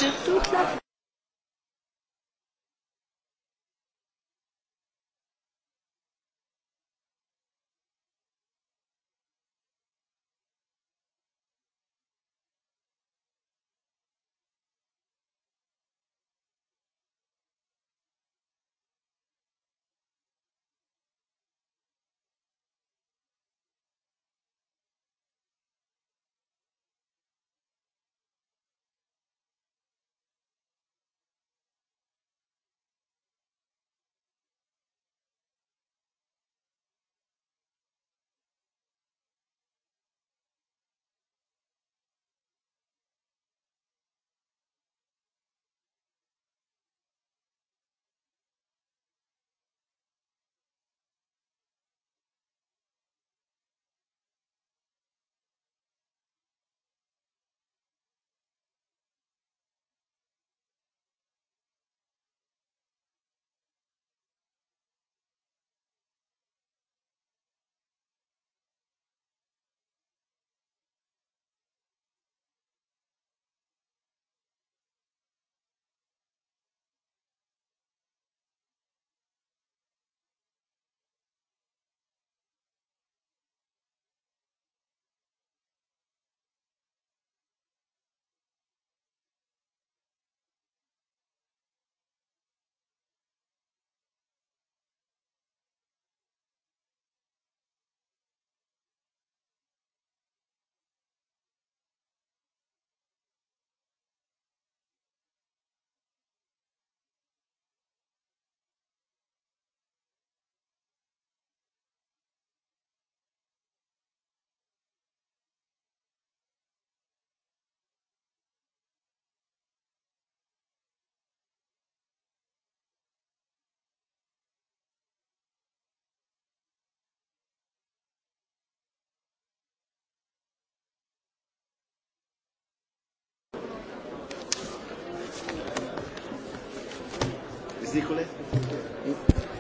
sur toute la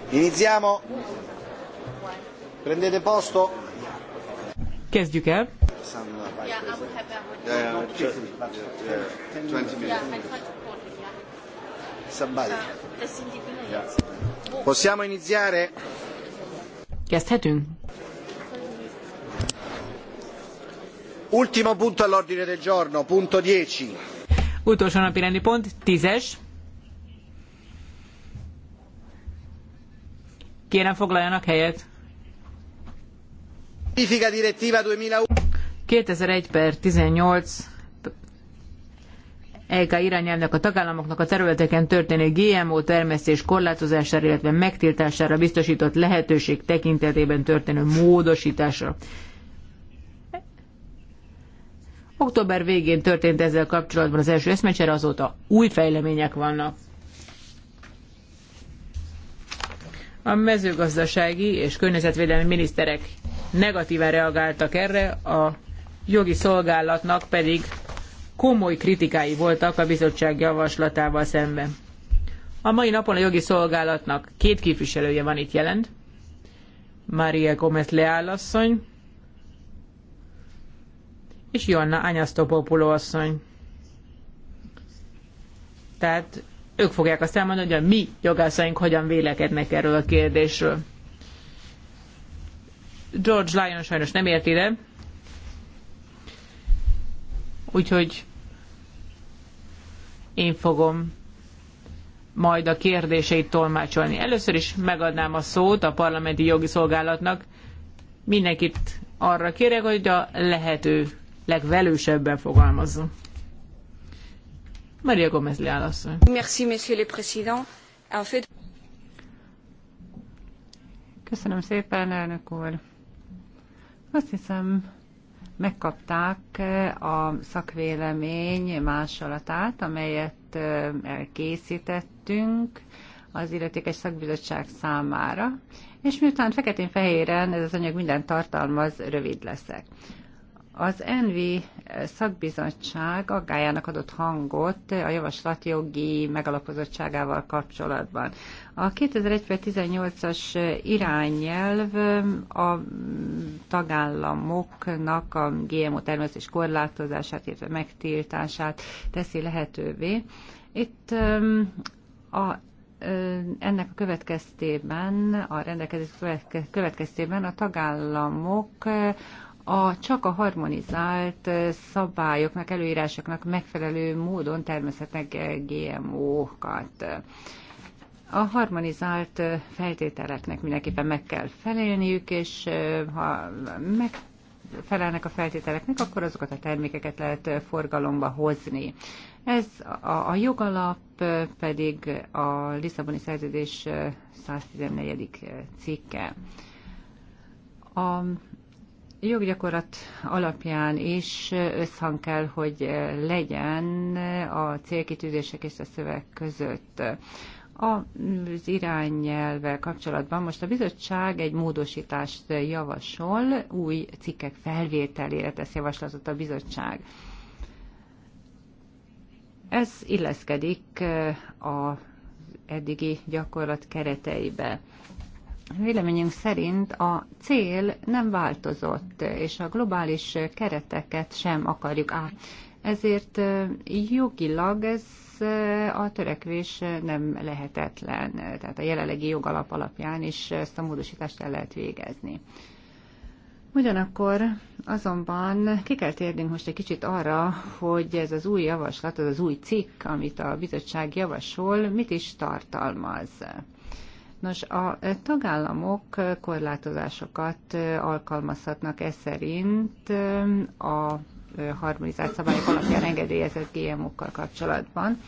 Iniziamo. Prendete posto. Kezdjük el. Possiamo iniziare? Kezdhetünk. Ultimo punto all'ordine del giorno, punto 10. Utolsó napi rendi pont, tízes. Kérem foglaljanak helyet. 2001 per 18 EK irányelvnek a tagállamoknak a területeken történő GMO termesztés korlátozására, illetve megtiltására biztosított lehetőség tekintetében történő módosításra. Október végén történt ezzel kapcsolatban az első eszmecsere, azóta új fejlemények vannak. A mezőgazdasági és környezetvédelmi miniszterek negatívan reagáltak erre, a jogi szolgálatnak pedig komoly kritikái voltak a bizottság javaslatával szemben. A mai napon a jogi szolgálatnak két képviselője van itt jelent. Maria Gomez Leál asszony és Joanna Anyasztopopuló asszony. Tehát ők fogják azt elmondani, hogy a mi jogászaink hogyan vélekednek erről a kérdésről. George Lyon sajnos nem ért ide, úgyhogy én fogom majd a kérdéseit tolmácsolni. Először is megadnám a szót a parlamenti jogi szolgálatnak. Mindenkit arra kérek, hogy a lehető legvelősebben fogalmazzon. Maria Gomez Leal asszony. Merci, monsieur le président. En fait... Köszönöm szépen, elnök úr. Azt hiszem, megkapták eh, a szakvélemény másolatát, amelyet eh, elkészítettünk az illetékes szakbizottság számára, és miután feketén-fehéren ez az anyag minden tartalmaz, rövid leszek. Az ENVI szakbizottság aggájának adott hangot a javaslat jogi megalapozottságával kapcsolatban. A 2001-18-as irányelv a tagállamoknak a GMO termesztés korlátozását, illetve megtiltását teszi lehetővé. Itt a ennek a következtében, a rendelkezés következtében a tagállamok a csak a harmonizált szabályoknak, előírásoknak megfelelő módon természetnek GMO-kat. A harmonizált feltételeknek mindenképpen meg kell felelniük, és ha meg felelnek a feltételeknek, akkor azokat a termékeket lehet forgalomba hozni. Ez a, a jogalap pedig a Lisszaboni szerződés 114. cikke. A joggyakorlat alapján is összhang kell, hogy legyen a célkitűzések és a szöveg között. Az irányelvvel kapcsolatban most a bizottság egy módosítást javasol, új cikkek felvételére tesz javaslatot a bizottság. Ez illeszkedik a eddigi gyakorlat kereteibe. Véleményünk szerint a cél nem változott, és a globális kereteket sem akarjuk át. Ezért jogilag ez a törekvés nem lehetetlen, tehát a jelenlegi jogalap alapján is ezt a módosítást el lehet végezni. Ugyanakkor azonban ki kell térnünk most egy kicsit arra, hogy ez az új javaslat, az az új cikk, amit a bizottság javasol, mit is tartalmaz. Nos, a tagállamok korlátozásokat alkalmazhatnak e szerint a harmonizált szabályok alapján engedélyezett GMO-kkal kapcsolatban,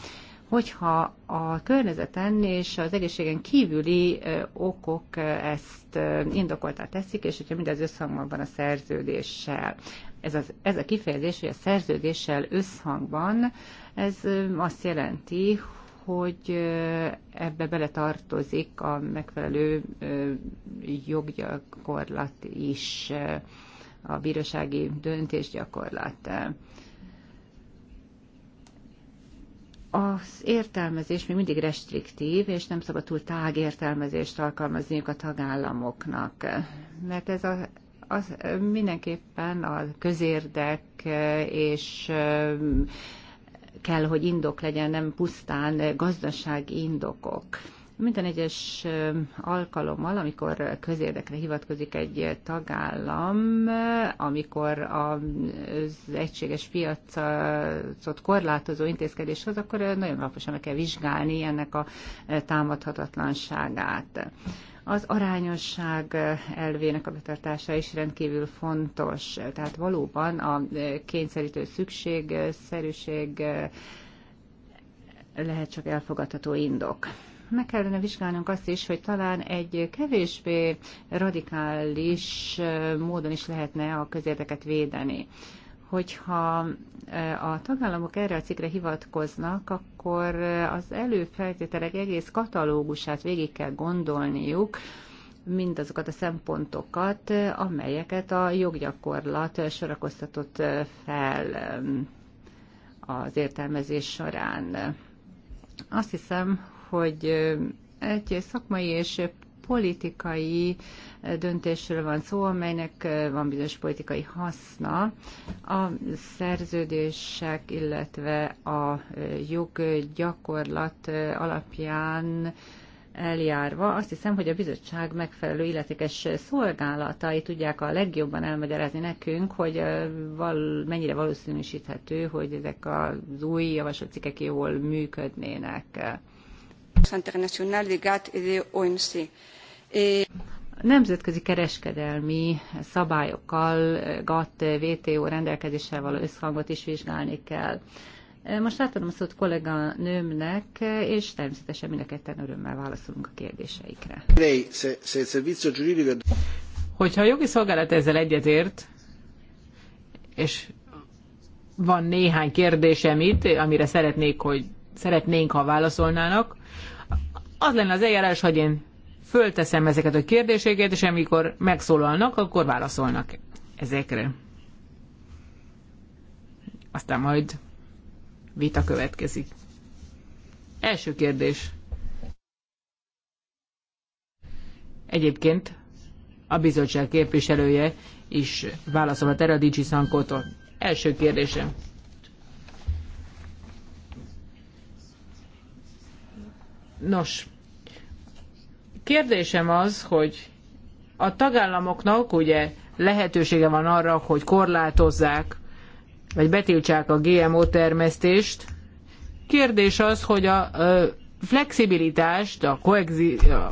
hogyha a környezeten és az egészségen kívüli okok ezt indokoltá teszik, és hogyha mindez összhangban van a szerződéssel. Ez, az, ez a kifejezés, hogy a szerződéssel összhangban, ez azt jelenti, hogy ebbe beletartozik a megfelelő joggyakorlat is, a bírósági döntésgyakorlat. Az értelmezés még mindig restriktív, és nem szabad túl tág értelmezést alkalmazniuk a tagállamoknak, mert ez a az mindenképpen a közérdek és kell, hogy indok legyen, nem pusztán gazdasági indokok. Minden egyes alkalommal, amikor közérdekre hivatkozik egy tagállam, amikor az egységes piacot korlátozó intézkedés hoz, akkor nagyon alaposan meg kell vizsgálni ennek a támadhatatlanságát. Az arányosság elvének a betartása is rendkívül fontos. Tehát valóban a kényszerítő szerűség lehet csak elfogadható indok meg kellene vizsgálnunk azt is, hogy talán egy kevésbé radikális módon is lehetne a közérdeket védeni hogyha e, a tagállamok erre a cikkre hivatkoznak, akkor e, az előfeltételek egész katalógusát végig kell gondolniuk, mindazokat a szempontokat, e, amelyeket a joggyakorlat sorakoztatott fel az értelmezés során. Azt hiszem, hogy egy szakmai és politikai eh, döntésről van szó, amelynek eh, van bizonyos politikai haszna. A szerződések, illetve a eh, joggyakorlat alapján eljárva, azt hiszem, hogy a bizottság megfelelő illetékes szolgálatai tudják a legjobban elmagyarázni nekünk, hogy val, mennyire valószínűsíthető, hogy ezek az új javasolt cikkek jól működnének. Internacional de Gat e de OMC nemzetközi kereskedelmi szabályokkal, GATT, VTO rendelkezéssel való összhangot is vizsgálni kell. Most átadom a szót kollega nőmnek, és természetesen mind a ketten örömmel válaszolunk a kérdéseikre. Hogyha a jogi szolgálat ezzel egyetért, és van néhány kérdésem itt, amire szeretnék, hogy szeretnénk, ha válaszolnának, az lenne az eljárás, hogy én fölteszem ezeket a kérdéseket, és amikor megszólalnak, akkor válaszolnak ezekre. Aztán majd vita következik. Első kérdés. Egyébként a bizottság képviselője is válaszol a Dicsi Szankótól. Első kérdésem. Nos, Kérdésem az, hogy a tagállamoknak ugye lehetősége van arra, hogy korlátozzák, vagy betiltsák a GMO termesztést. Kérdés az, hogy a, a flexibilitást, a, koexi, a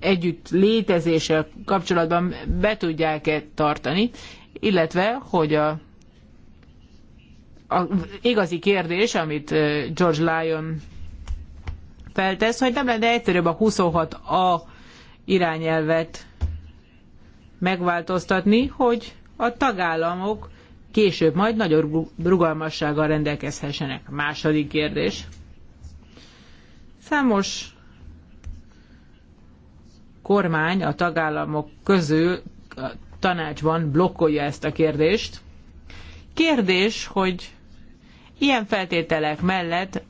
együtt létezéssel kapcsolatban be tudják-e tartani, illetve, hogy a, a igazi kérdés, amit George Lyon feltesz, hogy nem lenne egyszerűbb a 26A irányelvet megváltoztatni, hogy a tagállamok később majd nagyobb rugalmassággal rendelkezhessenek. Második kérdés. Számos kormány a tagállamok közül a tanácsban blokkolja ezt a kérdést. Kérdés, hogy ilyen feltételek mellett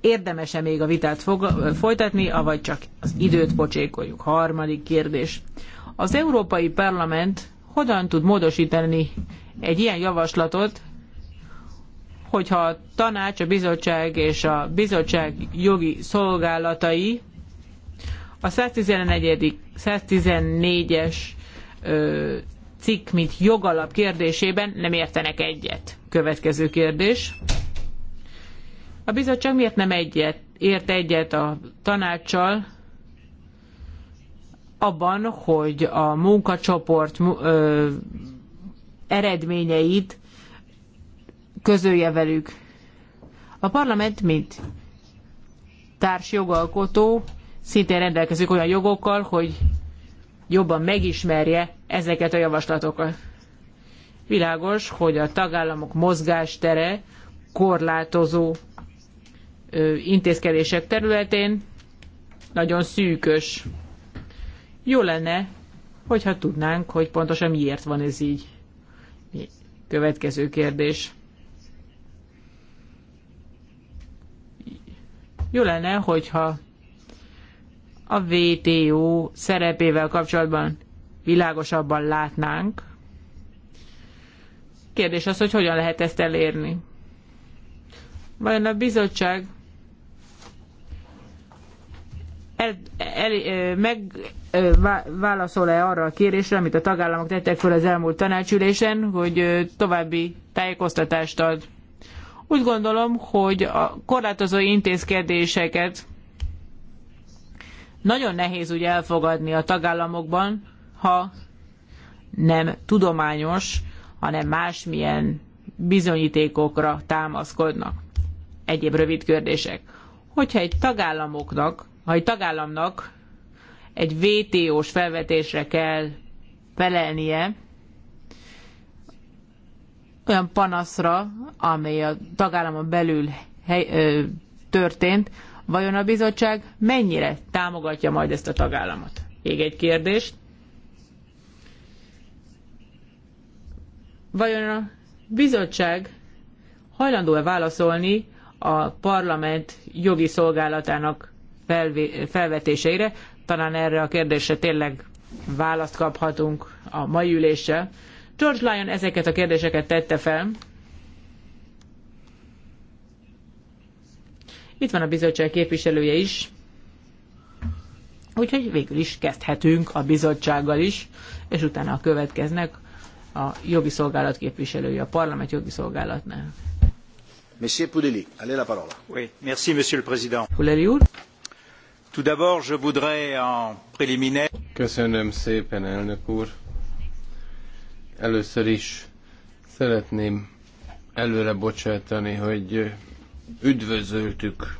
Érdemese még a vitát folytatni, avagy csak az időt pocsékoljuk? Harmadik kérdés. Az Európai Parlament hogyan tud módosítani egy ilyen javaslatot, hogyha a tanács, a bizottság és a bizottság jogi szolgálatai a 111. 114-es cikk, mint jogalap kérdésében nem értenek egyet. Következő kérdés. A bizottság miért nem egyet, ért egyet a tanácssal abban, hogy a munkacsoport ö, eredményeit közölje velük. A parlament, mint társjogalkotó, szintén rendelkezik olyan jogokkal, hogy jobban megismerje ezeket a javaslatokat. Világos, hogy a tagállamok mozgástere korlátozó intézkedések területén nagyon szűkös. Jó lenne, hogyha tudnánk, hogy pontosan miért van ez így. Következő kérdés. Jó lenne, hogyha a VTO szerepével kapcsolatban világosabban látnánk. Kérdés az, hogy hogyan lehet ezt elérni. Vajon a bizottság el, el, megválaszol-e arra a kérésre, amit a tagállamok tettek föl az elmúlt tanácsülésen, hogy további tájékoztatást ad. Úgy gondolom, hogy a korlátozó intézkedéseket nagyon nehéz úgy elfogadni a tagállamokban, ha nem tudományos, hanem másmilyen bizonyítékokra támaszkodnak. Egyéb rövid kérdések. Hogyha egy tagállamoknak ha egy tagállamnak egy VTO-s felvetésre kell felelnie, olyan panaszra, amely a tagállamon belül hely, ö, történt, vajon a bizottság mennyire támogatja majd ezt a tagállamot? Még egy kérdés. Vajon a bizottság hajlandó-e válaszolni a parlament jogi szolgálatának felvé, felvetéseire. Talán erre a kérdésre tényleg választ kaphatunk a mai üléssel. George Lyon ezeket a kérdéseket tette fel. Itt van a bizottság képviselője is. Úgyhogy végül is kezdhetünk a bizottsággal is, és utána a következnek a jogi szolgálat képviselője, a parlament jogi szolgálatnál. Monsieur Pudeli, allez la parole. Oui, merci, monsieur le président. Pudeli úr. Tout d'abord, je voudrais en préliminaire. Köszönöm szépen, elnök úr. Először is szeretném előre bocsátani, hogy üdvözöltük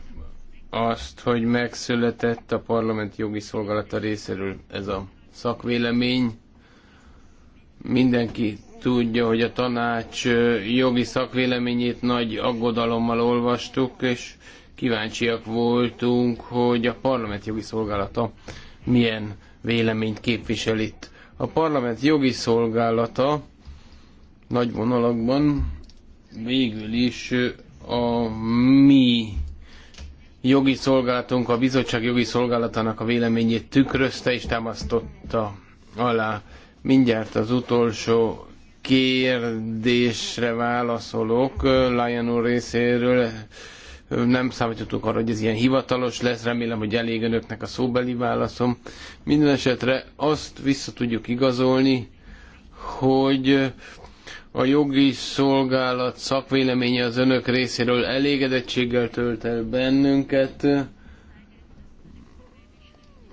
azt, hogy megszületett a parlament jogi szolgálata részéről ez a szakvélemény. Mindenki tudja, hogy a tanács jogi szakvéleményét nagy aggodalommal olvastuk, és kíváncsiak voltunk, hogy a parlament jogi szolgálata milyen véleményt képvisel itt. A parlament jogi szolgálata nagy vonalakban végül is a mi jogi szolgálatunk, a bizottság jogi szolgálatának a véleményét tükrözte és támasztotta alá. Mindjárt az utolsó kérdésre válaszolok Lionel részéről nem számítottunk arra, hogy ez ilyen hivatalos lesz, remélem, hogy elég önöknek a szóbeli válaszom. Minden esetre azt vissza tudjuk igazolni, hogy a jogi szolgálat szakvéleménye az önök részéről elégedettséggel tölt el bennünket,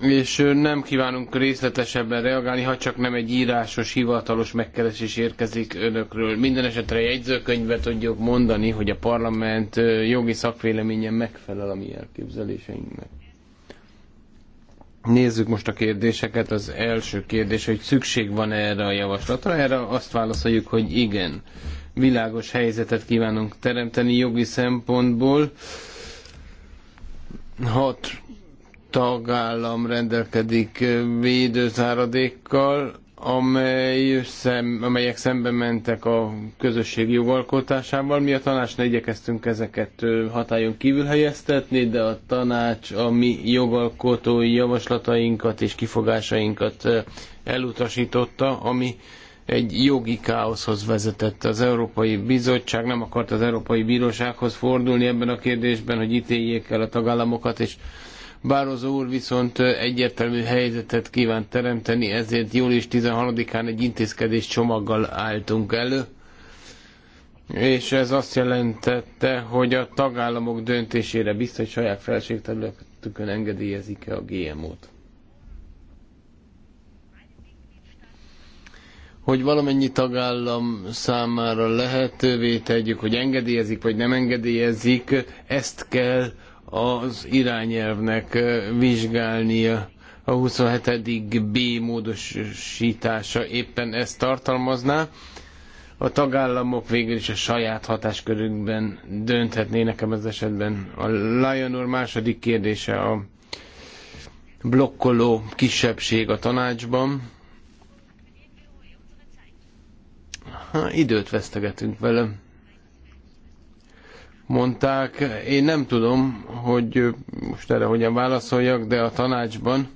és nem kívánunk részletesebben reagálni, ha csak nem egy írásos, hivatalos megkeresés érkezik önökről. Minden esetre jegyzőkönyvet tudjuk mondani, hogy a parlament jogi szakvéleménye megfelel a mi elképzeléseinknek. Nézzük most a kérdéseket. Az első kérdés, hogy szükség van -e erre a javaslatra. Erre azt válaszoljuk, hogy igen. Világos helyzetet kívánunk teremteni jogi szempontból. Hat tagállam rendelkedik védőzáradékkal, amely szem, amelyek szembe mentek a közösség jogalkotásával. Mi a tanácsnál igyekeztünk ezeket hatályon kívül helyeztetni, de a tanács a mi jogalkotói javaslatainkat és kifogásainkat elutasította, ami egy jogi káoszhoz vezetett. Az Európai Bizottság nem akart az Európai Bírósághoz fordulni ebben a kérdésben, hogy ítéljék el a tagállamokat, és Bározó úr viszont egyértelmű helyzetet kíván teremteni, ezért július 13-án egy intézkedés csomaggal álltunk elő, és ez azt jelentette, hogy a tagállamok döntésére biztos, hogy saját felségterületükön engedélyezik-e a GMO-t. hogy valamennyi tagállam számára lehetővé tegyük, hogy engedélyezik vagy nem engedélyezik, ezt kell az irányelvnek vizsgálnia. A 27. B módosítása éppen ezt tartalmazná. A tagállamok végül is a saját hatáskörükben dönthetnének ebben az esetben. A Lion úr második kérdése a blokkoló kisebbség a tanácsban. Ha, időt vesztegetünk vele mondták. Én nem tudom, hogy most erre hogyan válaszoljak, de a tanácsban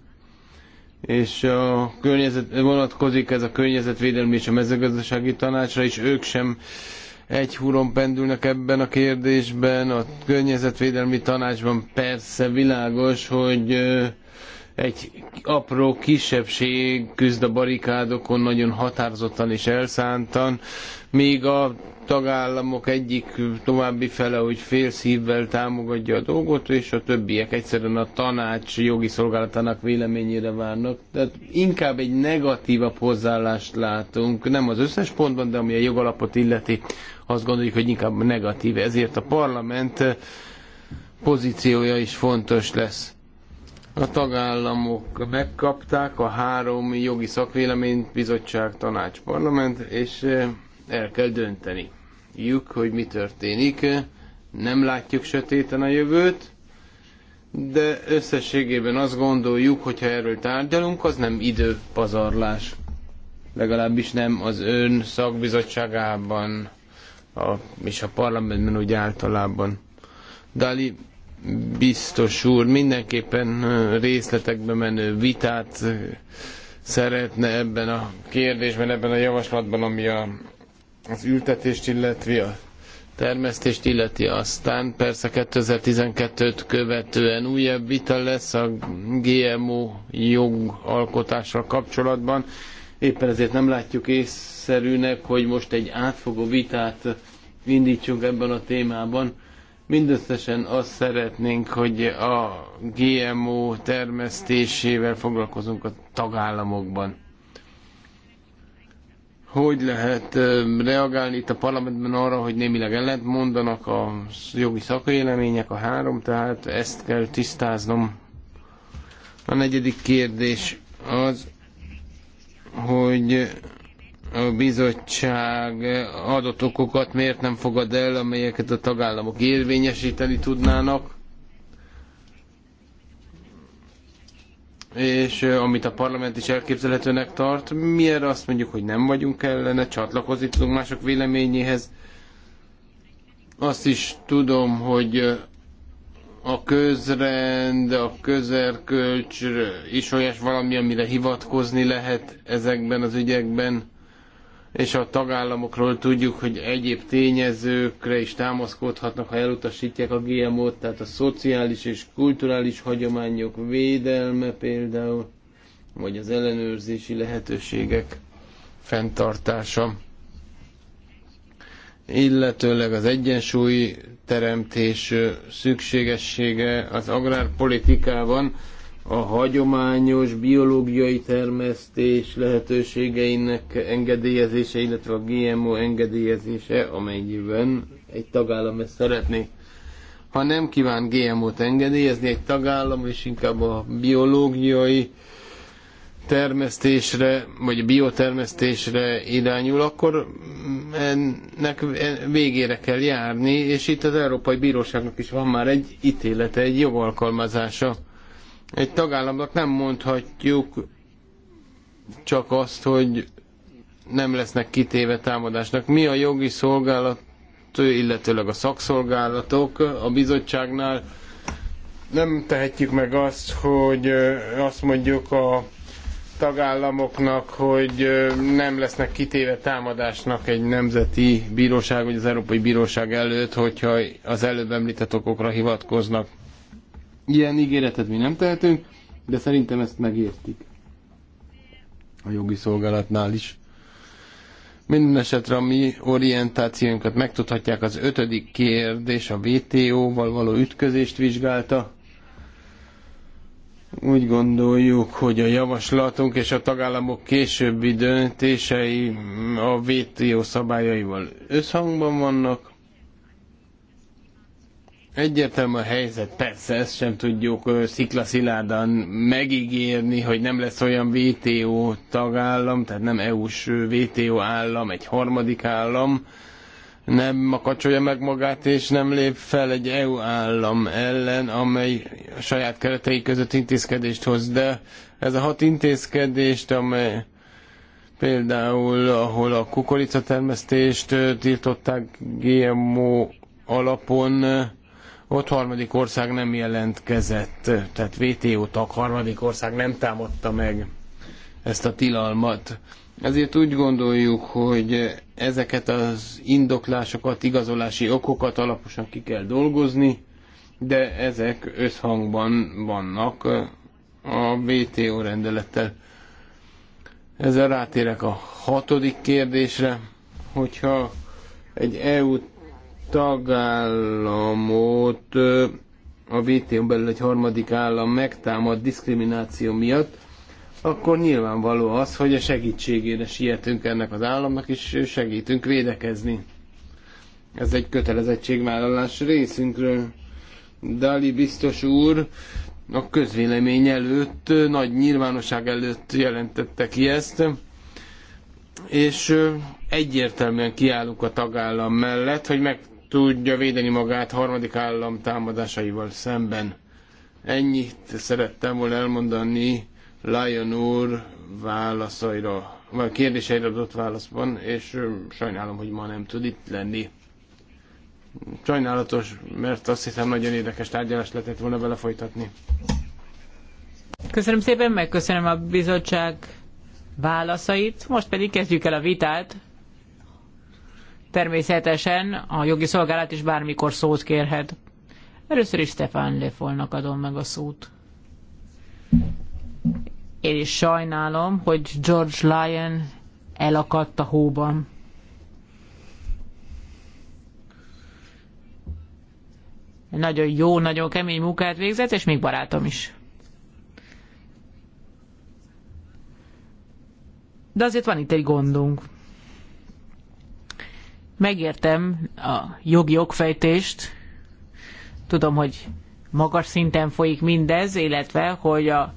és a környezet, vonatkozik ez a környezetvédelmi és a mezőgazdasági tanácsra, és ők sem egy húron pendülnek ebben a kérdésben. A környezetvédelmi tanácsban persze világos, hogy egy apró kisebbség küzd a barikádokon nagyon határozottan és elszántan, míg a tagállamok egyik további fele, hogy félszívvel támogatja a dolgot, és a többiek egyszerűen a tanács jogi szolgálatának véleményére várnak. Tehát inkább egy negatívabb hozzáállást látunk, nem az összes pontban, de ami a jogalapot illeti, azt gondoljuk, hogy inkább negatív. Ezért a parlament pozíciója is fontos lesz a tagállamok megkapták a három jogi szakvéleményt, bizottság, tanács, parlament, és eh, el kell dönteni. Juk, hogy mi történik. Nem látjuk sötéten a jövőt, de összességében azt gondoljuk, hogyha erről tárgyalunk, az nem időpazarlás. Legalábbis nem az ön szakbizottságában, a, és a parlamentben úgy általában. Dali biztos úr mindenképpen részletekbe menő vitát szeretne ebben a kérdésben, ebben a javaslatban, ami a, az ültetést illeti, a termesztést illeti, aztán persze 2012-t követően újabb vita lesz a GMO jogalkotással kapcsolatban. Éppen ezért nem látjuk észszerűnek, hogy most egy átfogó vitát indítsunk ebben a témában Mindösszesen azt szeretnénk, hogy a GMO termesztésével foglalkozunk a tagállamokban. Hogy lehet reagálni itt a parlamentben arra, hogy némileg ellent mondanak a jogi szakélemények, a három, tehát ezt kell tisztáznom. A negyedik kérdés az, hogy a bizottság adott okokat miért nem fogad el, amelyeket a tagállamok érvényesíteni tudnának, és amit a parlament is elképzelhetőnek tart, miért azt mondjuk, hogy nem vagyunk ellene, csatlakozni tudunk mások véleményéhez. Azt is tudom, hogy a közrend, a közerkölcs is olyas valami, amire hivatkozni lehet ezekben az ügyekben és a tagállamokról tudjuk, hogy egyéb tényezőkre is támaszkodhatnak, ha elutasítják a GMO-t, tehát a szociális és kulturális hagyományok védelme például, vagy az ellenőrzési lehetőségek fenntartása, illetőleg az egyensúly teremtés szükségessége az agrárpolitikában a hagyományos biológiai termesztés lehetőségeinek engedélyezése, illetve a GMO engedélyezése, amennyiben egy tagállam ezt szeretné. Ha nem kíván GMO-t engedélyezni egy tagállam, és inkább a biológiai termesztésre, vagy biotermesztésre irányul, akkor ennek végére kell járni, és itt az Európai Bíróságnak is van már egy ítélete, egy jogalkalmazása egy tagállamnak nem mondhatjuk csak azt, hogy nem lesznek kitéve támadásnak. Mi a jogi szolgálat, illetőleg a szakszolgálatok a bizottságnál nem tehetjük meg azt, hogy azt mondjuk a tagállamoknak, hogy nem lesznek kitéve támadásnak egy nemzeti bíróság vagy az Európai Bíróság előtt, hogyha az előbb említett okokra hivatkoznak. Ilyen ígéretet mi nem tehetünk, de szerintem ezt megértik a jogi szolgálatnál is. Minden esetre a mi orientációnkat megtudhatják. Az ötödik kérdés a VTO-val való ütközést vizsgálta. Úgy gondoljuk, hogy a javaslatunk és a tagállamok későbbi döntései a VTO szabályaival összhangban vannak. Egyértelmű a helyzet, persze, ezt sem tudjuk sziklaszilárdan megígérni, hogy nem lesz olyan VTO tagállam, tehát nem EU-s VTO állam, egy harmadik állam, nem makacsolja meg magát, és nem lép fel egy EU állam ellen, amely a saját keretei között intézkedést hoz. De ez a hat intézkedést, amely például, ahol a kukoricatermesztést tiltották GMO alapon, ott harmadik ország nem jelentkezett, tehát WTO tag harmadik ország nem támadta meg ezt a tilalmat. Ezért úgy gondoljuk, hogy ezeket az indoklásokat, igazolási okokat alaposan ki kell dolgozni, de ezek összhangban vannak a WTO rendelettel. Ezzel rátérek a hatodik kérdésre, hogyha egy EU tagállamot a WTO-n belül egy harmadik állam megtámad diszkrimináció miatt, akkor nyilvánvaló az, hogy a segítségére sietünk ennek az államnak, és segítünk védekezni. Ez egy kötelezettségvállalás részünkről. Dali biztos úr a közvélemény előtt, nagy nyilvánosság előtt jelentette ki ezt, és egyértelműen kiállunk a tagállam mellett, hogy meg tudja védeni magát harmadik állam támadásaival szemben. Ennyit szerettem volna elmondani Lion úr válaszaira, vagy kérdéseire adott válaszban, és sajnálom, hogy ma nem tud itt lenni. Sajnálatos, mert azt hiszem nagyon érdekes tárgyalást lehetett volna vele folytatni. Köszönöm szépen, megköszönöm a bizottság válaszait. Most pedig kezdjük el a vitát. Természetesen a jogi szolgálat is bármikor szót kérhet. Először is Stefan Lefolnak adom meg a szót. Én is sajnálom, hogy George Lyon elakadt a hóban. Nagyon jó, nagyon kemény munkát végzett, és még barátom is. De azért van itt egy gondunk. Megértem a jogi jogfejtést, tudom, hogy magas szinten folyik mindez, illetve, hogy a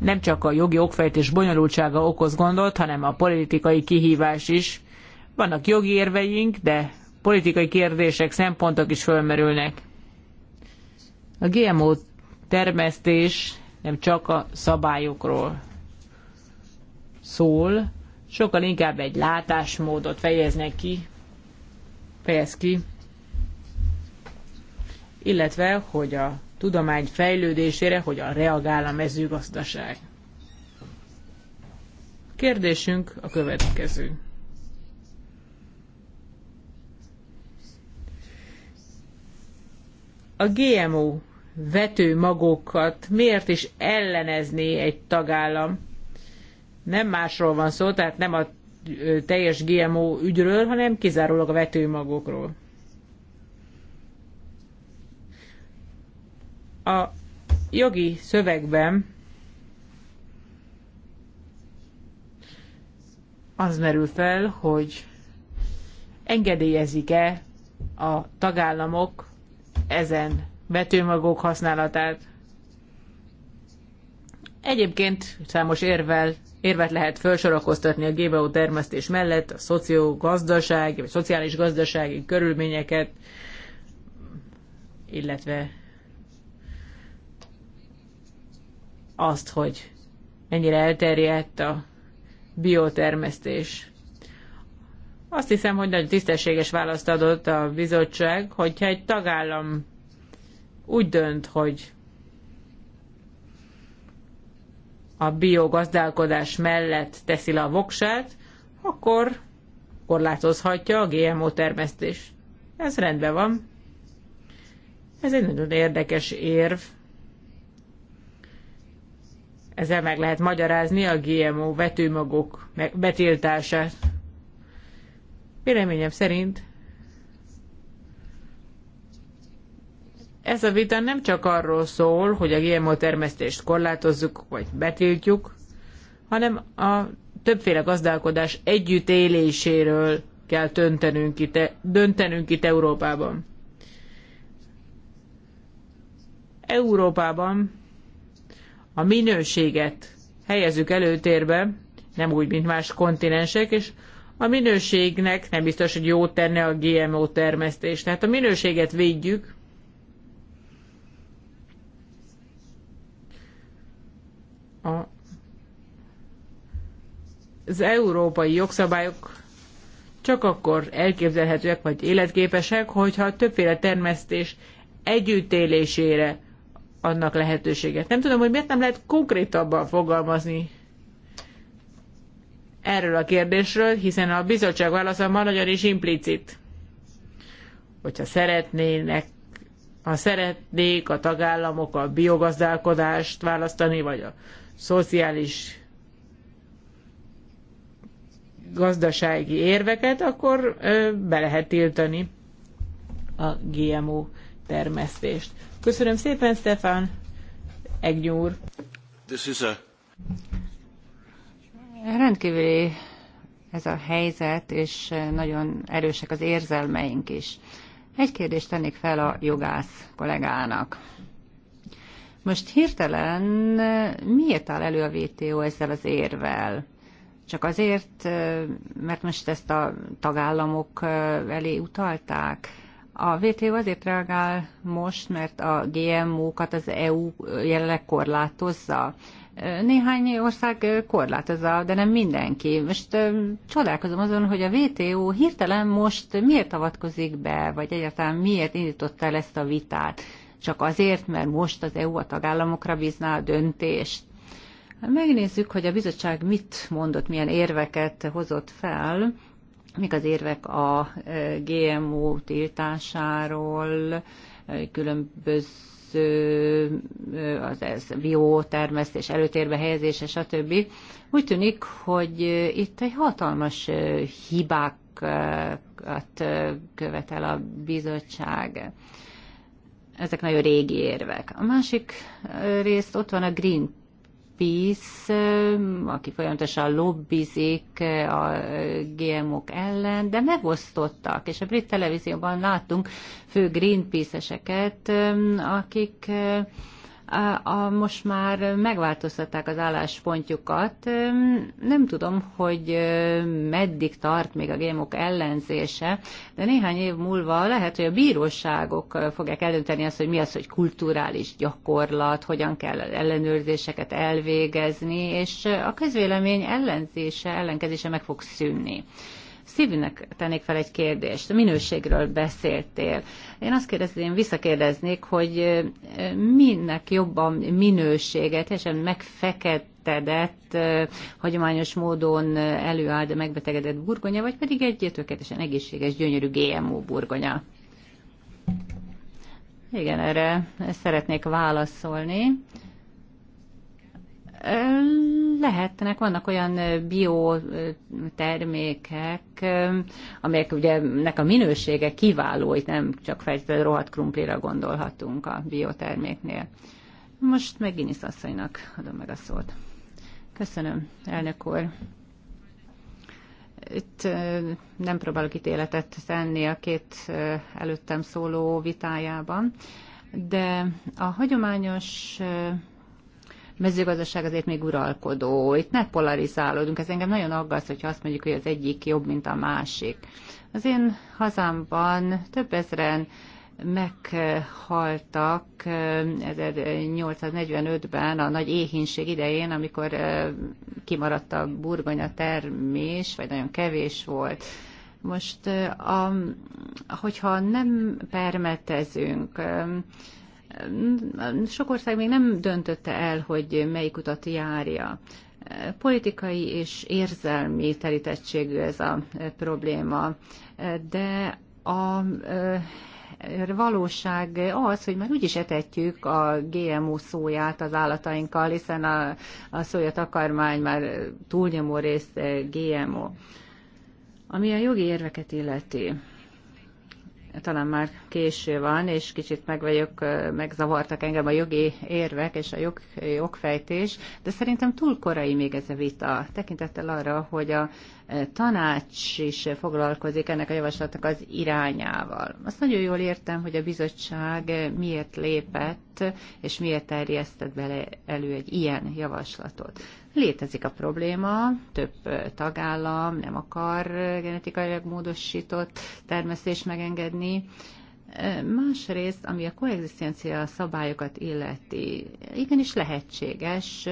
nem csak a jogi okfejtés bonyolultsága okoz gondot, hanem a politikai kihívás is. Vannak jogi érveink, de politikai kérdések, szempontok is fölmerülnek. A GMO termesztés nem csak a szabályokról szól, sokkal inkább egy látásmódot fejeznek ki, fejez ki, illetve, hogy a tudomány fejlődésére hogyan reagál a mezőgazdaság. Kérdésünk a következő. A GMO vetőmagokat miért is ellenezni egy tagállam, nem másról van szó, tehát nem a teljes GMO ügyről, hanem kizárólag a vetőmagokról. A jogi szövegben az merül fel, hogy engedélyezik-e a tagállamok ezen vetőmagok használatát. Egyébként számos érvel érvet lehet felsorakoztatni a GBO termesztés mellett, a szociogazdasági vagy szociális gazdasági körülményeket, illetve azt, hogy mennyire elterjedt a biotermesztés. Azt hiszem, hogy nagyon tisztességes választ adott a bizottság, hogyha egy tagállam úgy dönt, hogy a biogazdálkodás mellett teszi le a voksát, akkor korlátozhatja a GMO termesztés. Ez rendben van. Ez egy nagyon érdekes érv. Ezzel meg lehet magyarázni a GMO vetőmagok betiltását. Véleményem szerint Ez a vita nem csak arról szól, hogy a GMO termesztést korlátozzuk vagy betiltjuk, hanem a többféle gazdálkodás együttéléséről kell döntenünk itt, e, döntenünk itt Európában. Európában a minőséget helyezzük előtérbe, nem úgy, mint más kontinensek, és a minőségnek nem biztos, hogy jó tenne a GMO termesztés. Tehát a minőséget védjük, a, az európai jogszabályok csak akkor elképzelhetőek vagy életképesek, hogyha többféle termesztés együttélésére adnak lehetőséget. Nem tudom, hogy miért nem lehet konkrétabban fogalmazni erről a kérdésről, hiszen a bizottság válasza ma nagyon is implicit. Hogyha szeretnének, ha szeretnék a tagállamok a biogazdálkodást választani, vagy a szociális gazdasági érveket, akkor be lehet tiltani a GMO termesztést. Köszönöm szépen, Stefan Egnyúr. This is a... Rendkívüli ez a helyzet, és nagyon erősek az érzelmeink is. Egy kérdést tennék fel a jogász kollégának. Most hirtelen eh, miért áll elő a VTO ezzel az érvel? Csak azért, eh, mert most ezt a tagállamok eh, elé utalták. A VTO azért reagál most, mert a GMO-kat az EU jelenleg korlátozza. Néhány ország korlátozza, de nem mindenki. Most csodálkozom azon, hogy a VTO hirtelen most miért avatkozik be, vagy egyáltalán miért indította el ezt a vitát csak azért, mert most az EU a tagállamokra bízná a döntést. Megnézzük, hogy a bizottság mit mondott, milyen érveket hozott fel, mik az érvek a e, GMO tiltásáról, e, különböző e, az ez, biótermesztés előtérbe helyezése, stb. Úgy tűnik, hogy itt egy hatalmas hibákat követel a bizottság ezek nagyon régi érvek. A másik részt ott van a Green Peace, aki folyamatosan lobbizik a GMO-k ellen, de megosztottak, és a brit televízióban láttunk fő Greenpeace-eseket, akik a, most már megváltoztatták az álláspontjukat. Nem tudom, hogy meddig tart még a gémok ellenzése, de néhány év múlva lehet, hogy a bíróságok fogják eldönteni azt, hogy mi az, hogy kulturális gyakorlat, hogyan kell ellenőrzéseket elvégezni, és a közvélemény ellenzése, ellenkezése meg fog szűnni szívűnek tennék fel egy kérdést. A minőségről beszéltél. Én azt kérdezném, visszakérdeznék, hogy minek jobban minőséget, minősége, megfeked megfeketedett, hagyományos módon előállt, megbetegedett burgonya, vagy pedig egy tökéletesen egészséges, gyönyörű GMO burgonya? Igen, erre szeretnék válaszolni. Lehetnek, vannak olyan biotermékek, amelyek ugye nek a minősége kiváló, itt nem csak feltétlenül rohadt krumplira gondolhatunk a bioterméknél. Most meg Guinness asszonynak adom meg a szót. Köszönöm, elnök úr. Itt nem próbálok ítéletet tenni a két előttem szóló vitájában, de a hagyományos mezőgazdaság azért még uralkodó. Itt ne polarizálódunk, ez engem nagyon aggaszt, hogyha azt mondjuk, hogy az egyik jobb, mint a másik. Az én hazámban több ezeren meghaltak 1845-ben eh, a nagy éhínség idején, amikor eh, kimaradt a burgonya termés, vagy nagyon kevés volt. Most, eh, a, hogyha nem permetezünk, sok ország még nem döntötte el, hogy melyik utat járja. Politikai és érzelmi terítettségű ez a probléma, de a e, valóság az, hogy már úgyis etetjük a GMO szóját az állatainkkal, hiszen a, a szója takarmány már túlnyomó részt GMO. Ami a jogi érveket illeti, talán már késő van, és kicsit meg vagyok, megzavartak engem a jogi érvek és a jog, jogfejtés, de szerintem túl korai még ez a vita, tekintettel arra, hogy a tanács is foglalkozik ennek a javaslatnak az irányával. Azt nagyon jól értem, hogy a bizottság miért lépett, és miért terjesztett bele elő egy ilyen javaslatot. Létezik a probléma, több tagállam nem akar genetikailag módosított termesztést megengedni, Másrészt, ami a koexisztencia szabályokat illeti, igenis lehetséges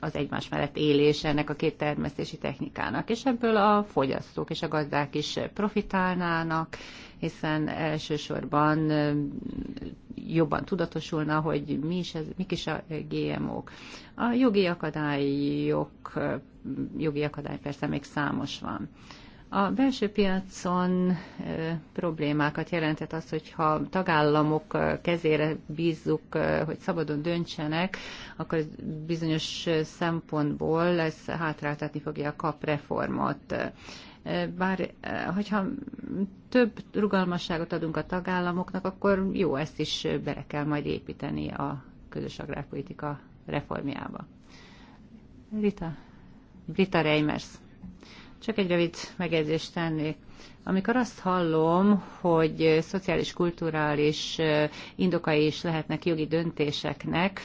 az egymás mellett élés ennek a két termesztési technikának, és ebből a fogyasztók és a gazdák is profitálnának, hiszen elsősorban jobban tudatosulna, hogy mi is ez, mik is a GMO-k. A jogi akadályok, jogi akadály persze még számos van. A belső piacon problémákat jelentett az, hogyha tagállamok kezére bízzuk, hogy szabadon döntsenek, akkor bizonyos szempontból ez hátráltatni fogja a kapreformot bár hogyha több rugalmasságot adunk a tagállamoknak, akkor jó, ezt is bele kell majd építeni a közös agrárpolitika reformjába. Rita, Rita Reimers. Csak egy rövid megjegyzést tennék. Amikor azt hallom, hogy szociális, kulturális indokai is lehetnek jogi döntéseknek,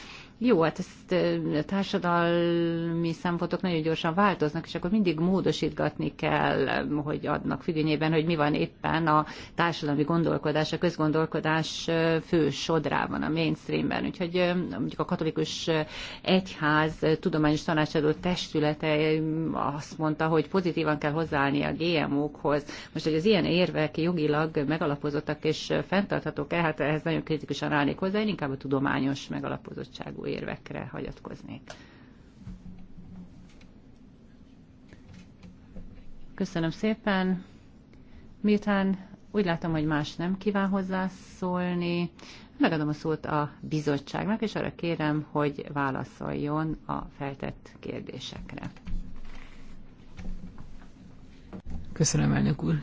jó, hát ezt a társadalmi szempontok nagyon gyorsan változnak, és akkor mindig módosítgatni kell, hogy adnak függényében, hogy mi van éppen a társadalmi gondolkodás, a közgondolkodás fő sodrában, a mainstreamben. Úgyhogy mondjuk a katolikus egyház tudományos tanácsadó testülete azt mondta, hogy pozitívan kell hozzáállni a GMO-khoz. Most, hogy az ilyen érvek jogilag megalapozottak és fenntarthatók-e, hát ehhez nagyon kritikusan állnék hozzá, én inkább a tudományos megalapozottságú érvekre hagyatkoznék. Köszönöm szépen. Miután úgy látom, hogy más nem kíván hozzászólni, megadom a szót a bizottságnak, és arra kérem, hogy válaszoljon a feltett kérdésekre. Köszönöm, elnök úr.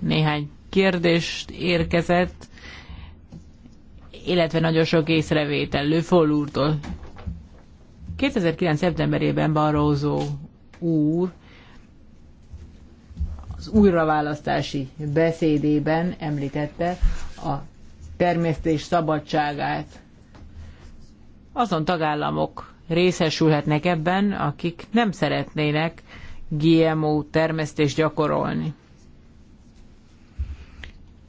Néhány kérdést érkezett illetve nagyon sok észrevétel Lőfoll úrtól. 2009. szeptemberében Barroso úr az újraválasztási beszédében említette a termesztés szabadságát. Azon tagállamok részesülhetnek ebben, akik nem szeretnének GMO termesztést gyakorolni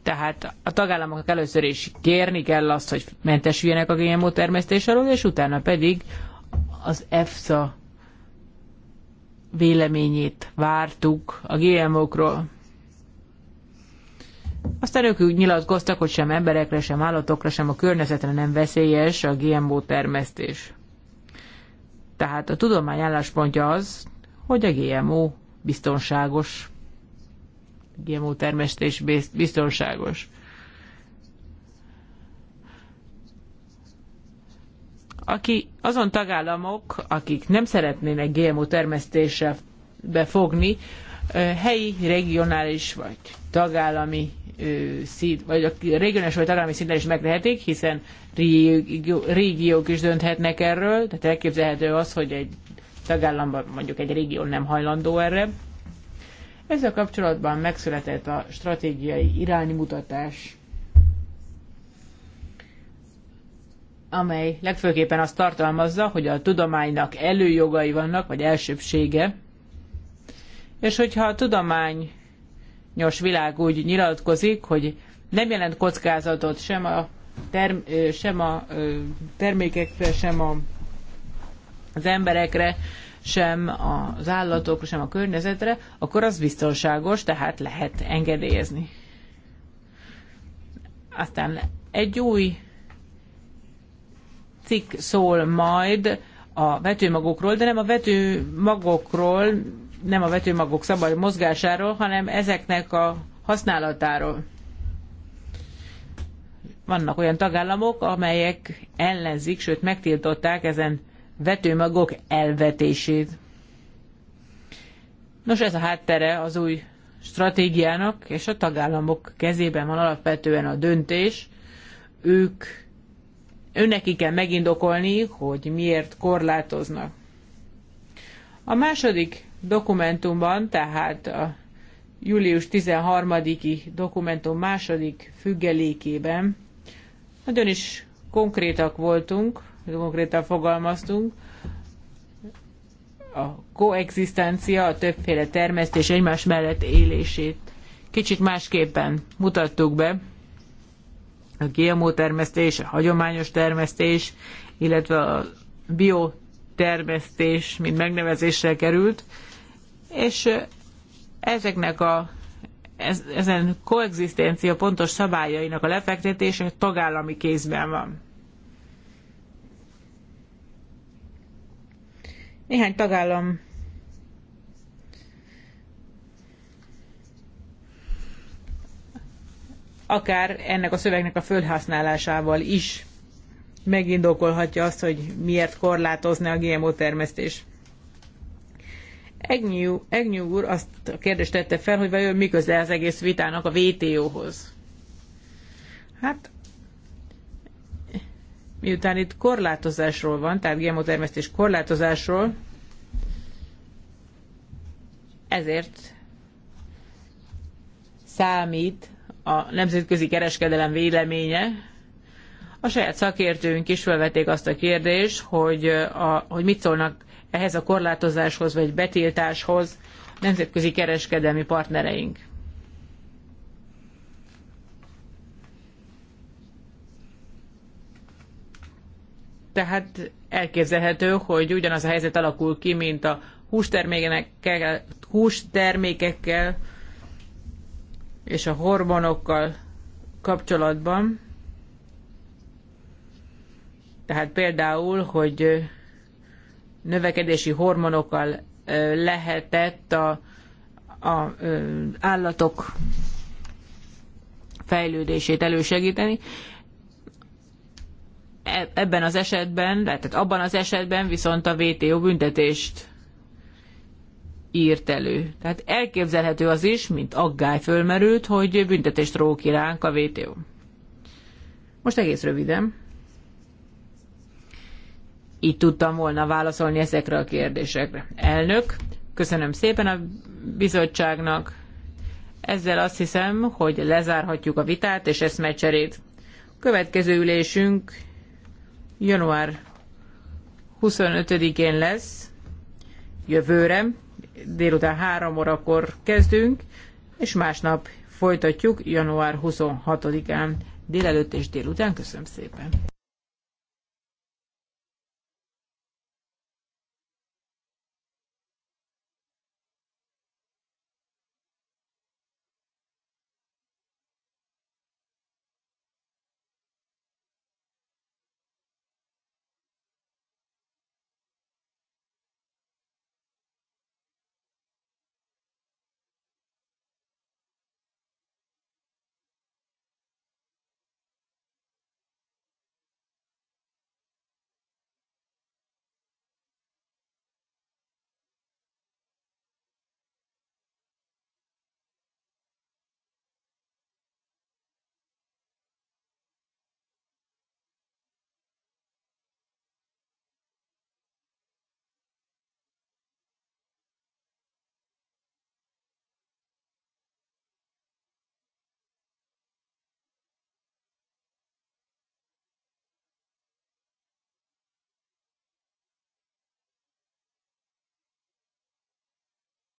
tehát a tagállamoknak először is kérni kell azt, hogy mentesüljenek a GMO termesztés alól, és utána pedig az EFSA véleményét vártuk a GMO-król. Aztán ők úgy nyilatkoztak, hogy sem emberekre, sem állatokra, sem a környezetre nem veszélyes a GMO termesztés. Tehát a tudomány álláspontja az, hogy a GMO biztonságos GMO termesztés biztonságos. Aki, azon tagállamok, akik nem szeretnének GMO termesztéssel befogni, helyi, regionális vagy tagállami szint, vagy a regionális vagy tagállami szinten is megtehetik, hiszen régiók is dönthetnek erről, tehát elképzelhető az, hogy egy tagállamban mondjuk egy régió nem hajlandó erre. Ezzel kapcsolatban megszületett a stratégiai iránymutatás, amely legfőképpen azt tartalmazza, hogy a tudománynak előjogai vannak, vagy elsőbsége, és hogyha a tudományos világ úgy nyilatkozik, hogy nem jelent kockázatot sem a, term- sem a termékekre, sem a, az emberekre, sem az állatokra, sem a környezetre, akkor az biztonságos, tehát lehet engedélyezni. Aztán egy új cikk szól majd a vetőmagokról, de nem a vetőmagokról, nem a vetőmagok szabad mozgásáról, hanem ezeknek a használatáról. Vannak olyan tagállamok, amelyek ellenzik, sőt megtiltották ezen vetőmagok elvetését. Nos, ez a háttere az új stratégiának, és a tagállamok kezében van alapvetően a döntés. Ők, önnekik kell megindokolni, hogy miért korlátoznak. A második dokumentumban, tehát a július 13-i dokumentum második függelékében nagyon is konkrétak voltunk, konkrétan fogalmaztunk. A koexisztencia, a többféle termesztés egymás mellett élését kicsit másképpen mutattuk be. A GMO termesztés, a hagyományos termesztés, illetve a biotermesztés, mint megnevezésre került, és ezeknek a ezen koexisztencia pontos szabályainak a lefektetése tagállami kézben van. Néhány tagállam akár ennek a szövegnek a fölhasználásával is megindokolhatja azt, hogy miért korlátozni a GMO termesztés. Egnyú, úr azt a kérdést tette fel, hogy vajon miközben az egész vitának a WTO-hoz. Hát miután itt korlátozásról van, tehát GMO termesztés korlátozásról, ezért számít a nemzetközi kereskedelem véleménye. A saját szakértőink is felvették azt a kérdést, hogy, a, hogy mit szólnak ehhez a korlátozáshoz vagy betiltáshoz nemzetközi kereskedelmi partnereink. Tehát elképzelhető, hogy ugyanaz a helyzet alakul ki, mint a hústermékekkel, hústermékekkel és a hormonokkal kapcsolatban. Tehát például, hogy növekedési hormonokkal lehetett a, a állatok fejlődését elősegíteni. E, ebben az esetben, tehát abban az esetben viszont a VTO büntetést írt elő. Tehát elképzelhető az is, mint aggály fölmerült, hogy büntetést ró ki ránk a VTO. Most egész röviden. Így tudtam volna válaszolni ezekre a kérdésekre. Elnök, köszönöm szépen a bizottságnak. Ezzel azt hiszem, hogy lezárhatjuk a vitát és eszmecserét. Következő ülésünk január 25-én lesz, jövőre, délután 3 órakor kezdünk, és másnap folytatjuk január 26-án délelőtt és délután. Köszönöm szépen!